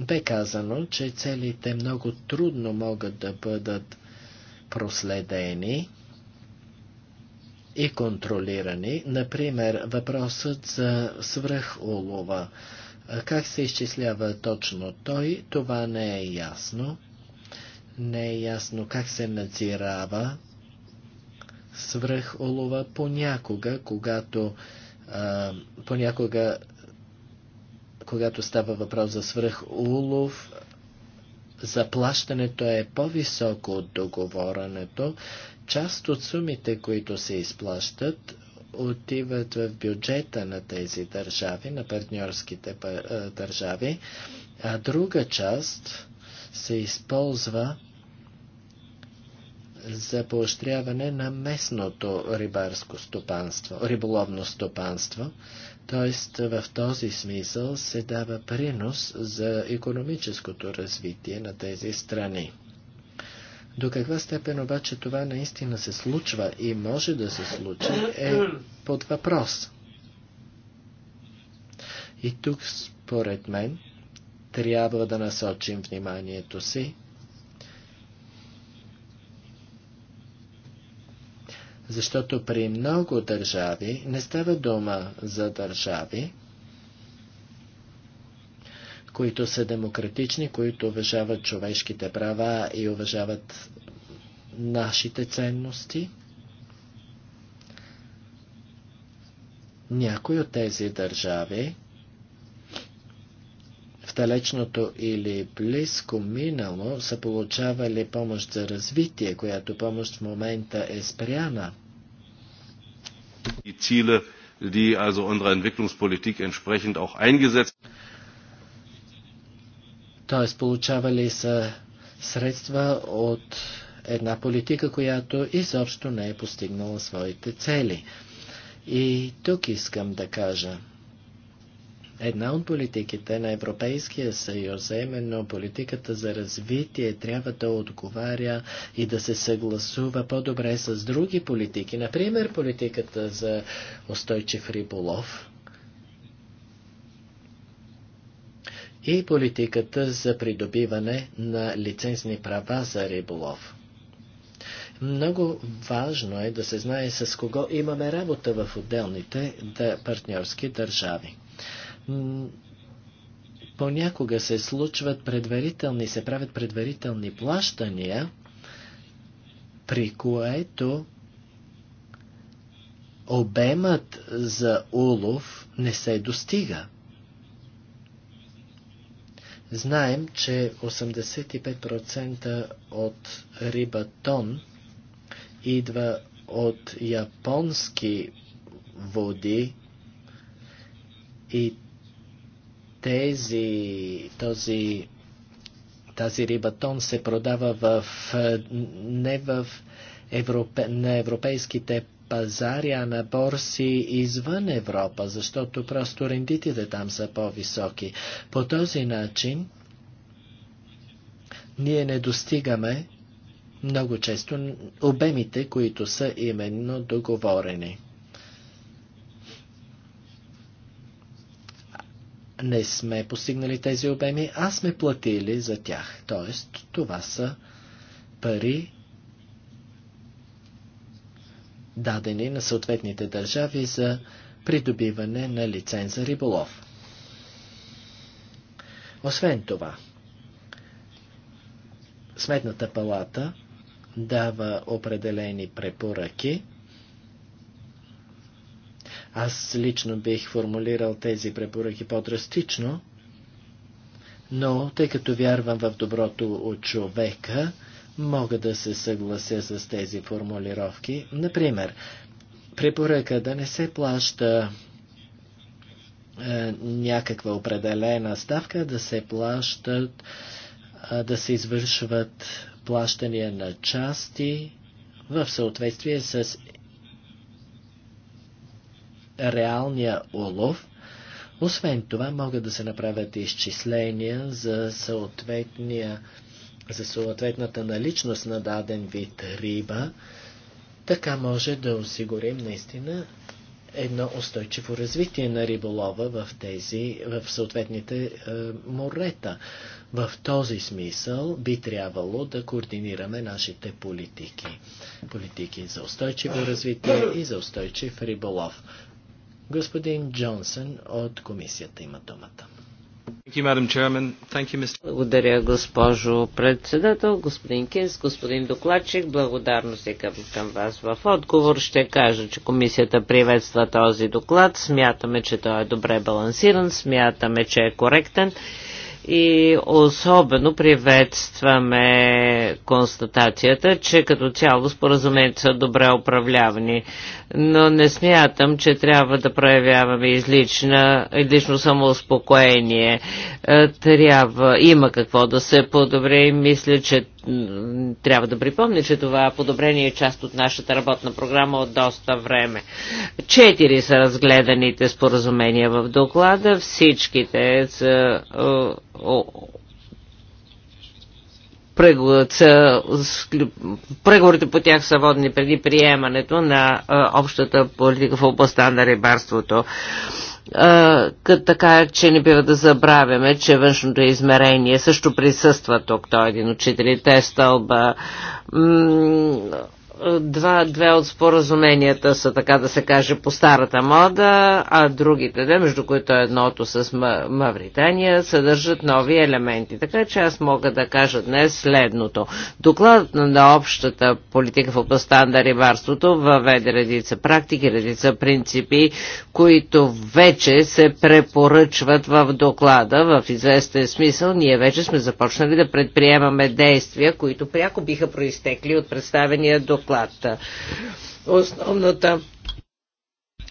Бе казано, че целите много трудно могат да бъдат проследени и контролирани. Например, въпросът за свръхулова. Как се изчислява точно той, това не е ясно не е ясно как се надзирава свръхолова понякога, когато, а, понякога, когато става въпрос за свръхулов, заплащането е по-високо от договореното. Част от сумите, които се изплащат, отиват в бюджета на тези държави, на партньорските държави, а друга част се използва за поощряване на местното рибарско стопанство, риболовно стопанство, т.е. в този смисъл се дава принос за економическото развитие на тези страни. До каква степен обаче това наистина се случва и може да се случи е под въпрос. И тук, според мен, трябва да насочим вниманието си Защото при много държави не става дума за държави, които са демократични, които уважават човешките права и уважават нашите ценности. Някои от тези държави в далечното или близко минало са получавали помощ за развитие, която помощ в момента е спряна die Ziele, die also unserer Entwicklungspolitik entsprechend auch eingesetzt werden. Тоест, получавали са средства от една политика, която изобщо не е постигнала своите цели. И тук искам да кажа, Една от политиките на Европейския съюз, а именно политиката за развитие, трябва да отговаря и да се съгласува по-добре с други политики. Например, политиката за устойчив риболов и политиката за придобиване на лицензни права за риболов. Много важно е да се знае с кого имаме работа в отделните партньорски държави понякога се случват предварителни, се правят предварителни плащания, при което обемът за улов не се достига. Знаем, че 85% от риба тон идва от японски води и тези, този, тази рибатон се продава в, е, не в европе, на европейските пазари, а на борси извън Европа, защото просто рендитите там са по-високи. По този начин ние не достигаме много често обемите, които са именно договорени. не сме постигнали тези обеми, а сме платили за тях. Тоест, това са пари, дадени на съответните държави за придобиване на лиценз за риболов. Освен това, Сметната палата дава определени препоръки – аз лично бих формулирал тези препоръки по-драстично, но тъй като вярвам в доброто от човека, мога да се съглася с тези формулировки. Например, препоръка да не се плаща е, някаква определена ставка, да се плащат, е, да се извършват плащания на части в съответствие с реалния улов. Освен това, могат да се направят изчисления за, за съответната наличност на даден вид риба. Така може да осигурим наистина едно устойчиво развитие на риболова в тези, в съответните е, морета. В този смисъл би трябвало да координираме нашите политики. Политики за устойчиво развитие и за устойчив риболов. Господин Джонсън от комисията има думата. Благодаря, госпожо председател, господин Кинс, господин докладчик. се към, към вас. В отговор ще кажа, че комисията приветства този доклад. Смятаме, че той е добре балансиран, смятаме, че е коректен и особено приветстваме констатацията, че като цяло споразумението са добре управлявани, но не смятам, че трябва да проявяваме излична, излично самоуспокоение. Е, трябва, има какво да се подобри и мисля, че трябва да припомня, че това подобрение е част от нашата работна програма от доста време. Четири са разгледаните споразумения в доклада. Всичките са преговорите по тях са водни преди приемането на общата политика в областта на рибарството така е, че не бива да забравяме, че външното измерение също присъства тук. Той е един от четирите стълба два, две от споразуменията са, така да се каже, по старата мода, а другите две, между които е едното с Мавритания, съдържат нови елементи. Така че аз мога да кажа днес следното. Докладът на общата политика в областта на рибарството въведе редица практики, редица принципи, които вече се препоръчват в доклада. В известен смисъл ние вече сме започнали да предприемаме действия, които пряко биха произтекли от представения доклад доклад. Основната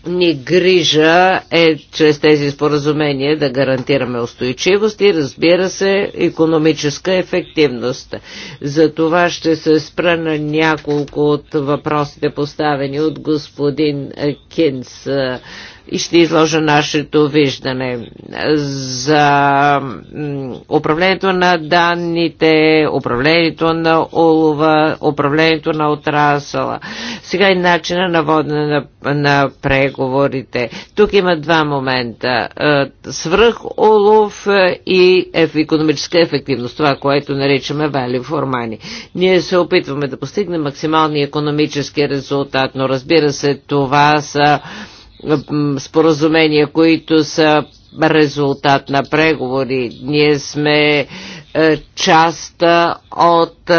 ни грижа е чрез тези споразумения да гарантираме устойчивост и разбира се економическа ефективност. За това ще се спра на няколко от въпросите поставени от господин Кинс и ще изложа нашето виждане за управлението на данните, управлението на улова, управлението на отрасъла. Сега и начина на водене на, на преговорите. Тук има два момента. Е, свръх улов и економическа ефективност, това, което наричаме вали формани. Ние се опитваме да постигнем максималния економически резултат, но разбира се, това са споразумения, които са резултат на преговори. Ние сме е, част от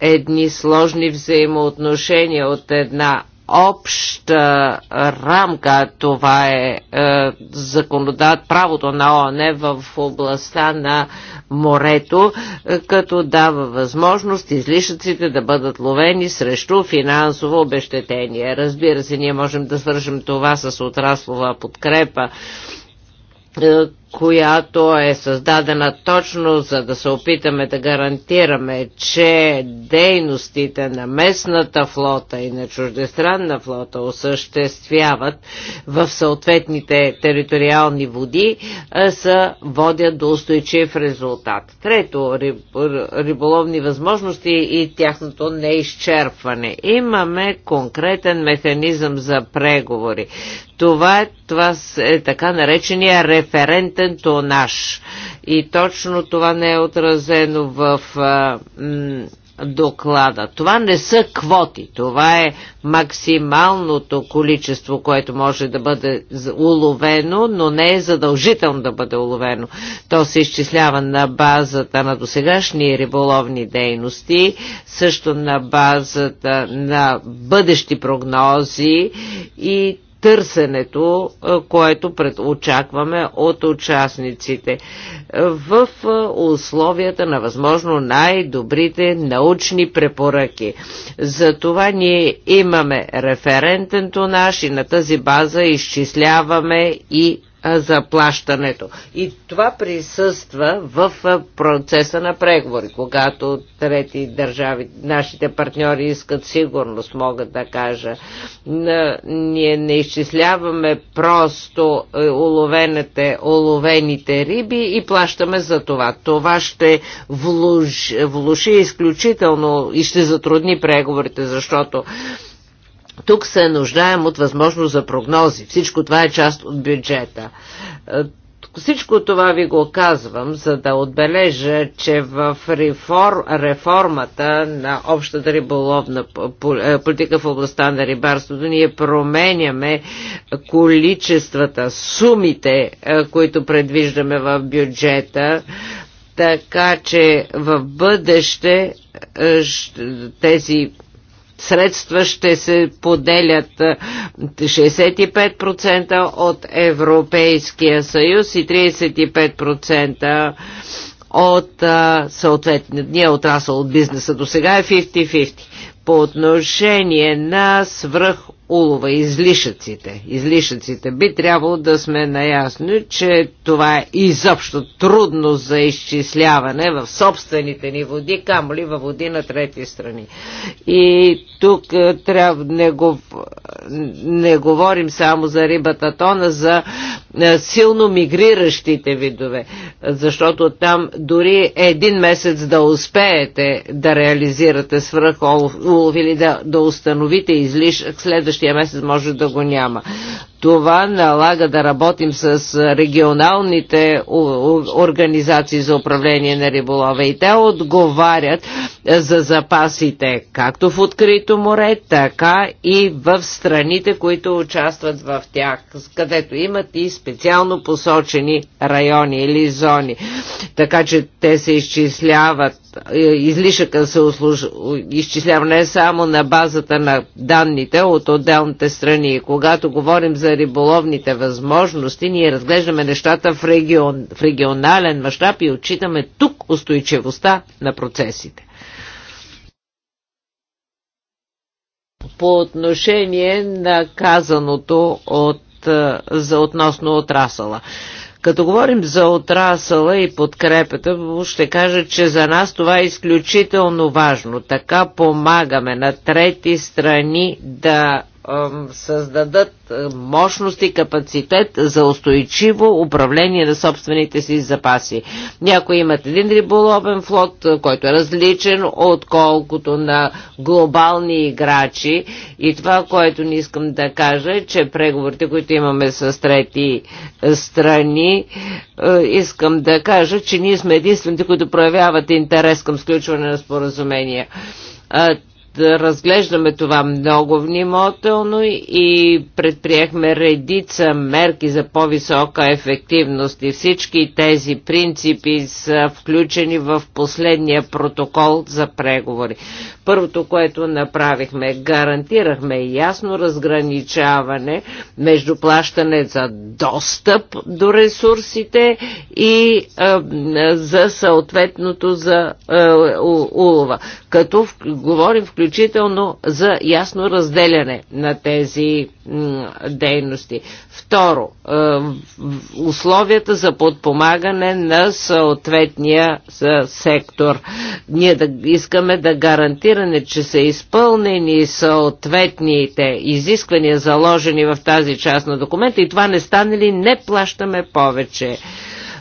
едни сложни взаимоотношения от една обща рамка. Това е, е законодат, правото на ООН е в областта на морето, е, като дава възможност излишъците да бъдат ловени срещу финансово обещетение. Разбира се, ние можем да свържем това с отраслова подкрепа е, която е създадена точно за да се опитаме да гарантираме, че дейностите на местната флота и на чуждестранна флота осъществяват в съответните териториални води, са водят до устойчив резултат. Трето, риболовни възможности и тяхното неизчерпване. Имаме конкретен механизъм за преговори. Това, това е така наречения референтен пълен тонаж. И точно това не е отразено в а, м, доклада. Това не са квоти, това е максималното количество, което може да бъде уловено, но не е задължително да бъде уловено. То се изчислява на базата на досегашни риболовни дейности, също на базата на бъдещи прогнози и търсенето, което пред очакваме от участниците в условията на възможно най-добрите научни препоръки. За това ние имаме референтен тонаж и на тази база изчисляваме и заплащането. И това присъства в процеса на преговори. Когато трети държави, нашите партньори искат сигурност, могат да кажа. Ние не изчисляваме просто е, уловените, уловените риби и плащаме за това. Това ще влуши изключително и ще затрудни преговорите, защото тук се нуждаем от възможност за прогнози. Всичко това е част от бюджета. Е, всичко това ви го казвам, за да отбележа, че в реформ, реформата на общата риболовна е, политика в областта на рибарството ние променяме количествата, сумите, е, които предвиждаме в бюджета, така че в бъдеще тези средства ще се поделят 65% от Европейския съюз и 35% от съответния отрасъл от бизнеса. До сега е 50-50. По отношение на свръх улова, излишъците. Излишъците би трябвало да сме наясни, че това е изобщо трудно за изчисляване в собствените ни води, камо ли във води на трети страни. И тук е, трябва, не, гов... не говорим само за рибата тона, за е, силно мигриращите видове, защото там дори един месец да успеете да реализирате свръх улов или да, да установите излишък следващия следващия месец може да го няма. Това налага да работим с регионалните организации за управление на риболова и те отговарят е, за запасите както в открито море, така и в страните, които участват в тях, където имат и специално посочени райони или зони. Така че те се изчисляват е, излишъка се услуж... изчислява не само на базата на данните от отделните страни. когато говорим за риболовните възможности, ние разглеждаме нещата в, регион... в регионален мащаб и отчитаме тук устойчивостта на процесите. По отношение на казаното от е, за относно отрасъла. Като говорим за отрасъла и подкрепата, ще кажа, че за нас това е изключително важно. Така помагаме на трети страни да създадат мощност и капацитет за устойчиво управление на собствените си запаси. Някои имат един риболовен флот, който е различен отколкото на глобални играчи. И това, което не искам да кажа, е, че преговорите, които имаме с трети страни, искам да кажа, че ние сме единствените, които проявяват интерес към сключване на споразумения да разглеждаме това много внимателно и предприехме редица мерки за по-висока ефективност и всички тези принципи са включени в последния протокол за преговори. Първото, което направихме, гарантирахме ясно разграничаване между плащане за достъп до ресурсите и а, за съответното за а, у, улова. Като в, говорим включително за ясно разделяне на тези дейности. Второ, е, условията за подпомагане на съответния сектор. Ние да искаме да гарантираме, че са изпълнени съответните изисквания, заложени в тази част на документа и това не стане ли не плащаме повече.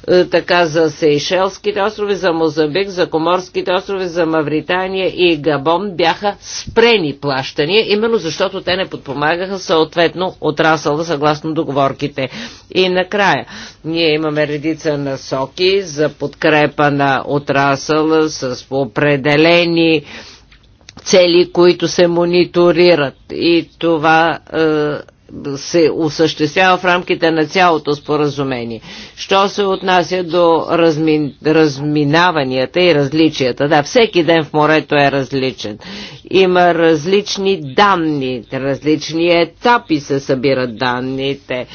Е, така за Сейшелските острови, за Мозамбик, за Коморските острови, за Мавритания и Габон бяха спрени плащания, именно защото те не подпомагаха съответно отрасъла съгласно договорките. И накрая, ние имаме редица насоки за подкрепа на отрасъла с определени цели, които се мониторират. И това е, се осъществява в рамките на цялото споразумение. Що се отнася до разми, разминаванията и различията? Да, всеки ден в морето е различен. Има различни данни, различни етапи се събират данните.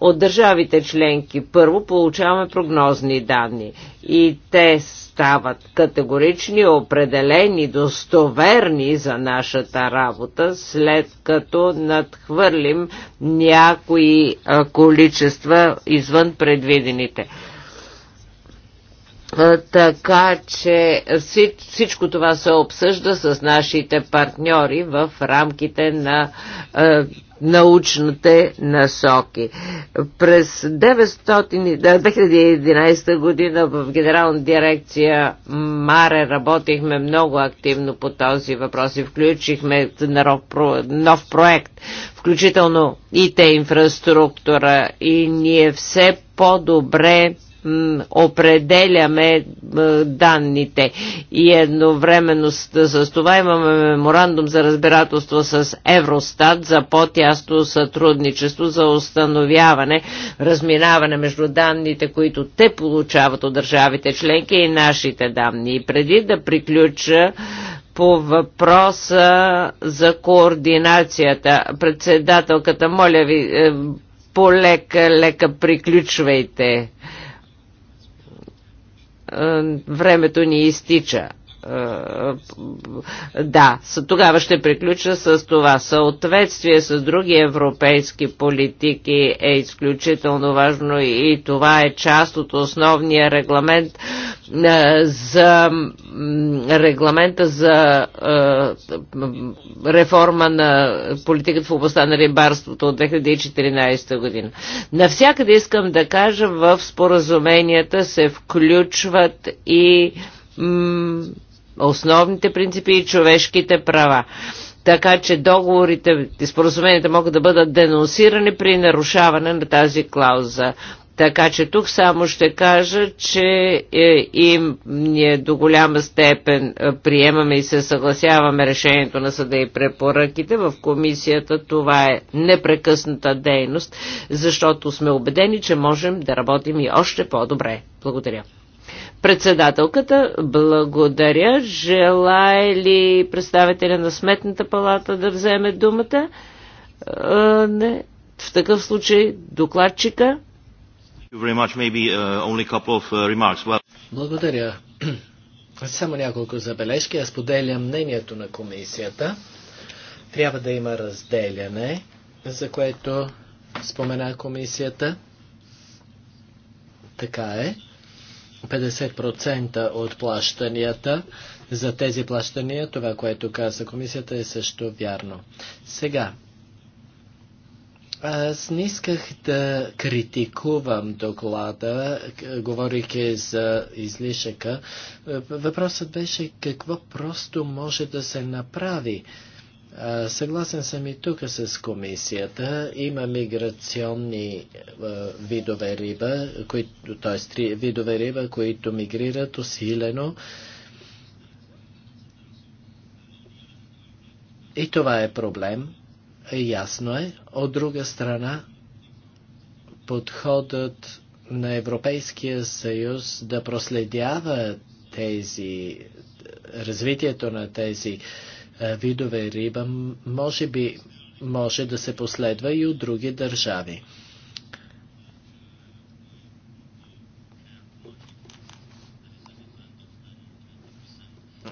От държавите членки първо получаваме прогнозни данни и те Стават категорични, определени, достоверни за нашата работа, след като надхвърлим някои количества извън предвидените. Така че всичко това се обсъжда с нашите партньори в рамките на научните насоки. През 900, 2011 година в Генерална дирекция Маре работихме много активно по този въпрос и включихме нов проект, включително и те инфраструктура и ние все по-добре определяме данните. И едновременно с, с това имаме меморандум за разбирателство с Евростат за по-тясно сътрудничество за установяване, разминаване между данните, които те получават от държавите членки и нашите данни. И преди да приключа по въпроса за координацията. Председателката, моля ви, е, полека-лека приключвайте. Е, времето ни изтича. Е, е, да, тогава ще приключа с това. Съответствие с други европейски политики е изключително важно и това е част от основния регламент е, за регламента за реформа на политиката в областта на рибарството от 2014 година. Навсякъде искам да кажа, в споразуменията се включват и основните принципи и човешките права. Така че договорите, и споразуменията могат да бъдат денонсирани при нарушаване на тази клауза. Така че тук само ще кажа, че е, им ние до голяма степен е, приемаме и се съгласяваме решението на съда и препоръките. В комисията това е непрекъсната дейност, защото сме убедени, че можем да работим и още по-добре. Благодаря. Председателката, благодаря. Желая ли представителя на Сметната палата да вземе думата? А, не. В такъв случай докладчика. Uh, uh, благодаря. [CLEARS THROAT] Само няколко забележки. Аз поделям мнението на комисията. Трябва да има разделяне, за което спомена комисията. Така е. 50% от плащанията за тези плащания, това, което каза комисията, е също вярно. Сега, аз не исках да критикувам доклада, говорики за излишъка. Въпросът беше какво просто може да се направи Съгласен съм и тук с комисията. Има миграционни видове риба, т.е. видове риба, които мигрират усилено. И това е проблем. Ясно е. От друга страна, подходът на Европейския съюз да проследява тези развитието на тези е, видове риба, може би може да се последва и от други държави.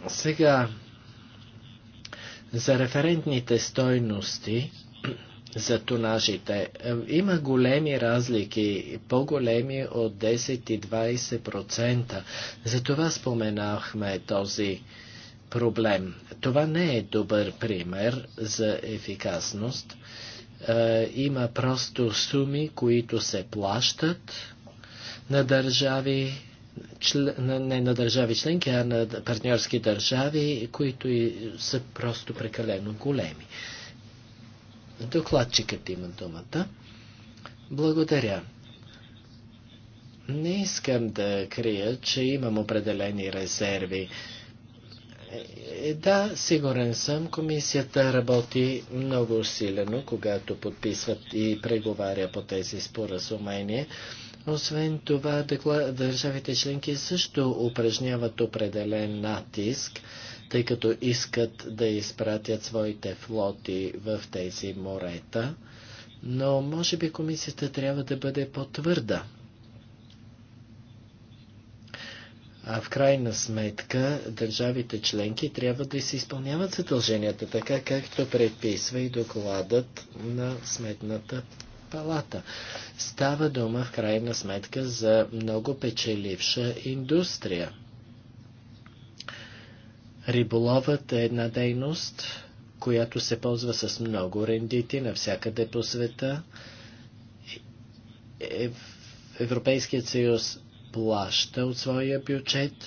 Сега, за референтните стойности, [CLEARS THROAT] за тонажите. Е, има големи разлики, по-големи от 10 и 20%. това споменахме този проблем. Това не е добър пример за ефикасност. Е, има просто суми, които се плащат на държави, чл... не на държави членки, а на партньорски държави, които и са просто прекалено големи. Докладчикът има думата. Благодаря. Не искам да крия, че имам определени резерви е, да, сигурен съм. Комисията работи много усилено, когато подписват и преговаря по тези споразумения. Освен това, държавите членки също упражняват определен натиск, тъй като искат да изпратят своите флоти в тези морета. Но може би комисията трябва да бъде по-твърда А в крайна сметка държавите членки трябва да се изпълняват задълженията, така както предписва и докладът на Сметната палата. Става дума в крайна сметка за много печеливша индустрия. Риболовът е една дейност, която се ползва с много рендити навсякъде по света. Е, Европейският съюз плаща от своя бюджет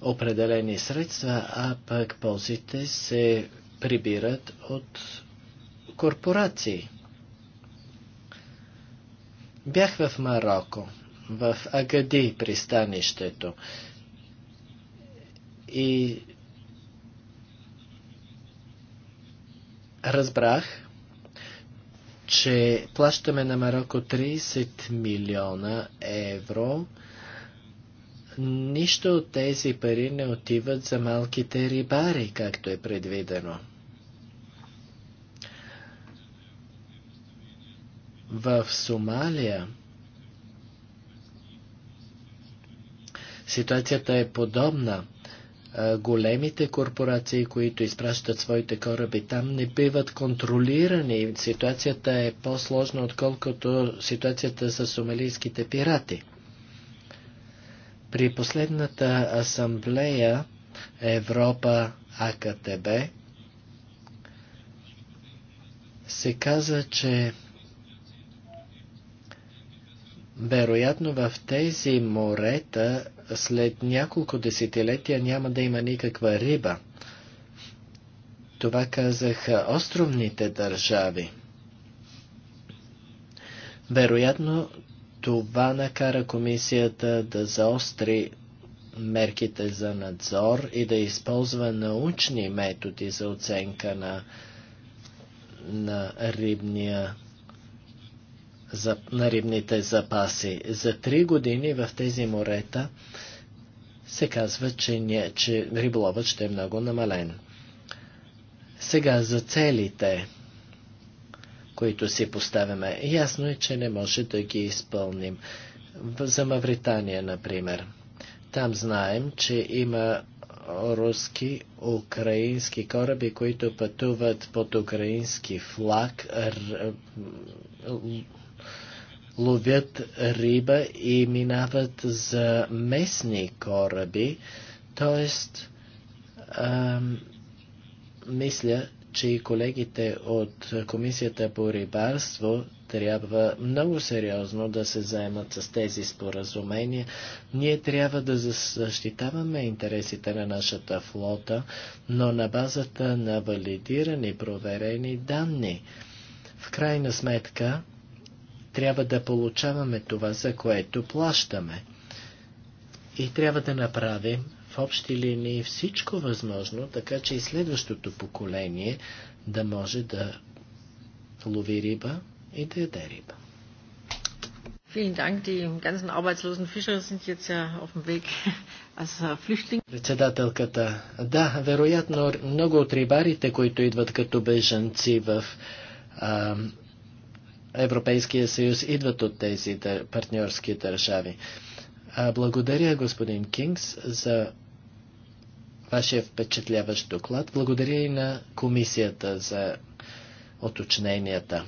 определени средства, а пък ползите се прибират от корпорации. Бях в Марокко, в Агади пристанището и разбрах, че плащаме на Марокко 30 милиона евро. Нищо от тези пари не отиват за малките рибари, както е предвидено. В Сомалия ситуацията е подобна големите корпорации, които изпращат своите кораби там, не биват контролирани. Ситуацията е по-сложна, отколкото ситуацията с сомалийските пирати. При последната асамблея Европа АКТБ се каза, че вероятно в тези морета след няколко десетилетия няма да има никаква риба. Това казаха островните държави. Вероятно това накара комисията да заостри мерките за надзор и да използва научни методи за оценка на, на рибния за, на рибните запаси. За три години в тези морета се казва, че, не, че риболовът ще е много намален. Сега за целите, които си поставяме, ясно е, че не може да ги изпълним. За Мавритания, например. Там знаем, че има руски, украински кораби, които пътуват под украински флаг, ловят риба и минават за местни кораби. т.е. мисля, че и колегите от Комисията по рибарство трябва много сериозно да се заемат с тези споразумения. Ние трябва да защитаваме интересите на нашата флота, но на базата на валидирани, проверени данни. В крайна сметка, трябва да получаваме това, за което плащаме. И трябва да направим в общи линии всичко възможно, така че и следващото поколение да може да лови риба и да яде риба. Vielen Dank. Die ganzen arbeitslosen Fischer sind jetzt ja auf dem Weg als äh, Председателката. Да, вероятно много от рибарите, които идват като бежанци в Европейския съюз идват от тези партньорски държави. Благодаря, господин Кингс, за вашия впечатляващ доклад. Благодаря и на комисията за оточненията.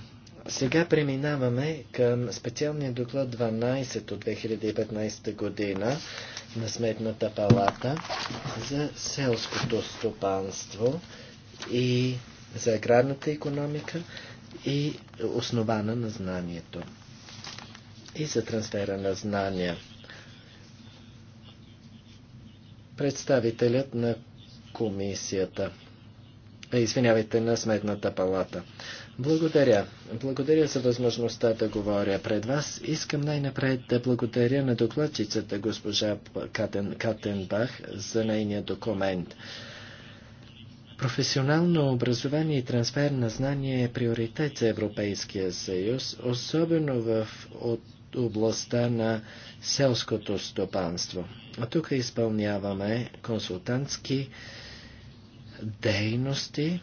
Сега преминаваме към специалния доклад 12 от 2015 година на Сметната палата за селското стопанство и за аграрната економика и основана на знанието. И за трансфера на знания. Представителят на комисията. Е, извинявайте, на Сметната палата. Благодаря. Благодаря за възможността да говоря пред вас. Искам най-напред да благодаря на докладчицата госпожа Катен, Катенбах за нейния документ. Професионално образование и трансфер на знания е приоритет за Европейския съюз, особено в от областта на селското стопанство. А тук изпълняваме консултантски дейности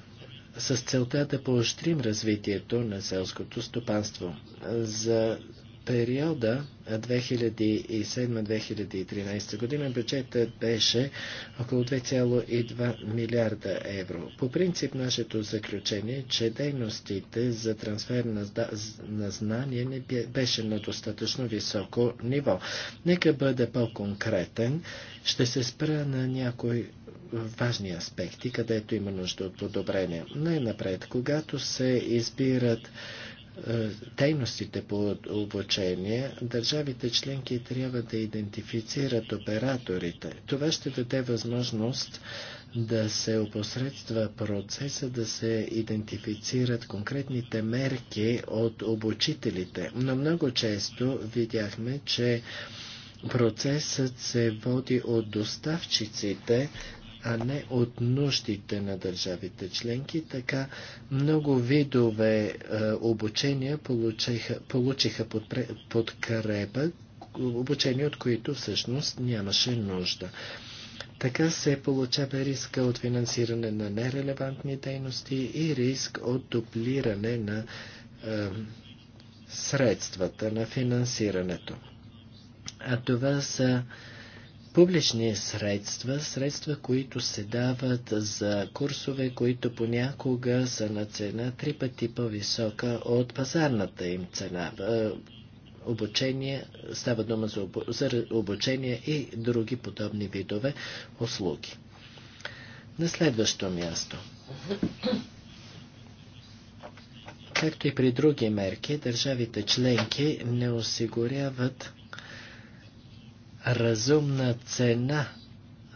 с целта да поощрим развитието на селското стопанство. За периода 2007-2013 година бюджетът беше около 2,2 милиарда евро. По принцип нашето заключение, е, че дейностите за трансфер на, знания знание не беше на достатъчно високо ниво. Нека бъде по-конкретен. Ще се спра на някои важни аспекти, където има нужда от подобрение. Най-напред, когато се избират е, дейностите по обучение, държавите членки трябва да идентифицират операторите. Това ще даде възможност да се опосредства процеса, да се идентифицират конкретните мерки от обучителите. Но много често видяхме, че процесът се води от доставчиците а не от нуждите на държавите членки. Така много видове е, обучения получиха, получиха подкрепа, обучения, от които всъщност нямаше нужда. Така се получава риска от финансиране на нерелевантни дейности и риск от дублиране на е, средствата на финансирането. А това са е, публични средства, средства, които се дават за курсове, които понякога са на цена три пъти по-висока от пазарната им цена. Е, обучение, става дума за, обо, за обучение и други подобни видове услуги. На следващо място. Както и при други мерки, държавите членки не осигуряват разумна цена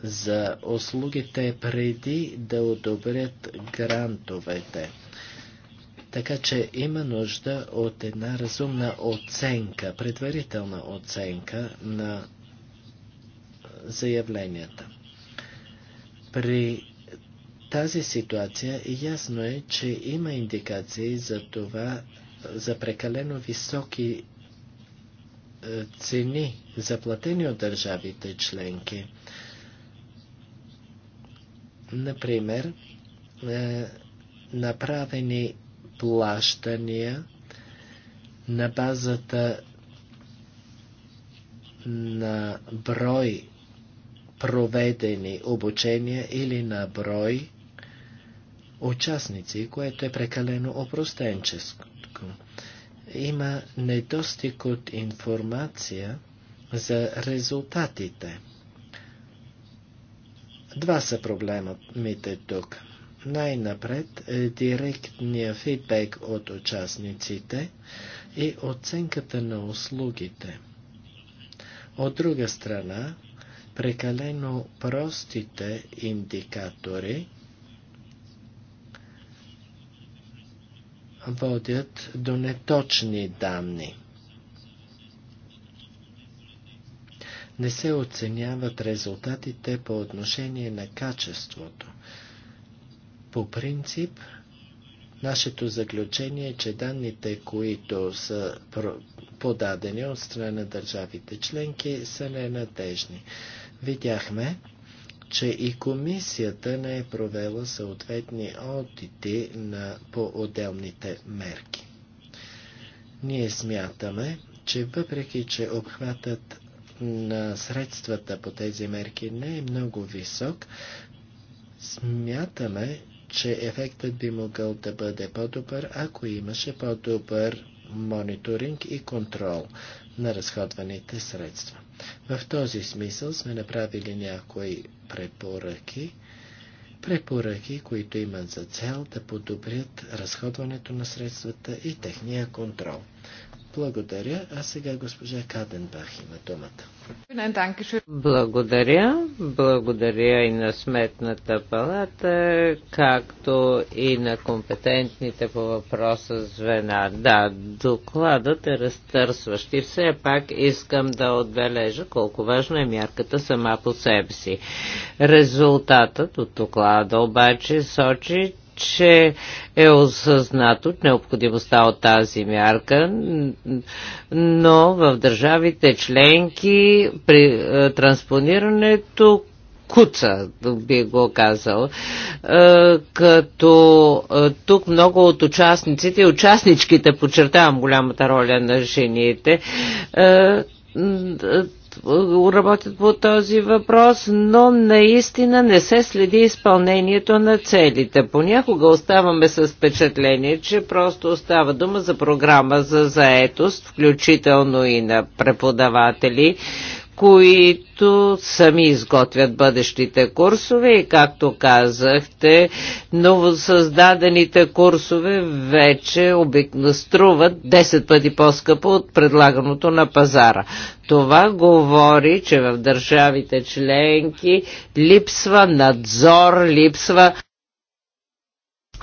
за услугите преди да одобрят грантовете. Така че има нужда от една разумна оценка, предварителна оценка на заявленията. При тази ситуация ясно е, че има индикации за това, за прекалено високи е, цени, заплатени от държавите членки. Например, е, направени плащания на базата на брой проведени обучения или на брой участници, което е прекалено опростенческо има недостиг от информация за резултатите. Два са проблемите тук. Най-напред е директния фидбек от участниците и оценката на услугите. От друга страна, прекалено простите индикатори – водят до неточни данни. Не се оценяват резултатите по отношение на качеството. По принцип, нашето заключение е, че данните, които са подадени от страна на държавите членки, са ненадежни. Видяхме, че и комисията не е провела съответни одити на, по отделните мерки. Ние смятаме, че въпреки, че обхватът на средствата по тези мерки не е много висок, смятаме, че ефектът би могъл да бъде по-добър, ако имаше по-добър мониторинг и контрол на разходваните средства. В този смисъл сме направили някои препоръки, препоръки, които имат за цел да подобрят разходването на средствата и техния контрол. Благодаря. А сега госпожа Каденбах има думата. Благодаря. Благодаря и на Сметната палата, както и на компетентните по въпроса звена. Да, докладът е разтърсващ и все пак искам да отбележа колко важна е мярката сама по себе си. Резултатът от доклада обаче сочи, че е осъзнато необходимостта от тази мярка, но в държавите членки при е, транспонирането куца, би го казал. Е, като е, тук много от участниците и участничките, подчертавам голямата роля на жените, работят по този въпрос, но наистина не се следи изпълнението на целите. Понякога оставаме с впечатление, че просто остава дума за програма за заетост, включително и на преподаватели, които сами изготвят бъдещите курсове и както казахте, новосъздадените курсове вече обикна струват 10 пъти по-скъпо от предлаганото на пазара. Това говори, че в държавите членки липсва надзор, липсва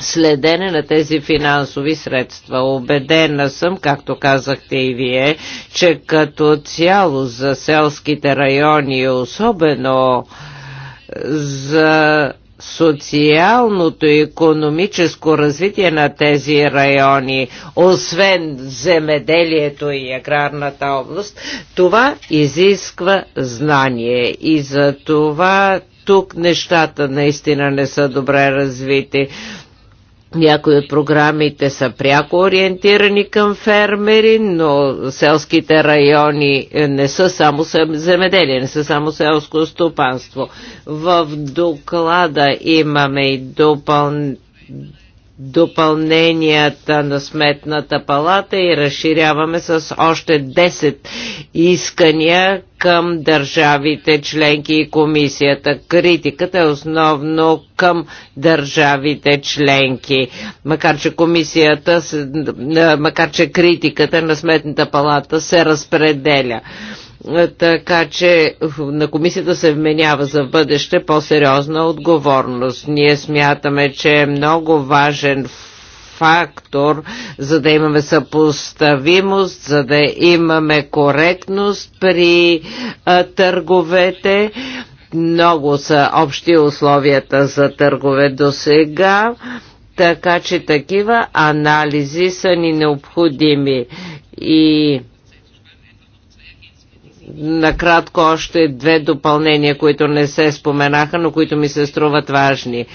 следене на тези финансови средства. Обедена съм, както казахте и вие, че като цяло за селските райони, особено е, за социалното и економическо развитие на тези райони, освен земеделието и аграрната област, това изисква знание и за това тук нещата наистина не са добре развити. Някои от програмите са пряко ориентирани към фермери, но селските райони е, не са само земеделие, не са само селско стопанство. В доклада имаме и допълнително допълненията на Сметната палата и разширяваме с още 10 искания към държавите членки и комисията. Критиката е основно към държавите членки. Макар че комисията, макар че критиката на Сметната палата се разпределя така че на комисията се вменява за бъдеще по-сериозна отговорност. Ние смятаме, че е много важен фактор, за да имаме съпоставимост, за да имаме коректност при а, търговете. Много са общи условията за търгове до сега, така че такива анализи са ни необходими. И накратко още две допълнения, които не се споменаха, но които ми се струват важни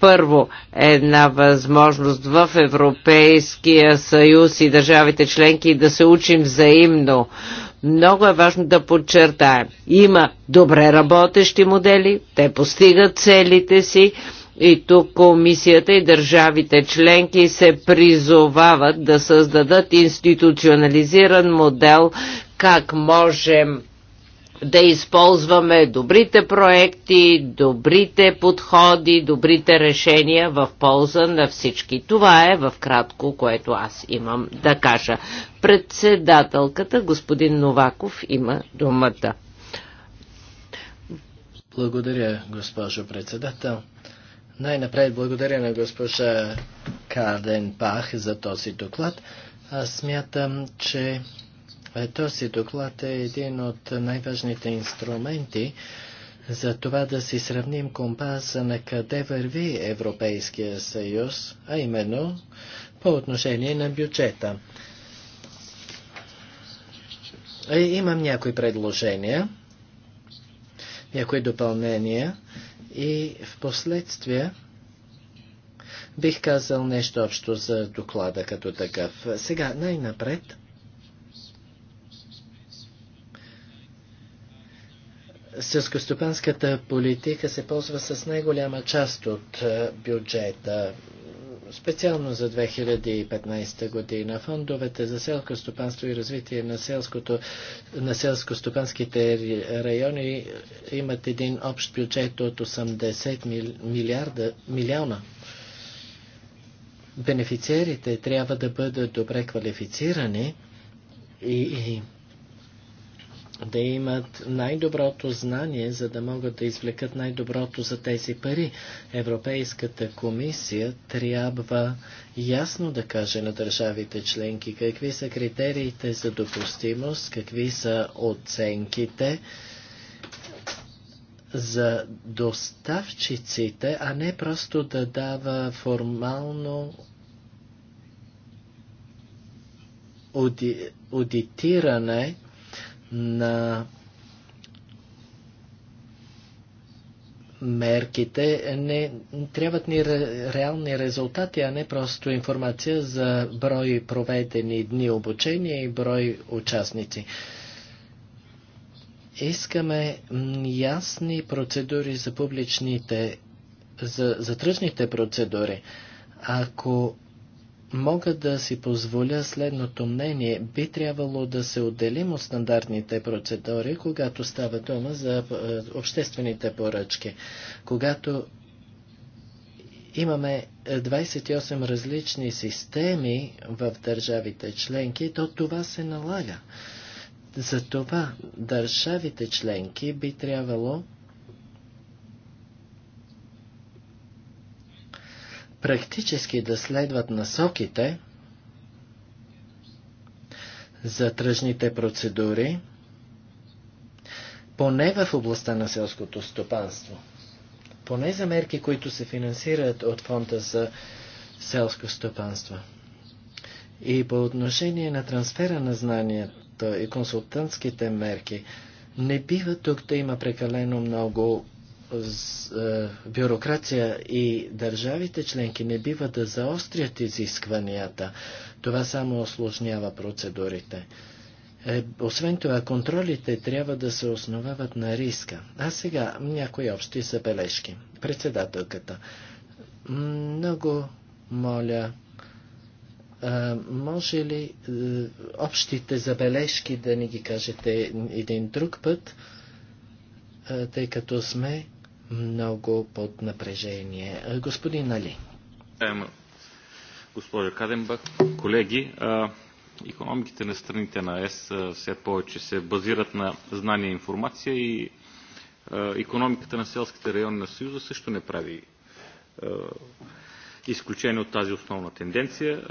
първо една възможност в Европейския съюз и държавите членки да се учим взаимно. Много е важно да подчертаем. Има добре работещи модели, те постигат целите си и тук комисията и държавите членки се призовават да създадат институционализиран модел, как можем да използваме добрите проекти, добрите подходи, добрите решения в полза на всички. Това е в кратко, което аз имам да кажа. Председателката, господин Новаков, има думата. Благодаря, госпожо председател. Най-напред благодаря на госпожа Карден Пах за този доклад. Аз смятам, че е, този доклад е един от най-важните инструменти за това да си сравним компаса на къде върви Европейския съюз, а именно по отношение на бюджета. Е, имам някои предложения, някои допълнения и в последствие бих казал нещо общо за доклада като такъв. Сега най-напред Сълскостопанската политика се ползва с най-голяма част от е, бюджета. Специално за 2015 година фондовете за селско стопанство и развитие на, селското, на селско-стопанските райони имат един общ бюджет от 80 милиарда, милиона. Бенефициерите трябва да бъдат добре квалифицирани и, и да имат най-доброто знание, за да могат да извлекат най-доброто за тези пари. Европейската комисия трябва ясно да каже на държавите членки какви са критериите за допустимост, какви са оценките за доставчиците, а не просто да дава формално аудитиране на мерките, не, трябват ни реални резултати, а не просто информация за брой проведени дни обучение и брой участници. Искаме ясни процедури за публичните, за, за тръжните процедури. Ако мога да си позволя следното мнение. Би трябвало да се отделим от стандартните процедури, когато става дума за е, обществените поръчки. Когато имаме 28 е, различни системи в държавите членки, то това се налага. Затова държавите членки би трябвало практически да следват насоките за тръжните процедури, поне в областта на селското стопанство. Поне за мерки, които се финансират от фонда за селско стопанство. И по отношение на трансфера на знанията и консултантските мерки, не бива тук да има прекалено много е, бюрокрация и държавите членки не бива да заострят изискванията. Това само осложнява процедурите. Е, освен това, контролите трябва да се основават на риска. А сега някои общи забележки. Председателката. Много моля, а, е, може ли а, е, общите забележки да ни ги кажете един друг път, а, тъй като сме много под напрежение. Господин Али. Госпожо Каденбах, колеги, економиките на страните на ЕС все повече се базират на знания и информация и економиката на селските райони на Съюза също не прави изключение от тази основна тенденция.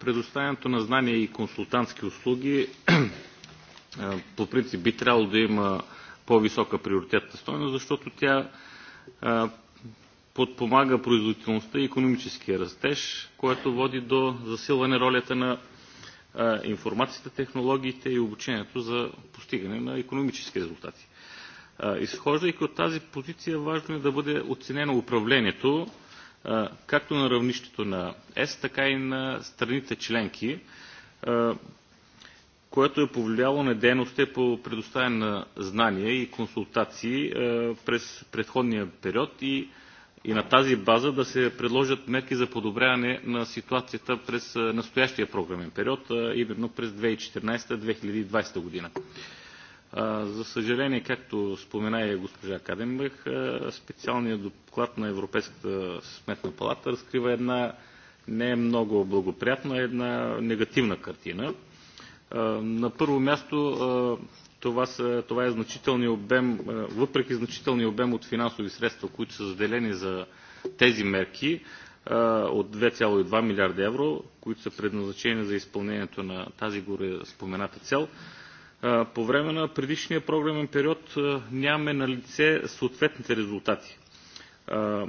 Предоставянето на знания и консултантски услуги [CLEARS THROAT] по принцип би трябвало да има по-висока приоритетна стойност, защото тя подпомага производителността и економическия растеж, което води до засилване ролята на информацията, технологиите и обучението за постигане на економически резултати. изхождайки от тази позиция, важно е да бъде оценено управлението, както на равнището на ЕС, така и на страните членки което е повлияло на дейностите по предоставяне на знания и консултации е, през предходния период и, и на тази база да се предложат мерки за подобряване на ситуацията през е, настоящия програмен период, е, именно през 2014-2020 година. За съжаление, както спомена и госпожа Каденбех, специалният доклад на Европейската сметна палата разкрива една не много благоприятна, една негативна картина е, на първо място е, това, са, това е значителни обем, е, въпреки значителния обем от финансови средства, които са заделени за тези мерки от 2,2 милиарда евро, които са предназначени за изпълнението на тази горе спомената цел. По време на предишния програмен период нямаме на лице съответните резултати.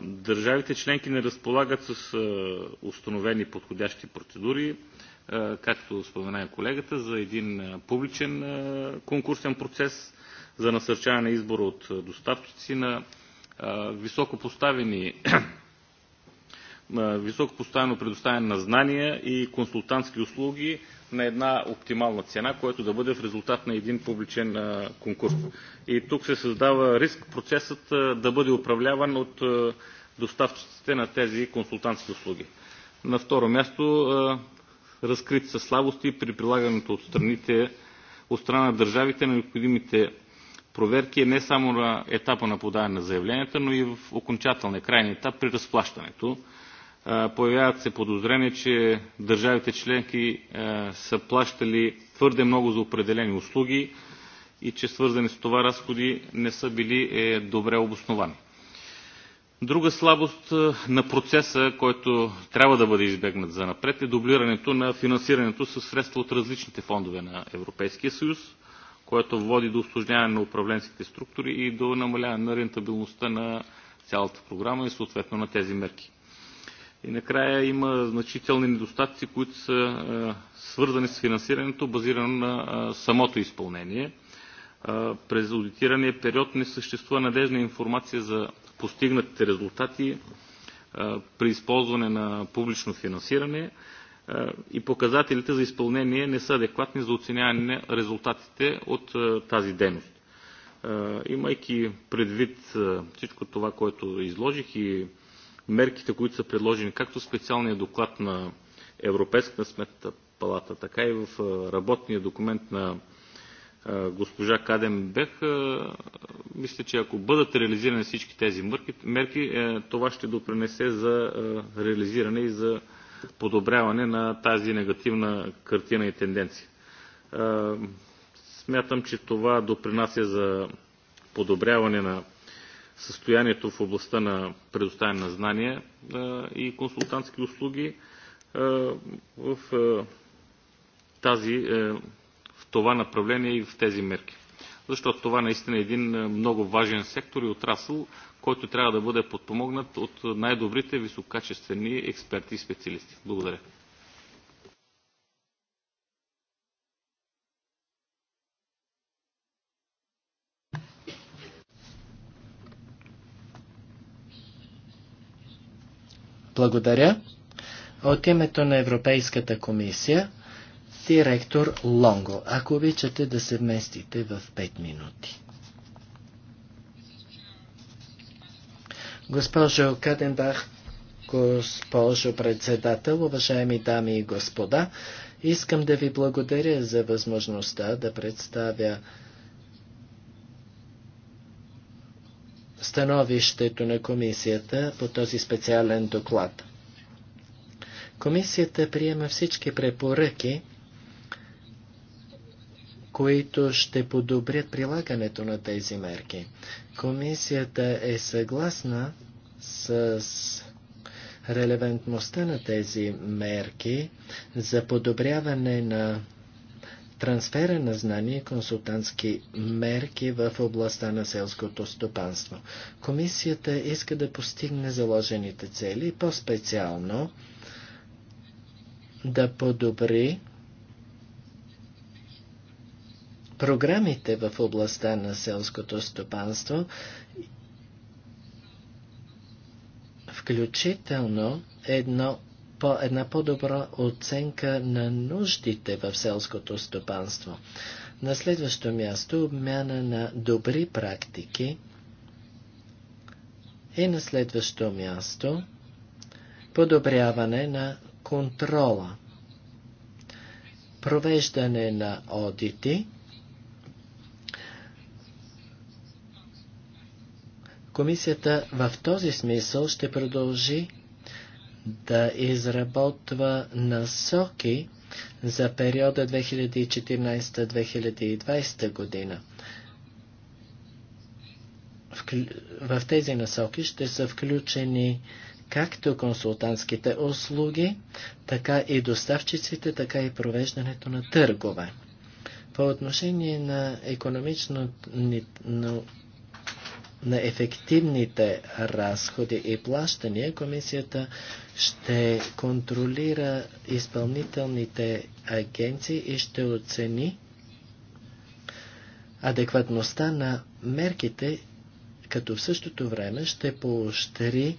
Държавите членки не разполагат с установени подходящи процедури, е, както спомена и колегата, за един е, публичен е, конкурсен процес, за насърчаване избора от доставчици на високо високопоставено предоставяне на знания и консултантски услуги на една оптимална цена, която да бъде в резултат на един публичен конкурс. И тук се създава риск процесът да бъде управляван от доставчиците на тези консултантски услуги. На второ място, Разкрити са слабости при прилагането от, страните, от страна на държавите на необходимите проверки не само на етапа на подаване на заявленията, но и в окончателния крайен етап при разплащането. Появяват се подозрения, че държавите членки са плащали твърде много за определени услуги и че свързани с това разходи не са били е, добре обосновани. Друга слабост е, на процеса, който трябва да бъде избегнат за напред, е дублирането на финансирането с средства от различните фондове на Европейския съюз, което води до осложняване на управленските структури и до намаляване на рентабилността на цялата програма и съответно на тези мерки. И накрая има значителни недостатъци, които са е, свързани с финансирането, базирано на е, самото изпълнение. През аудитирания период не съществува надежна информация за постигнатите резултати при използване на публично финансиране и показателите за изпълнение не са адекватни за оценяване на резултатите от тази дейност. Имайки предвид всичко това, което изложих и мерките, които са предложени както в специалния доклад на Европейската сметна палата, така и в работния документ на госпожа Каденбех, мисля, че ако бъдат реализирани всички тези мерки, е, това ще допринесе за реализиране и за подобряване на тази негативна картина и тенденция. Смятам, че това допринася за подобряване на състоянието в областта на предоставяне на знания и консултантски услуги в тази е, това направление и в тези мерки. Защото това наистина е един е, много важен сектор и отрасъл, който трябва да бъде подпомогнат от най-добрите висококачествени експерти и специалисти. Благодаря. Благодаря. От името на Европейската комисия директор Лонго. Ако обичате да се вместите в 5 минути. Госпожо Каденбах, госпожо председател, уважаеми дами и господа, искам да ви благодаря за възможността да представя становището на комисията по този специален доклад. Комисията приема всички препоръки които ще подобрят прилагането на тези мерки. Комисията е съгласна с релевантността на тези мерки за подобряване на трансфера на знания и консултантски мерки в областта на селското стопанство. Комисията иска да постигне заложените цели, по-специално да подобри програмите в областта на селското стопанство, включително едно по, една по-добра оценка на нуждите в селското стопанство. На следващо място обмяна на добри практики и на следващо място подобряване на контрола, провеждане на одити Комисията в този смисъл ще продължи да изработва насоки за периода 2014-2020 година. В тези насоки ще са включени както консултантските услуги, така и доставчиците, така и провеждането на търгове. По отношение на на ефективните разходи и плащания, комисията ще контролира изпълнителните агенции и ще оцени адекватността на мерките, като в същото време ще поощри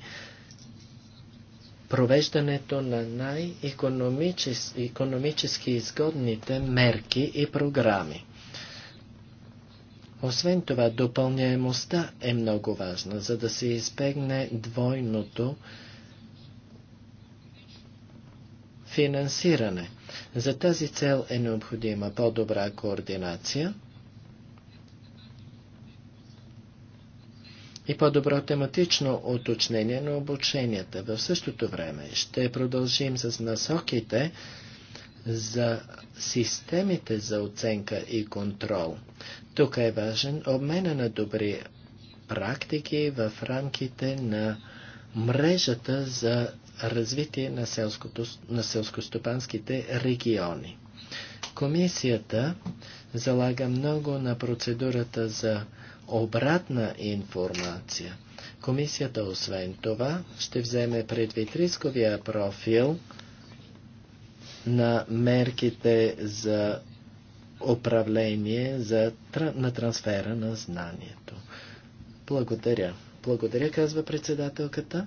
провеждането на най-економически изгодните мерки и програми. Освен това, допълняемостта е много важна, за да се избегне двойното финансиране. За тази цел е необходима по-добра координация и по-добро тематично уточнение на обученията. В същото време ще продължим с насоките за системите за оценка и контрол. Тук е важен обмена на добри практики в рамките на мрежата за развитие на, селското, на селскостопанските региони. Комисията залага много на процедурата за обратна информация. Комисията освен това ще вземе предвид рисковия профил на мерките за управление за, на трансфера на знанието. Благодаря. Благодаря, казва председателката.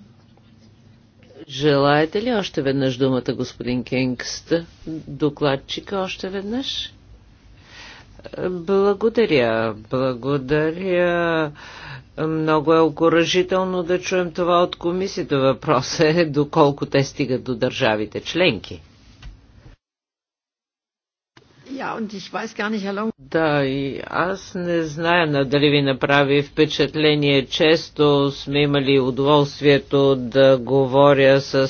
Желаете ли още веднъж думата, господин Кингст? Докладчика още веднъж? Благодаря, благодаря. Много е окоръжително да чуем това от комисията. Въпросът е доколко те стигат до държавите членки. Да, и аз не зная на дали ви направи впечатление. Често сме имали удоволствието да говоря с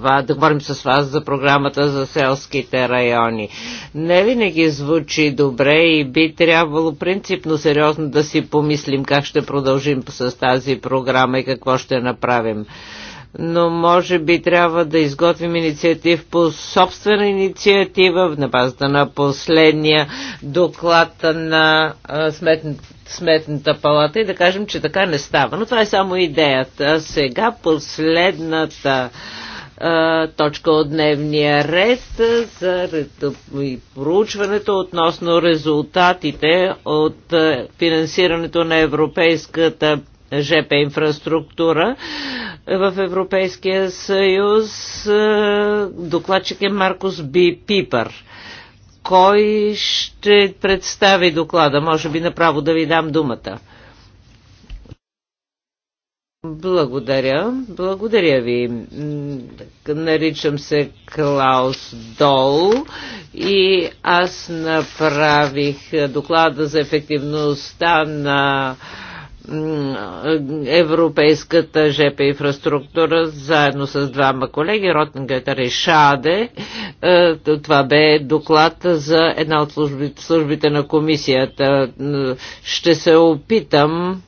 вас, да говорим с вас за програмата за селските райони. Не винаги звучи добре и би трябвало принципно сериозно да си помислим как ще продължим с тази програма и какво ще направим но може би трябва да изготвим инициатив по собствена инициатива на базата на последния доклад на сметната Сметната палата и да кажем, че така не става. Но това е само идеята. А сега последната а, точка от дневния ред за проучването относно резултатите от финансирането на Европейската ЖП инфраструктура в Европейския съюз. Е, докладчик е Маркус Би Пипър. Кой ще представи доклада? Може би направо да ви дам думата. Благодаря. Благодаря ви. Наричам се Клаус Дол и аз направих доклада за ефективността на европейската ЖП инфраструктура, заедно с двама колеги, Ротенгетър и Шаде. Е, това бе доклад за една от службите, службите на комисията. Е, ще се опитам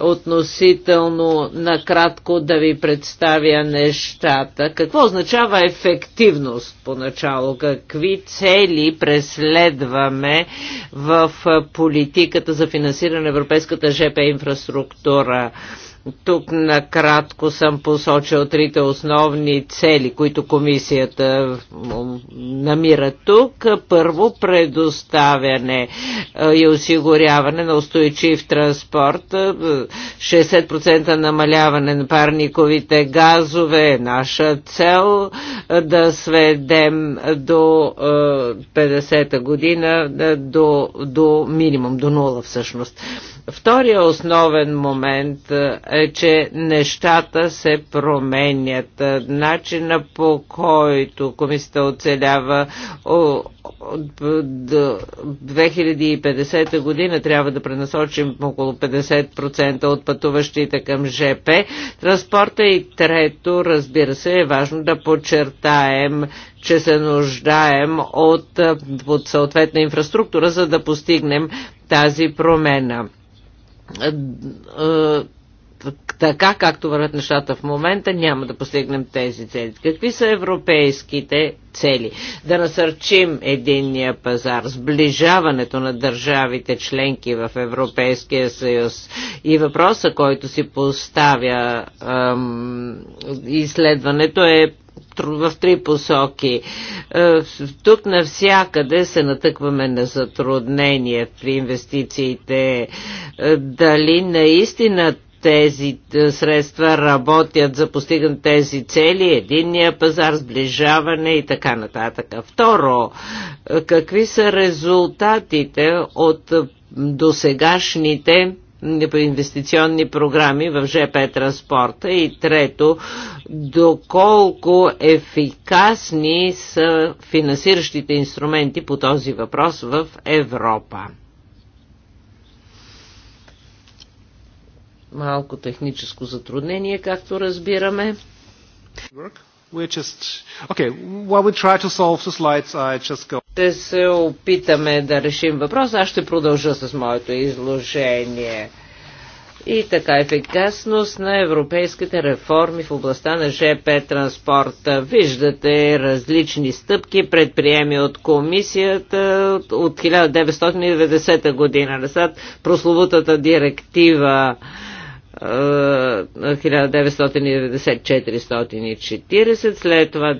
относително накратко да ви представя нещата. Какво означава ефективност поначало? Какви цели преследваме в политиката за финансиране на европейската ЖП инфраструктура? Тук накратко съм посочил трите основни цели, които комисията намира тук. Първо, предоставяне е, и осигуряване на устойчив транспорт, 60% е, намаляване на парниковите газове е наша цел е, да сведем до 50-та година до, до минимум, до нула всъщност. Втория основен момент е, че нещата се променят. Начина по който комисията оцелява 2050 година трябва да пренасочим около 50% от пътуващите към ЖП транспорта и трето, разбира се, е важно да подчертаем, че се нуждаем от, от съответна инфраструктура, за да постигнем тази промена е, така както върват нещата в момента, няма да постигнем тези цели. Какви са европейските цели? Да насърчим единния пазар, сближаването на държавите членки в Европейския съюз и въпроса, който си поставя ам, изследването е в три посоки. Е, тук навсякъде се натъкваме на затруднение при инвестициите. Е, дали наистина тези е, средства работят за постигане тези цели, единния пазар, сближаване и така нататък. Второ, е, какви са резултатите от е, досегашните инвестиционни програми в ЖП транспорта и трето, доколко ефикасни са финансиращите инструменти по този въпрос в Европа. малко техническо затруднение, както разбираме. Ще се опитаме да решим въпроса. Аз ще продължа с моето изложение и така ефикасност на европейските реформи в областта на ЖП транспорта. Виждате различни стъпки, предприеми от комисията от 1990 година. Насад прословутата директива 1990-440, след това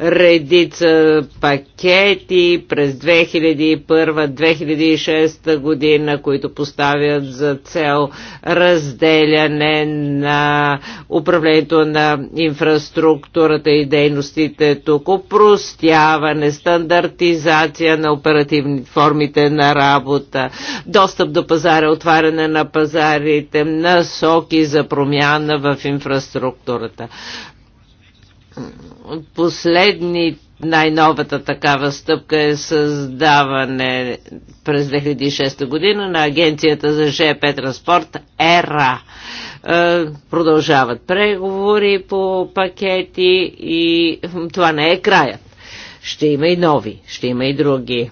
редица пакети през 2001-2006 година, които поставят за цел разделяне на управлението на инфраструктурата и дейностите тук, упростяване, стандартизация на оперативни формите на работа, достъп до пазара, отваряне на пазарите, дадем насоки за промяна в инфраструктурата. Последни, най-новата такава стъпка е създаване през 2006 година на Агенцията за ЖП транспорт ЕРА. Е, продължават преговори по пакети и това не е краят. Ще има и нови, ще има и други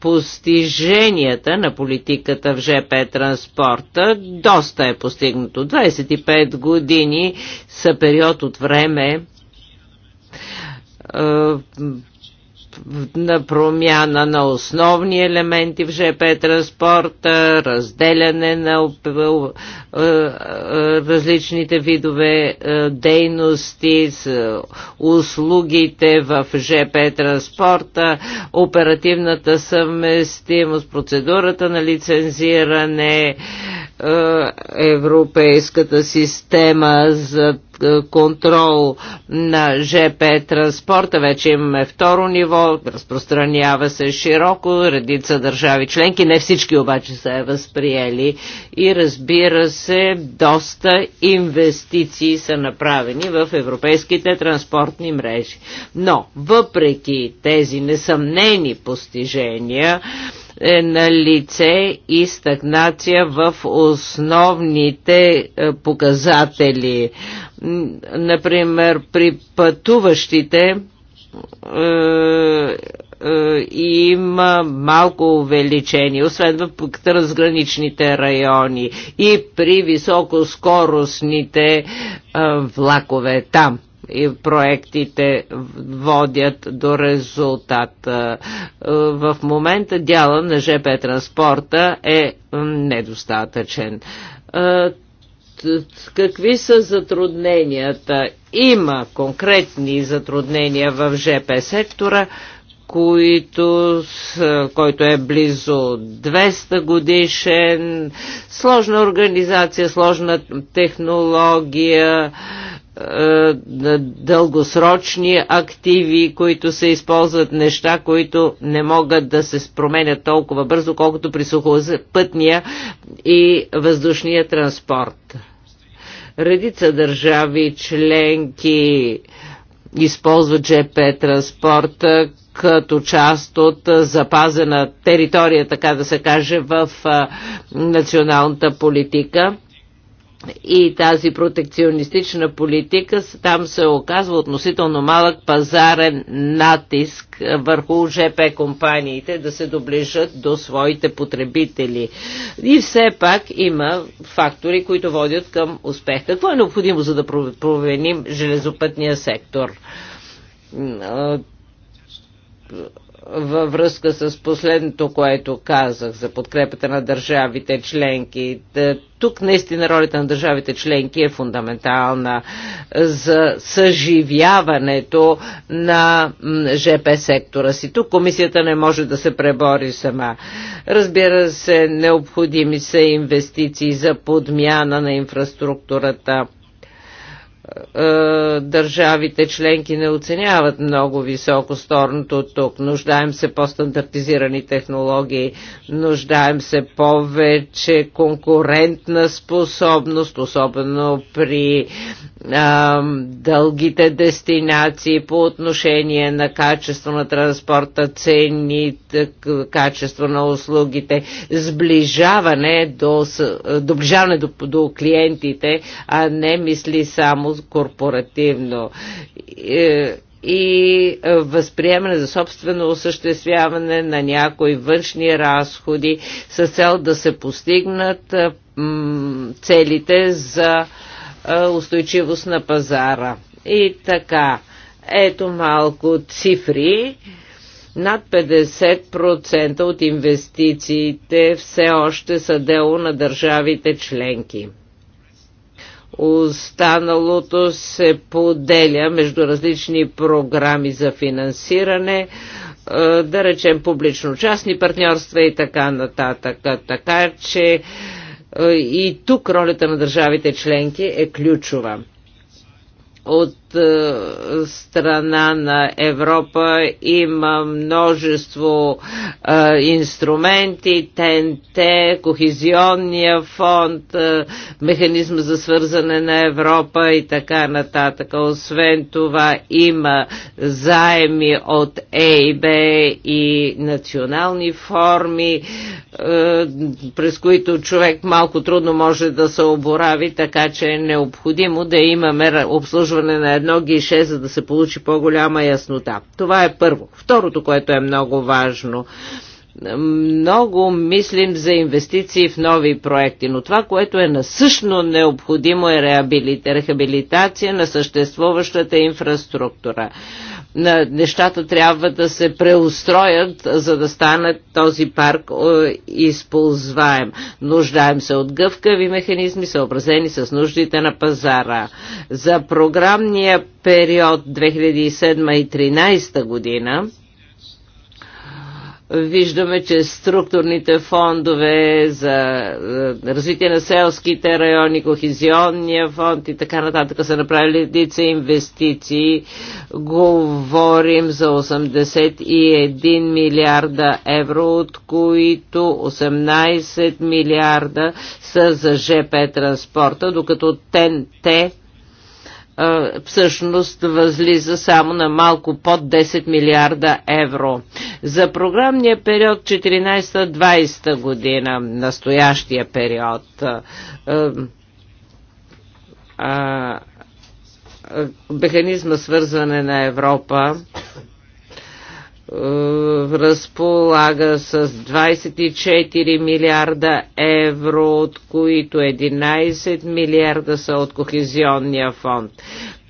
постиженията на политиката в ЖП транспорта. Доста е постигнато. 25 години са период от време на промяна на основни елементи в ЖП транспорта, разделяне на е, е, различните видове е, дейности, услугите в ЖП транспорта, оперативната съвместимост, процедурата на лицензиране, е, европейската система за е, контрол на ЖП транспорта. Вече имаме второ ниво, разпространява се широко, редица държави членки, не всички обаче са е възприели и разбира се, доста инвестиции са направени в европейските транспортни мрежи. Но, въпреки тези несъмнени постижения, е на лице и стагнация в основните е, показатели. Например, при пътуващите е, е, има малко увеличение, освен в трансграничните райони и при високоскоростните влакове там проектите водят до резултат. Е, в момента дяла на ЖП транспорта е недостатъчен е, какви са затрудненията? Има конкретни затруднения в ЖП сектора, които, който е близо 200 годишен, сложна организация, сложна технология, е, дългосрочни активи, които се използват неща, които не могат да се променят толкова бързо, колкото при сухопътния и въздушния транспорт. Редица държави членки използват ЖП транспорта като част от запазена територия, така да се каже, в националната политика и тази протекционистична политика, там се оказва относително малък пазарен натиск върху ЖП компаниите да се доближат до своите потребители. И все пак има фактори, които водят към успех. Какво е необходимо, за да променим железопътния сектор? във връзка с последното, което казах за подкрепата на държавите членки. Е, тук наистина ролята на държавите членки е фундаментална за съживяването на ЖП сектора си. Тук комисията не може да се пребори сама. Разбира се, необходими са инвестиции за подмяна на инфраструктурата е, държавите членки не оценяват много високо сторното тук. Нуждаем се по-стандартизирани технологии, нуждаем се повече конкурентна способност, особено при а, дългите дестинации по отношение на качество на транспорта, цени, качество на услугите, сближаване до, доближаване до, до клиентите, а не мисли само корпоративно. И, и възприемане за собствено осъществяване на някои външни разходи с цел да се постигнат целите за устойчивост на пазара. И така, ето малко цифри. Над 50% от инвестициите все още са дело на държавите членки. Останалото се поделя между различни програми за финансиране, да речем публично-частни партньорства и така нататък. Така че е, и тук ролята на държавите членки е ключова. От е, страна на Европа има множество а, е, инструменти, ТНТ, Кохизионния фонд, а, е, Механизма за свързане на Европа и така нататък. Освен това има заеми от ЕИБ и национални форми, а, през които човек малко трудно може да се оборави, така че е необходимо да имаме обслужване на едно гише, за да се получи по-голяма яснота. Това е първо. Второто, което е много важно много мислим за инвестиции в нови проекти, но това, което е насъщно необходимо е рехабилитация на съществуващата инфраструктура нещата трябва да се преустроят, за да стане този парк е, използваем. Нуждаем се от гъвкави механизми, съобразени с нуждите на пазара. За програмния период 2007 и 2013 година Виждаме, че структурните фондове за е, развитие на селските райони, кохезионния фонд и така нататък са направили дица инвестиции. Говорим за 81 милиарда евро, от които 18 милиарда са за ЖП транспорта, докато тен всъщност възлиза само на малко под 10 милиарда евро. За програмния период 14-20 година, настоящия период, механизма свързване на Европа е, разполага с 24 милиарда евро, от които 11 милиарда са от Кохезионния фонд.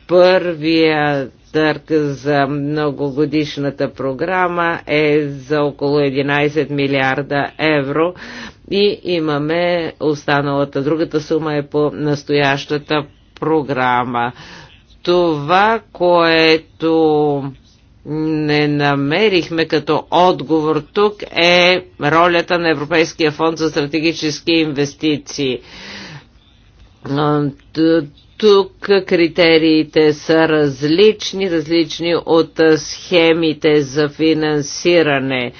Първия търк за многогодишната програма е за около 11 милиарда евро и имаме останалата. Другата сума е по настоящата програма. Това, което не намерихме като отговор тук е ролята на Европейския фонд за стратегически инвестиции. Тук критериите са различни, различни от схемите за финансиране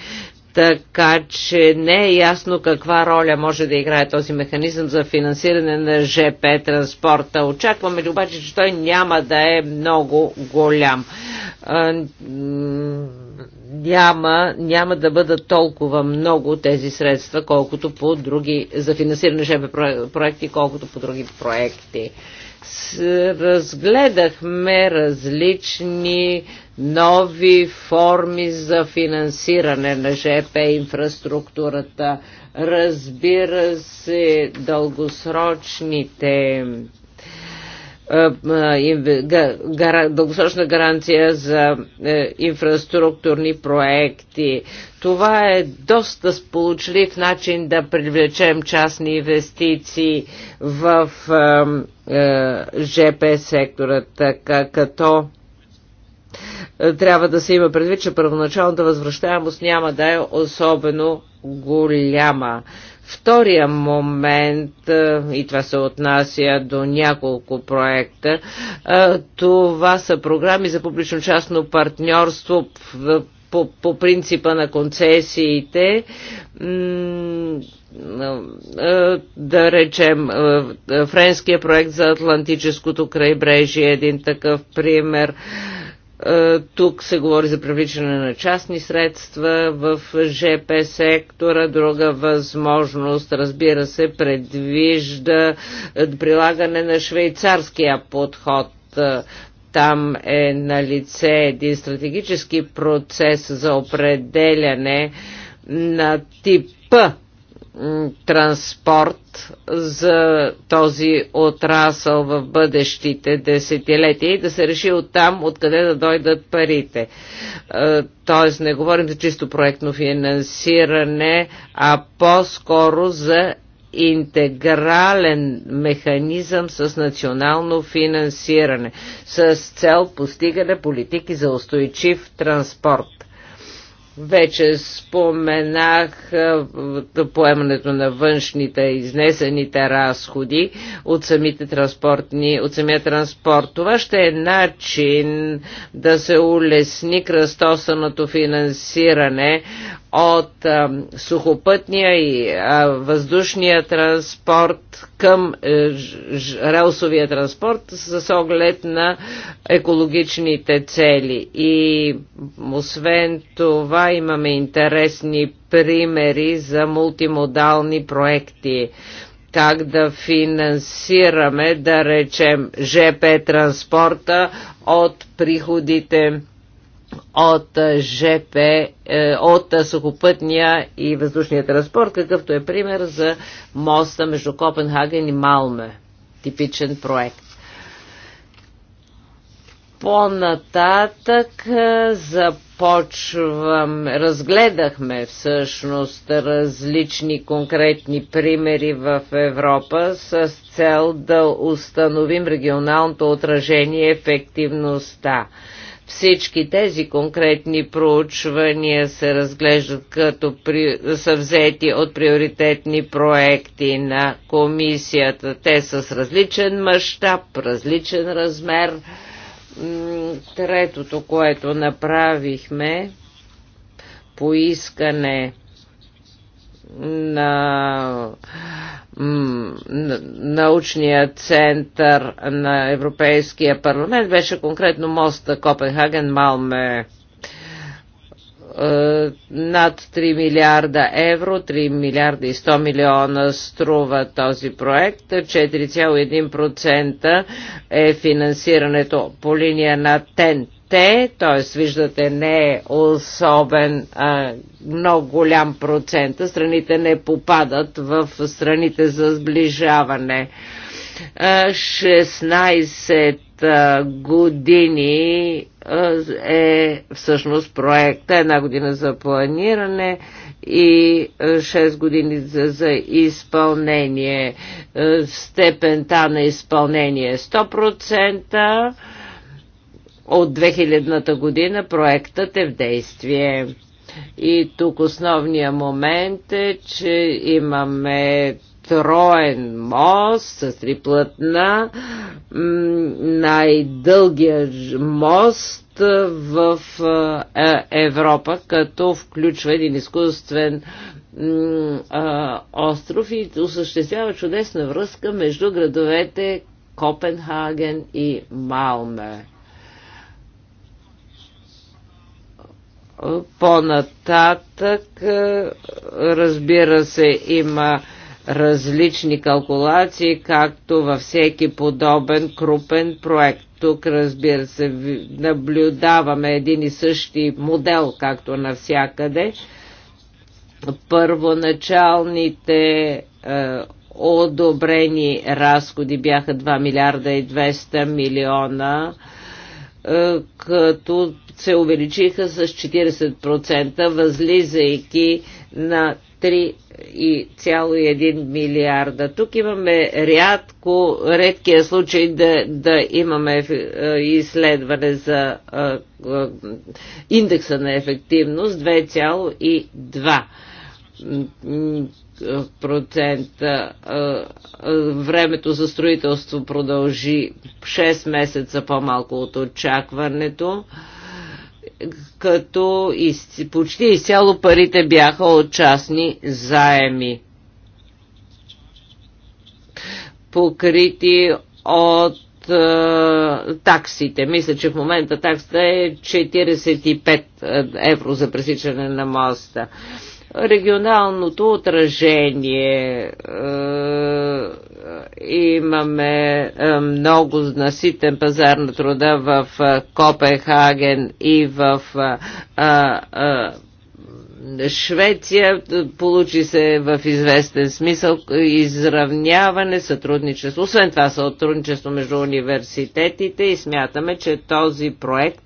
така че не е ясно каква роля може да играе този механизъм за финансиране на ЖП транспорта. Очакваме ли обаче, че той няма да е много голям? Няма, няма да бъдат толкова много тези средства, колкото по други, за финансиране на ЖП проекти, колкото по други проекти разгледахме различни нови форми за финансиране на ЖП инфраструктурата. Разбира се, дългосрочните дългосрочна гаранция за е, инфраструктурни проекти. Това е доста сполучлив начин да привлечем частни инвестиции в ЖП сектора, така като е, трябва да се има предвид, че първоначалната възвръщаемост няма да е особено голяма. Втория момент, и това се отнася до няколко проекта, това са програми за публично-частно партньорство по, по принципа на концесиите, да речем, френския проект за Атлантическото крайбрежие е един такъв пример. Е, тук се говори за привличане на частни средства в ЖП сектора. Друга възможност, разбира се, предвижда е, прилагане на швейцарския подход е, там е на лице един стратегически процес за определяне на типа транспорт за този отрасъл в бъдещите десетилетия и да се реши от там откъде да дойдат парите. Е, тоест не говорим за чисто проектно финансиране, а по-скоро за интегрален механизъм с национално финансиране с цел постигане политики за устойчив транспорт. Вече споменах е, поемането на външните изнесените разходи от, самите транспортни, от самия транспорт. Това ще е начин да се улесни кръстосаното финансиране от а, сухопътния и а, въздушния транспорт към е, релсовия транспорт с оглед на екологичните цели. И освен това имаме интересни примери за мултимодални проекти как да финансираме, да речем, ЖП транспорта от приходите от ЖП, е, от сухопътния и въздушния транспорт, какъвто е пример за моста между Копенхаген и Малме. Типичен проект. По-нататък започвам, разгледахме всъщност различни конкретни примери в Европа с цел да установим регионалното отражение и ефективността. Всички тези конкретни проучвания се разглеждат като при... са взети от приоритетни проекти на комисията. Те са с различен мащаб, различен размер. Третото, което направихме по искане на научния център на Европейския парламент беше конкретно моста Копенхаген-Малме е, над 3 милиарда евро, 3 милиарда и 100 милиона струва този проект. 4,1% е финансирането по линия на ТЕНТ те, т.е. виждате не е особен а, много голям процент, страните не попадат в страните за сближаване. 16 години е всъщност проекта, една година за планиране и 6 години за, за изпълнение. Степента на изпълнение 100%, е от 2000-та година проектът е в действие. И тук основният момент е, че имаме троен мост с триплътна, най-дългия мост в е, Европа, като включва един изкуствен остров и осъществява чудесна връзка между градовете Копенхаген и Малме. По-нататък, е, разбира се, има различни калкулации, както във всеки подобен крупен проект. Тук, разбира се, наблюдаваме един и същи модел, както навсякъде. Първоначалните е, одобрени разходи бяха 2 милиарда и 200 милиона, е, като се увеличиха с 40%, възлизайки на 3,1 милиарда. Тук имаме рядко, редкия случай да, да имаме е, изследване за е, е, индекса на ефективност 2,2 процента. Времето за строителство продължи 6 месеца по-малко от очакването като из, почти изцяло парите бяха от частни заеми, покрити от е, таксите. Мисля, че в момента таксата е 45 е, евро за пресичане на моста регионалното отражение. Е, имаме е, много наситен пазар на труда в е, Копенхаген и в Швеция получи се в известен смисъл изравняване, сътрудничество. Освен това сътрудничество между университетите и смятаме, че този проект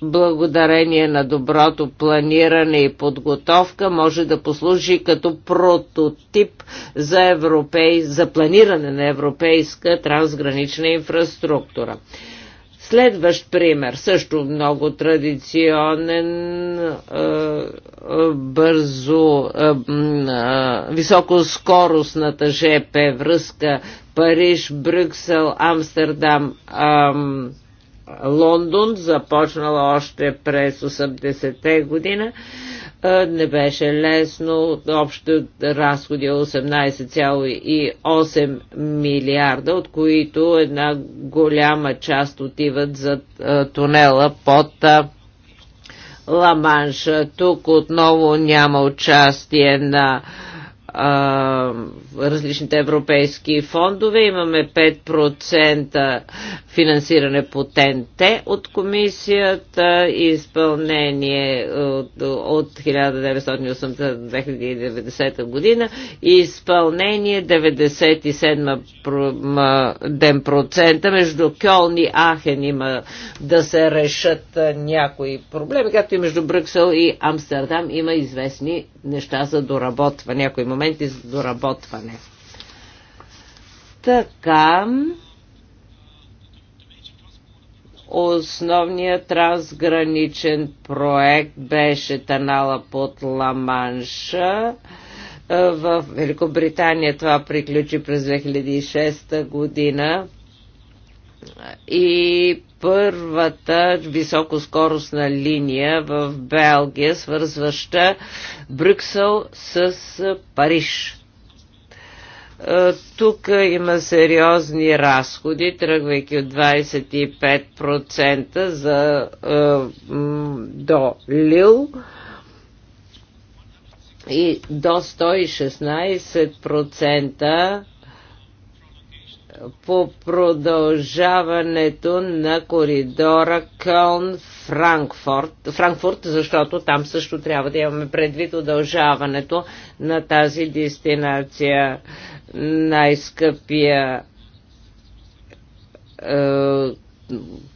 благодарение на доброто планиране и подготовка, може да послужи като прототип за, европей, за планиране на европейска трансгранична инфраструктура. Следващ пример, също много традиционен, е, е, бързо, е, високоскоростната ЖП връзка Париж, Брюксел, Амстердам, Лондон, започнала още през 80-те година. Не беше лесно. Общо разходи е 18,8 милиарда, от които една голяма част отиват за тунела под Ламанша. Тук отново няма участие на а, различните европейски фондове. Имаме 5% финансиране по ТНТ от комисията и изпълнение от, от 1980-2090 година и изпълнение 97% между Кьолн и Ахен има да се решат някои проблеми, както и между Брюксел и Амстердам има известни неща за доработване. Някои инструменти за доработване. Така, Основният трансграничен проект беше Танала под Ламанша. Е, в Великобритания това приключи през 2006 година и първата високоскоростна линия в Белгия, свързваща Брюксел с Париж. Тук има сериозни разходи, тръгвайки от 25% за, до Лил и до 116% по продължаването на коридора Кълн-Франкфурт, Франкфурт, защото там също трябва да имаме предвид удължаването на тази дестинация. Най-скъпия е,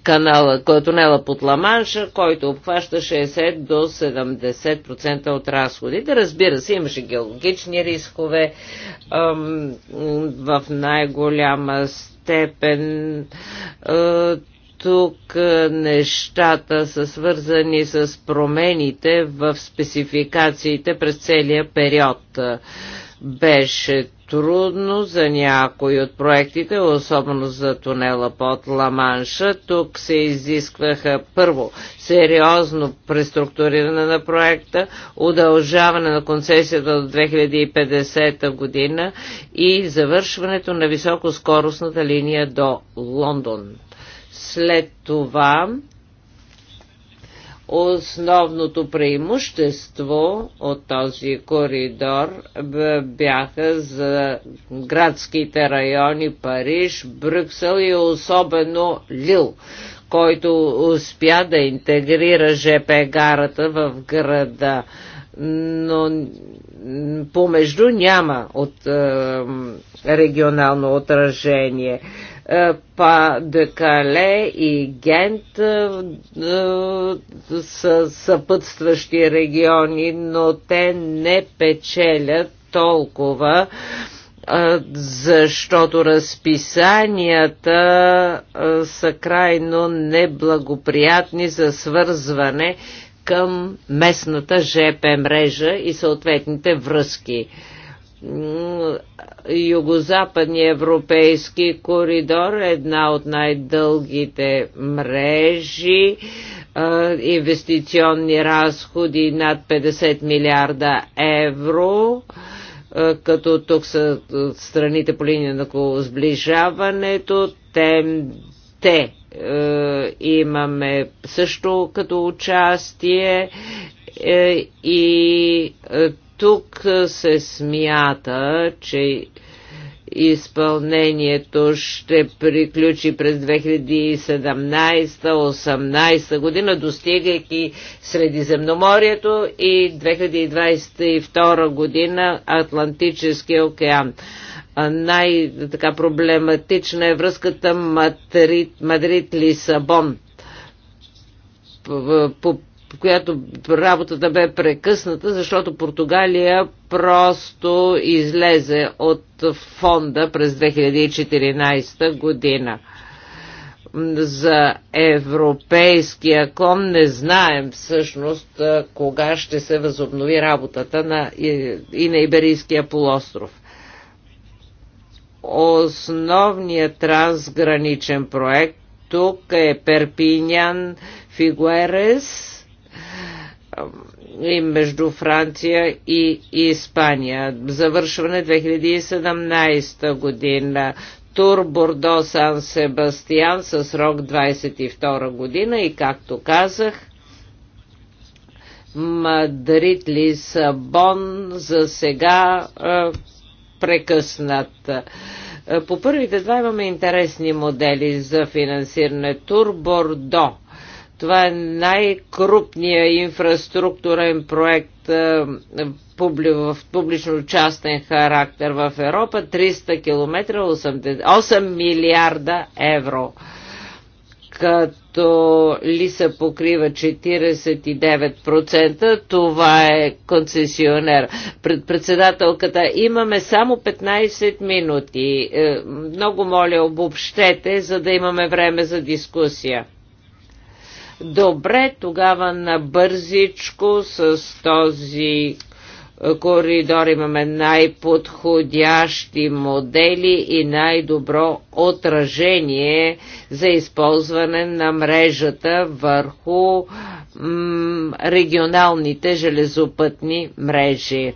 канала, тунела под Ламанша, който обхваща 60 до 70% от разходите. Разбира се, имаше геологични рискове в най-голяма степен. тук нещата са свързани с промените в спецификациите през целия период. Беше трудно за някои от проектите, особено за тунела под Ламанша. Тук се изискваха първо сериозно преструктуриране на проекта, удължаване на концесията до 2050 година и завършването на високоскоростната линия до Лондон. След това Основното преимущество от този коридор бяха за градските райони Париж, Брюксел и особено Лил, който успя да интегрира ЖП гарата в града. Но помежду няма от е, регионално отражение. Е, па де Кале и Гент е, е, са съпътстващи региони, но те не печелят толкова защото разписанията са крайно неблагоприятни за свързване към местната ЖП мрежа и съответните връзки. Югозападния европейски коридор, една от най-дългите мрежи, инвестиционни разходи над 50 милиарда евро като тук са страните по линия на сближаването, те, те имаме също като участие е, и тук се смята, че изпълнението ще приключи през 2017-18 година, достигайки Средиземноморието и 2022 година Атлантическия океан. Най-така проблематична е връзката Мадрид-Лисабон. по която работата бе прекъсната, защото Португалия просто излезе от фонда през 2014 година. За европейския клон не знаем всъщност кога ще се възобнови работата на, и, и на Иберийския полуостров основният трансграничен проект тук е Перпинян Фигуерес и между Франция и Испания. Завършване 2017 година. Тур Бордо Сан Себастиан с срок 22 година и както казах, Мадрид Лисабон за сега е, прекъснат. По първите два имаме интересни модели за финансиране. Тур Бордо това е най-крупният инфраструктурен проект е, в публично-частен характер в Европа. 300 км, 8 милиарда евро като ли се покрива 49%, това е концесионер. Пред председателката имаме само 15 минути. Е, много моля, обобщете, за да имаме време за дискусия. Добре, тогава набързичко с този е, коридор имаме най-подходящи модели и най-добро отражение за използване на мрежата върху регионалните железопътни мрежи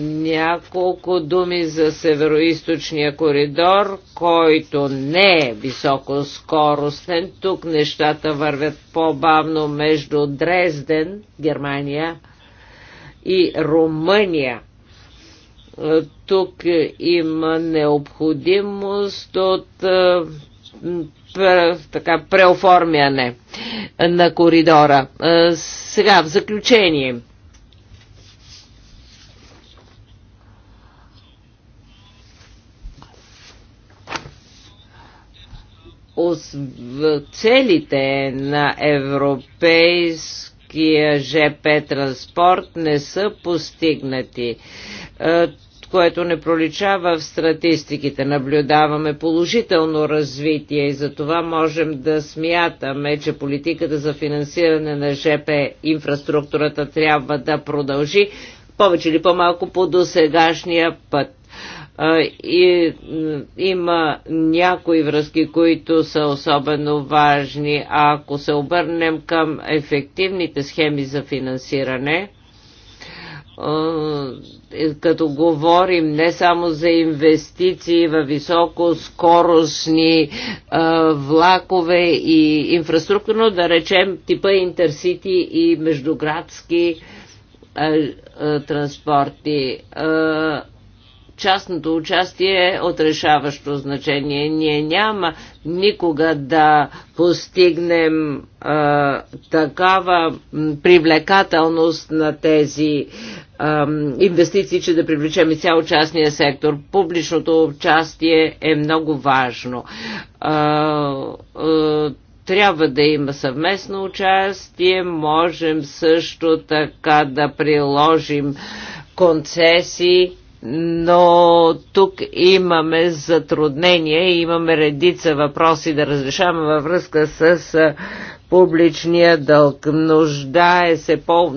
няколко думи за Североизточния коридор, който не е високоскоростен. Тук нещата вървят по-бавно между Дрезден, Германия и Румъния. Тук има необходимост от така, преоформяне на коридора. Сега, в заключение – целите на европейския ЖП транспорт не са постигнати е, което не проличава в статистиките. Наблюдаваме положително развитие и за това можем да смятаме, че политиката за финансиране на ЖП инфраструктурата трябва да продължи повече или по-малко по досегашния път и, има някои връзки, които са особено важни. А ако се обърнем към ефективните схеми за финансиране, е, като говорим не само за инвестиции в високоскоростни влакове и инфраструктурно, да речем типа интерсити и междуградски транспорти частното участие е от решаващо значение. Ние няма никога да постигнем а, такава привлекателност на тези а, инвестиции, че да привлечем и цял частния сектор. Публичното участие е много важно. А, а, трябва да има съвместно участие, можем също така да приложим концесии но тук имаме затруднения и имаме редица въпроси да разрешаваме във връзка с публичния дълг. Нуждае се по,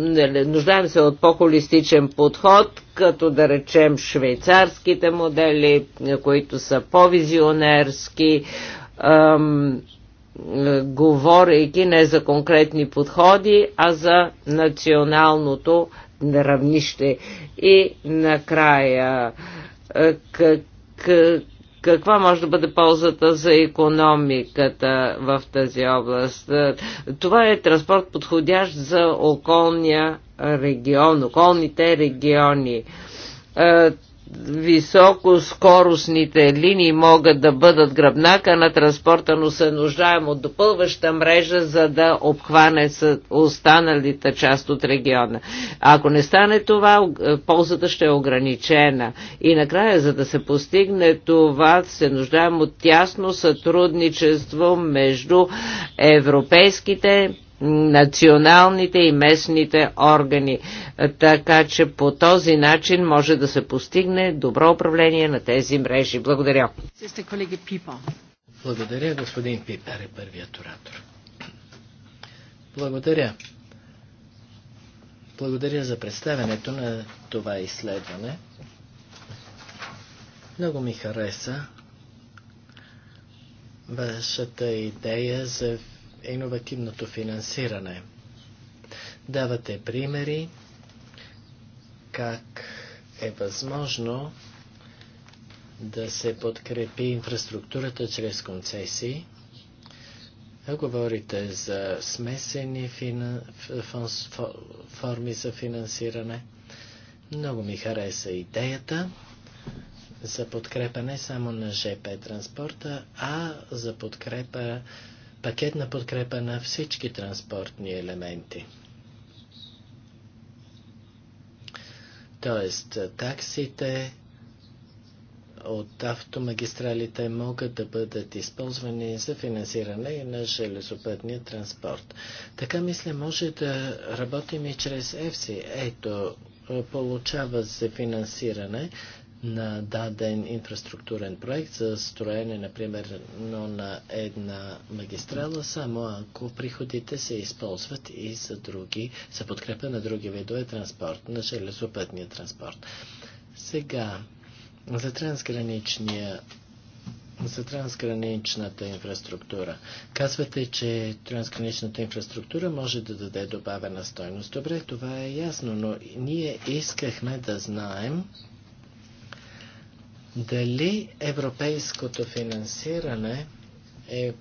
нуждаем се от по-холистичен подход, като да речем швейцарските модели, които са по-визионерски, е, говорейки не за конкретни подходи, а за националното на равнище. И накрая, е, как, каква може да бъде ползата за економиката в тази област. Е, това е транспорт подходящ за околния регион, околните региони. Е, високоскоростните линии могат да бъдат гръбнака на транспорта, но се нуждаем от допълваща мрежа, за да обхване останалите част от региона. Ако не стане това, е, ползата ще е ограничена. И накрая, за да се постигне това, се нуждаем от тясно сътрудничество между европейските националните и местните органи. Така че по този начин може да се постигне добро управление на тези мрежи. Благодаря. Благодаря, господин Пипер е първият оратор. Благодаря. Благодаря за представянето на това изследване. Много ми хареса вашата идея за иновативното финансиране. Давате примери как е възможно да се подкрепи инфраструктурата чрез концесии. Говорите за смесени фина... фонс... форми за финансиране. Много ми хареса идеята за подкрепа не само на ЖП транспорта, а за подкрепа пакетна подкрепа на всички транспортни елементи. Тоест, таксите от автомагистралите могат да бъдат използвани за финансиране и на железопътния транспорт. Така мисля, може да работим и чрез EFSI. Ето, получава се финансиране на даден инфраструктурен проект за строене, например, но на една магистрала, само ако приходите се използват и за други, за подкрепа на други видове транспорт, на железопътния транспорт. Сега, за трансграничния за трансграничната инфраструктура. Казвате, че трансграничната инфраструктура може да даде добавена стойност. Добре, това е ясно, но ние искахме да знаем дали европейското финансиране е,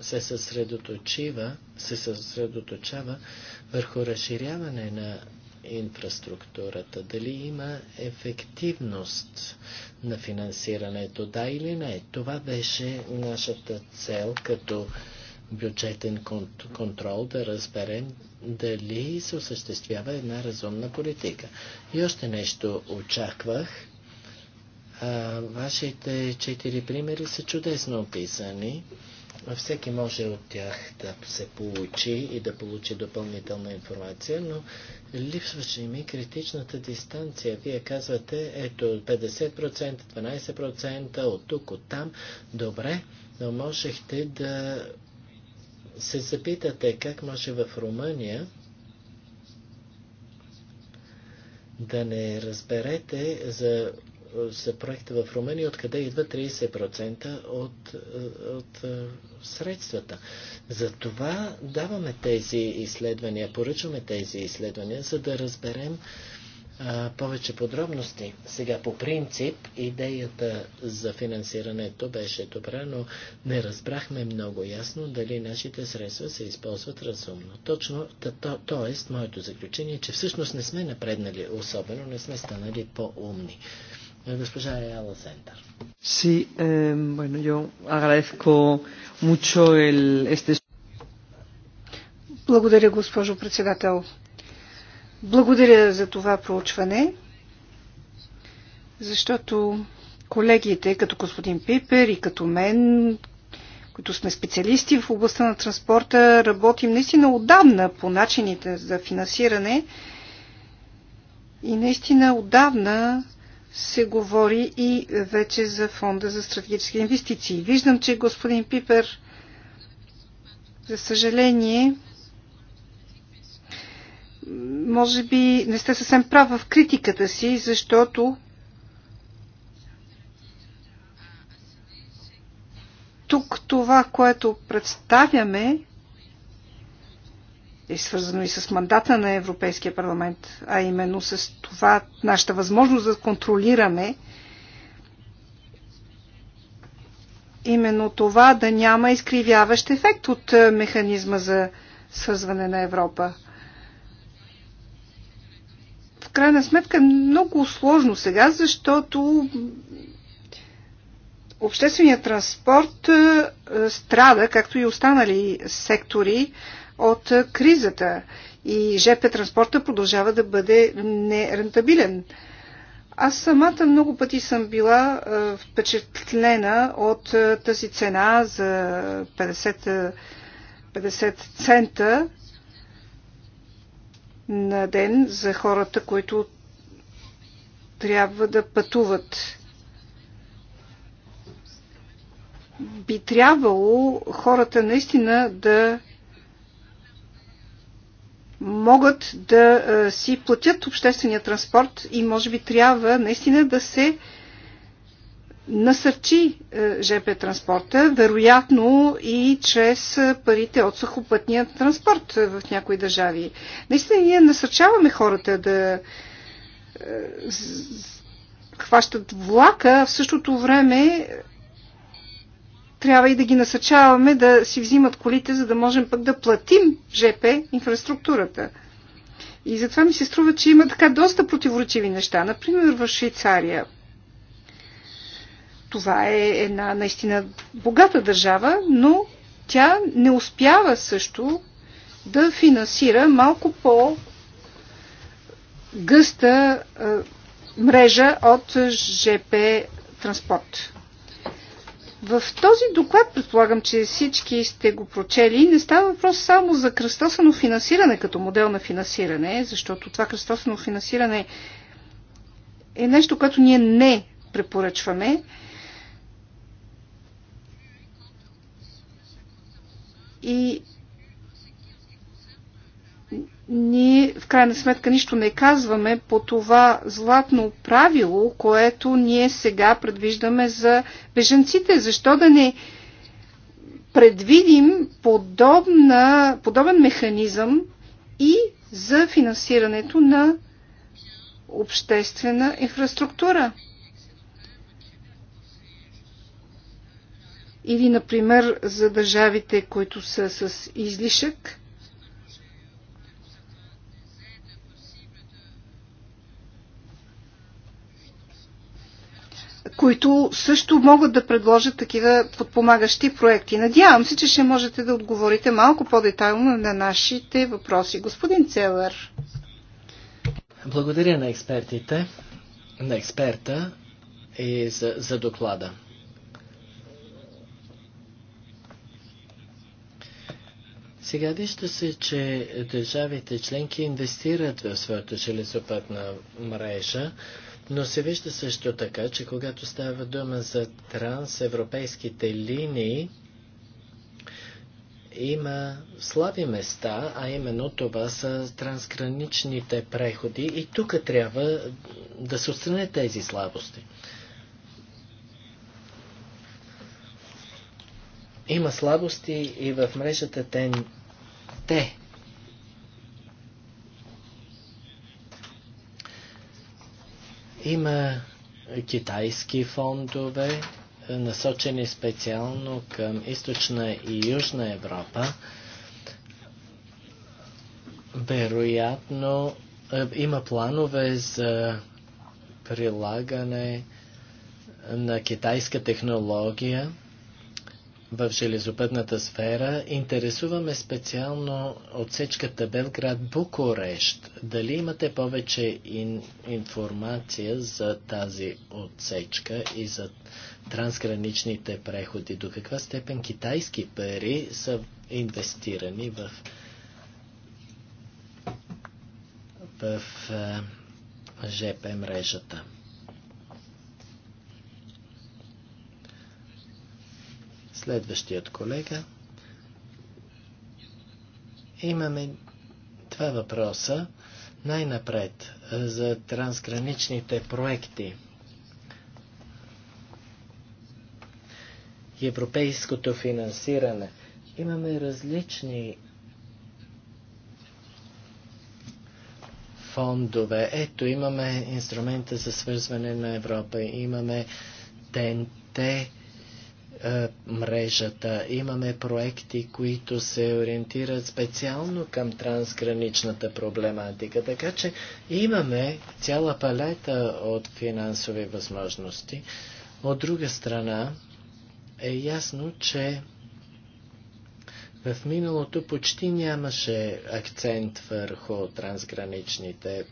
се, съсредоточива, се съсредоточава върху разширяване на инфраструктурата? Дали има ефективност на финансирането? Да или не? Това беше нашата цел като бюджетен контрол, да разберем дали се осъществява една разумна политика. И още нещо очаквах Вашите четири примери са чудесно описани. Всеки може от тях да се получи и да получи допълнителна информация, но липсваше ми критичната дистанция. Вие казвате, ето 50%, 12%, от тук, от там. Добре, но можехте да се запитате как може в Румъния да не разберете за за проекта в Румъния, откъде идва 30% от, е, от е, средствата. Затова даваме тези изследвания, поръчваме тези изследвания, за да разберем а, повече подробности. Сега по принцип идеята за финансирането беше добра, но не разбрахме много ясно дали нашите средства се използват разумно. Точно, т.е. моето заключение е, че всъщност не сме напреднали особено, не сме станали по-умни. Госпожа Реала Сентър. Sí, eh, bueno, yo agradezco mucho el, este... Благодаря, госпожо председател. Благодаря за това проучване, защото колегите, като господин Пипер и като мен, които сме специалисти в областта на транспорта, работим наистина отдавна по начините за финансиране и наистина отдавна се говори и вече за фонда за стратегически инвестиции. Виждам, че господин Пипер, за съжаление, може би не сте съвсем прав в критиката си, защото тук това, което представяме, е свързано и с мандата на Европейския парламент, а именно с това нашата възможност да контролираме именно това да няма изкривяващ ефект от е, механизма за свързване на Европа. В крайна сметка е много сложно сега, защото общественият транспорт е, страда, както и останали сектори, от кризата и ЖП транспорта продължава да бъде нерентабилен. Аз самата много пъти съм била е, впечатлена от е, тази цена за 50, 50 е, цента на ден за хората, които трябва да пътуват. Би трябвало хората наистина да могат да е, си платят обществения транспорт и може би трябва наистина да се насърчи е, ЖП транспорта, вероятно и чрез е, парите от сухопътния транспорт в някои държави. Наистина ние насърчаваме хората да хващат влака, а в същото време трябва и да ги насъчаваме да си взимат колите, за да можем пък да платим ЖП инфраструктурата. И затова ми се струва, че има така доста противоречиви неща. Например, в Швейцария. Това е една наистина богата държава, но тя не успява също да финансира малко по гъста мрежа от ЖП транспорт. В този доклад, предполагам, че всички сте го прочели, не става въпрос само за кръстосано финансиране като модел на финансиране, защото това кръстосано финансиране е нещо, което ние не препоръчваме. И ние в крайна сметка нищо не казваме по това златно правило, което ние сега предвиждаме за беженците. Защо да не предвидим подобна, подобен механизъм и за финансирането на обществена инфраструктура? Или, например, за държавите, които са с излишък – които също могат да предложат такива подпомагащи проекти. Надявам се, че ще можете да отговорите малко по-детайлно на нашите въпроси. Господин Целър. Благодаря на експертите, на експерта и за, за доклада. Сега вижда се, че държавите членки инвестират в своята железопътна мрежа. Но се вижда също така, че когато става дума за трансевропейските линии, има слаби места, а именно това са трансграничните преходи и тук трябва да се отстранят тези слабости. Има слабости и в мрежата тен Те Има китайски фондове, е, насочени специално към източна и южна Европа. Вероятно, е, има планове за прилагане на китайска технология в железопътната сфера, интересуваме специално отсечката Белград-Букурещ. Дали имате повече ин, информация за тази отсечка и за трансграничните преходи? До каква степен китайски пари са инвестирани в, в, в е, ЖП мрежата? Следващият колега. Имаме два въпроса. Най-напред за трансграничните проекти. Европейското финансиране. Имаме различни фондове. Ето, имаме инструмента за свързване на Европа, имаме ТНТ, мрежата. Имаме проекти, които се ориентират специално към трансграничната проблематика. Така че имаме цяла палета от финансови възможности. От друга страна е ясно, че в миналото почти нямаше акцент върху трансграничните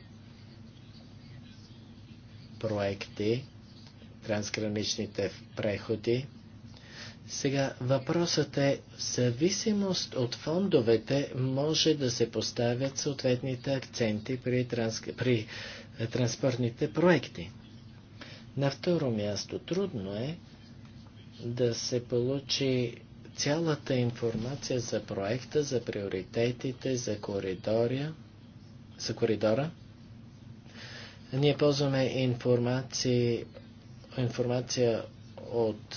проекти трансграничните преходи. Сега въпросът е, в зависимост от фондовете може да се поставят съответните акценти при, транс... при е, транспортните проекти. На второ място трудно е да се получи цялата информация за проекта, за приоритетите, за коридора. За коридора. Ние ползваме информация от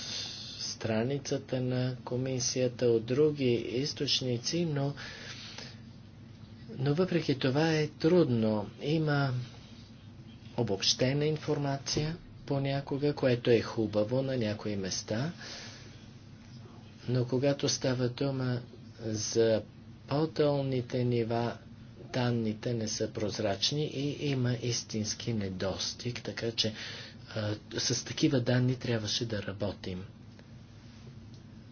страницата на комисията, от други източници, но, но въпреки това е трудно. Има обобщена информация понякога, което е хубаво на някои места, но когато става дума за по-долните нива, данните не са прозрачни и има истински недостиг, така че а, с такива данни трябваше да работим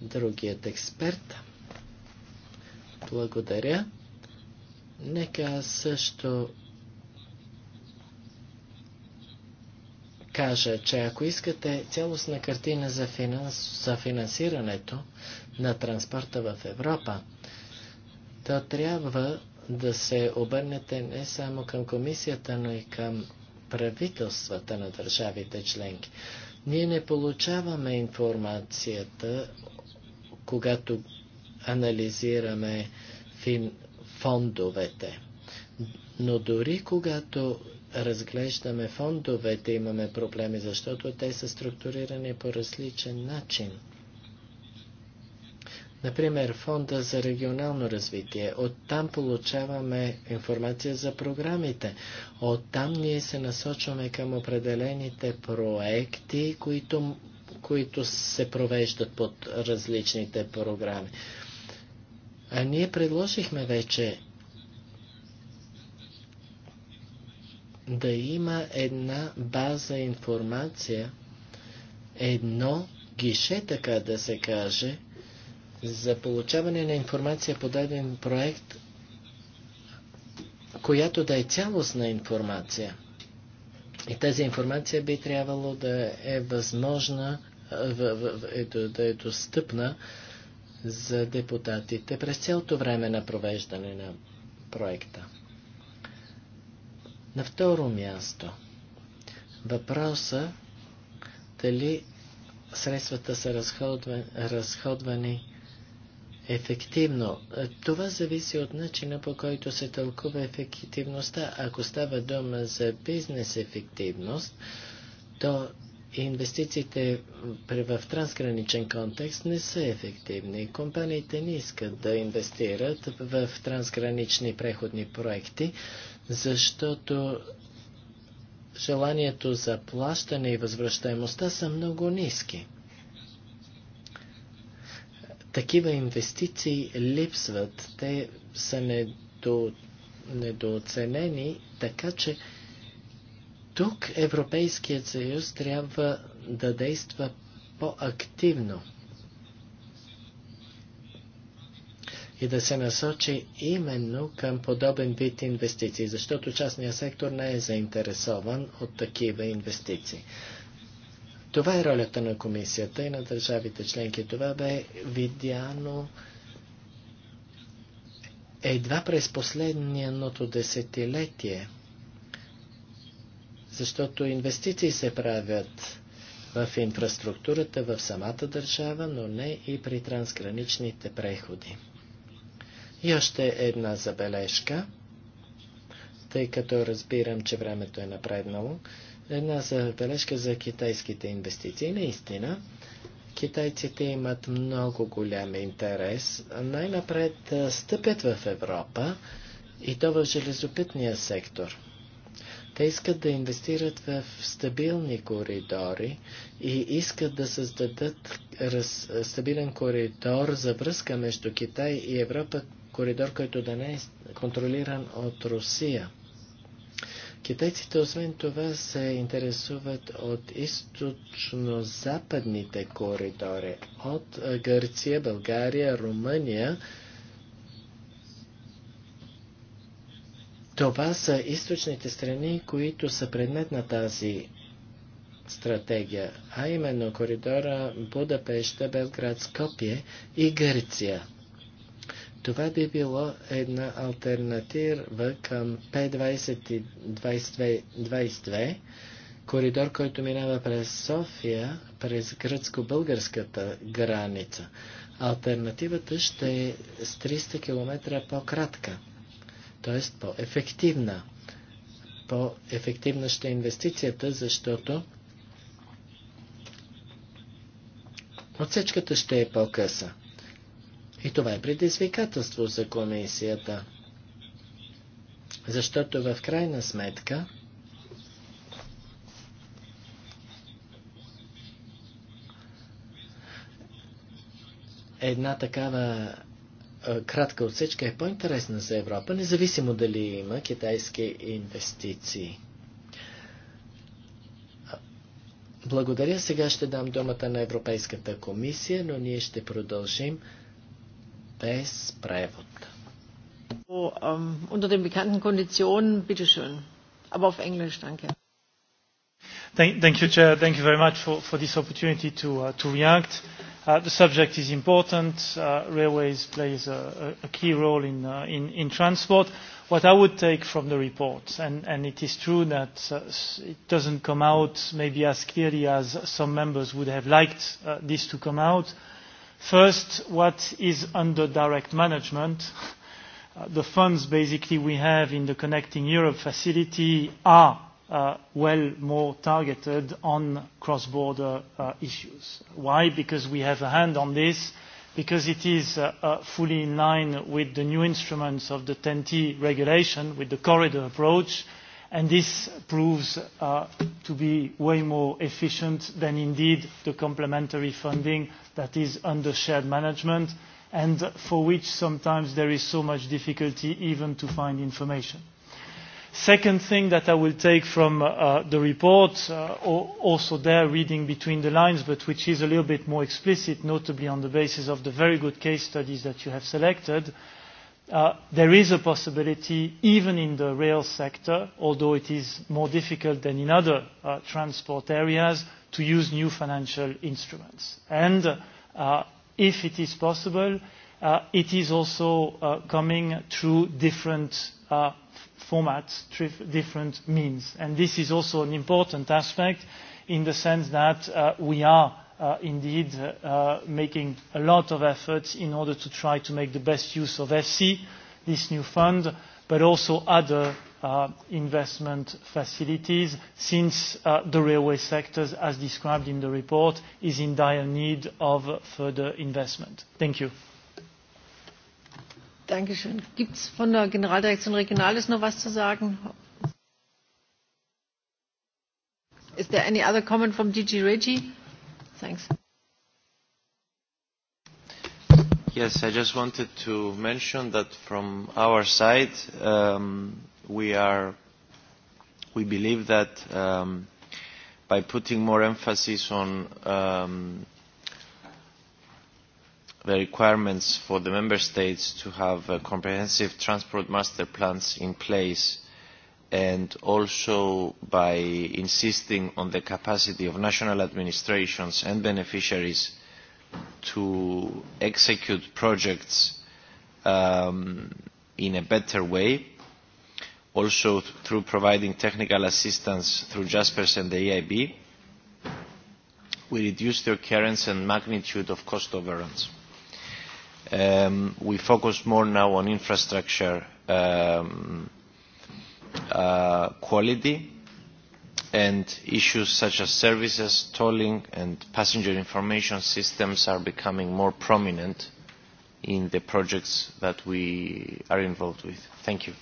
другият експерт. Благодаря. Нека също кажа, че ако искате цялостна картина за, финанс, за финансирането на транспорта в Европа, то трябва да се обърнете не само към комисията, но и към правителствата на държавите членки. Ние не получаваме информацията когато анализираме фин, фондовете. Но дори когато разглеждаме фондовете, имаме проблеми, защото те са структурирани по различен начин. Например, фонда за регионално развитие. Оттам получаваме информация за програмите. Оттам ние се насочваме към определените проекти, които които се провеждат под различните програми. А ние предложихме вече да има една база информация, едно гише, така да се каже, за получаване на информация по даден проект, която да е цялостна информация. И тази информация би трябвало да е възможна, е, да е достъпна за депутатите през цялото време на провеждане на проекта. На второ място, въпроса дали средствата са разходвани ефективно. Е, това зависи от начина по който се тълкува ефективността. Ако става дума за бизнес ефективност, то инвестициите в трансграничен контекст не са ефективни. Компаниите не искат да инвестират в трансгранични преходни проекти, защото желанието за плащане и възвръщаемостта са много ниски такива инвестиции липсват. Те са недо, недооценени, така че тук Европейският съюз трябва да действа по-активно и да се насочи именно към подобен вид инвестиции, защото частният сектор не е заинтересован от такива инвестиции. Това е ролята на комисията и на държавите членки. Това бе видяно едва през последното десетилетие, защото инвестиции се правят в инфраструктурата в самата държава, но не и при трансграничните преходи. И още една забележка, тъй като разбирам, че времето е напреднало. Една забележка за китайските инвестиции. Наистина, китайците имат много голям интерес. Най-напред стъпят в Европа и то в железопитния сектор. Те искат да инвестират в стабилни коридори и искат да създадат раз, стабилен коридор за връзка между Китай и Европа, коридор, който да не е контролиран от Русия. Китайците освен това се интересуват от източно-западните коридори, от Гърция, България, Румъния. Това са източните страни, които са предмет на тази стратегия, а именно коридора Будапешта, Белград, Скопие и Гърция. Това би било една альтернатива към p 2022 коридор, който минава през София, през гръцко-българската граница. Альтернативата ще е с 300 км по-кратка, т.е. по-ефективна. По-ефективна ще е инвестицията, защото отсечката ще е по-къса. И това е предизвикателство за комисията. Защото в крайна сметка една такава кратка отсечка е по-интересна за Европа, независимо дали има китайски инвестиции. Благодаря. Сега ще дам думата на Европейската комисия, но ние ще продължим без превод. Unter den bekannten Konditionen, bitteschön. Aber auf Englisch, danke. Thank, thank you, Chair. Thank you very much for, for this opportunity to, uh, to react. Uh, the subject is important. Uh, railways plays a, a key role in, uh, in, in transport. What I would take from the report, and, and it is true that uh, it doesn't come out maybe as clearly as some members would have liked uh, this to come out, uh, First, what is under direct management? The funds basically we have in the Connecting Europe facility are uh well more targeted on cross-border uh issues. Why? Because we have a hand on this, because it is uh uh fully in line with the new instruments of the TEN-T regulation, with the corridor approach, and this proves uh to be way more efficient than indeed the complementary funding that is under shared management and for which sometimes there is so much difficulty even to find information. Second thing that I will take from uh, the report, uh, also there reading between the lines, but which is a little bit more explicit, notably on the basis of the very good case studies that you have selected, there is a possibility, even in the rail sector, although it is more difficult than in other transport areas, to use new financial instruments. And if it is possible, it is also coming through different formats, formats, different means. And this is also an important aspect in the sense that we are uh, indeed uh, making a lot of efforts in order to try to make the best use of FC, this new fund, but also other uh, investment facilities, since uh, the railway sector, as described in the report, is in dire need of further investment. Thank you. Dankeschön. Gibt es von der Generaldirektion Regionales noch was zu sagen? Is there any other comment from DG Reggie? Thanks. Yes, I just wanted to mention that from our side, um, we are, we believe that um, by putting more emphasis on um, the requirements for the member states to have uh, comprehensive transport master plans in place and also by insisting on the capacity of national administrations and beneficiaries to execute projects um, in a better way, also through providing technical assistance through JASPERS and the EIB, we reduce the occurrence and magnitude of cost overruns. Um, we focus more now on infrastructure um, quality and issues such as services, tolling and passenger information systems are becoming more prominent in the projects that we are involved with. Thank you.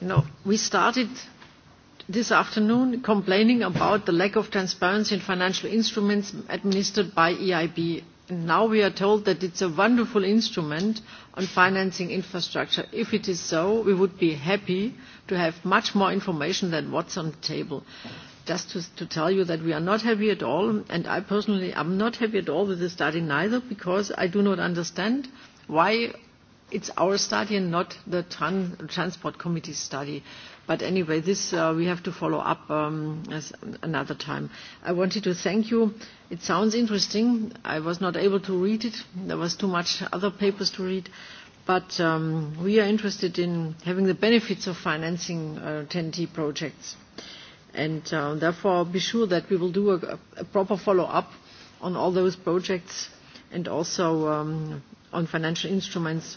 You know, we started this afternoon complaining about the lack of transparency in financial instruments administered by EIB now we are told that it's a wonderful instrument on financing infrastructure. If it is so, we would be happy to have much more information than what's on the table. Just to, to tell you that we are not happy at all, and I personally am not happy at all with the study neither, because I do not understand why it's our study and not the tran- transport committee study. But anyway, this uh, we have to follow up um, as another time. I wanted to thank you. It sounds interesting. I was not able to read it. There was too much other papers to read. But um, we are interested in having the benefits of financing uh, 10T projects. And uh, therefore, be sure that we will do a, a proper follow-up on all those projects and also um, on financial instruments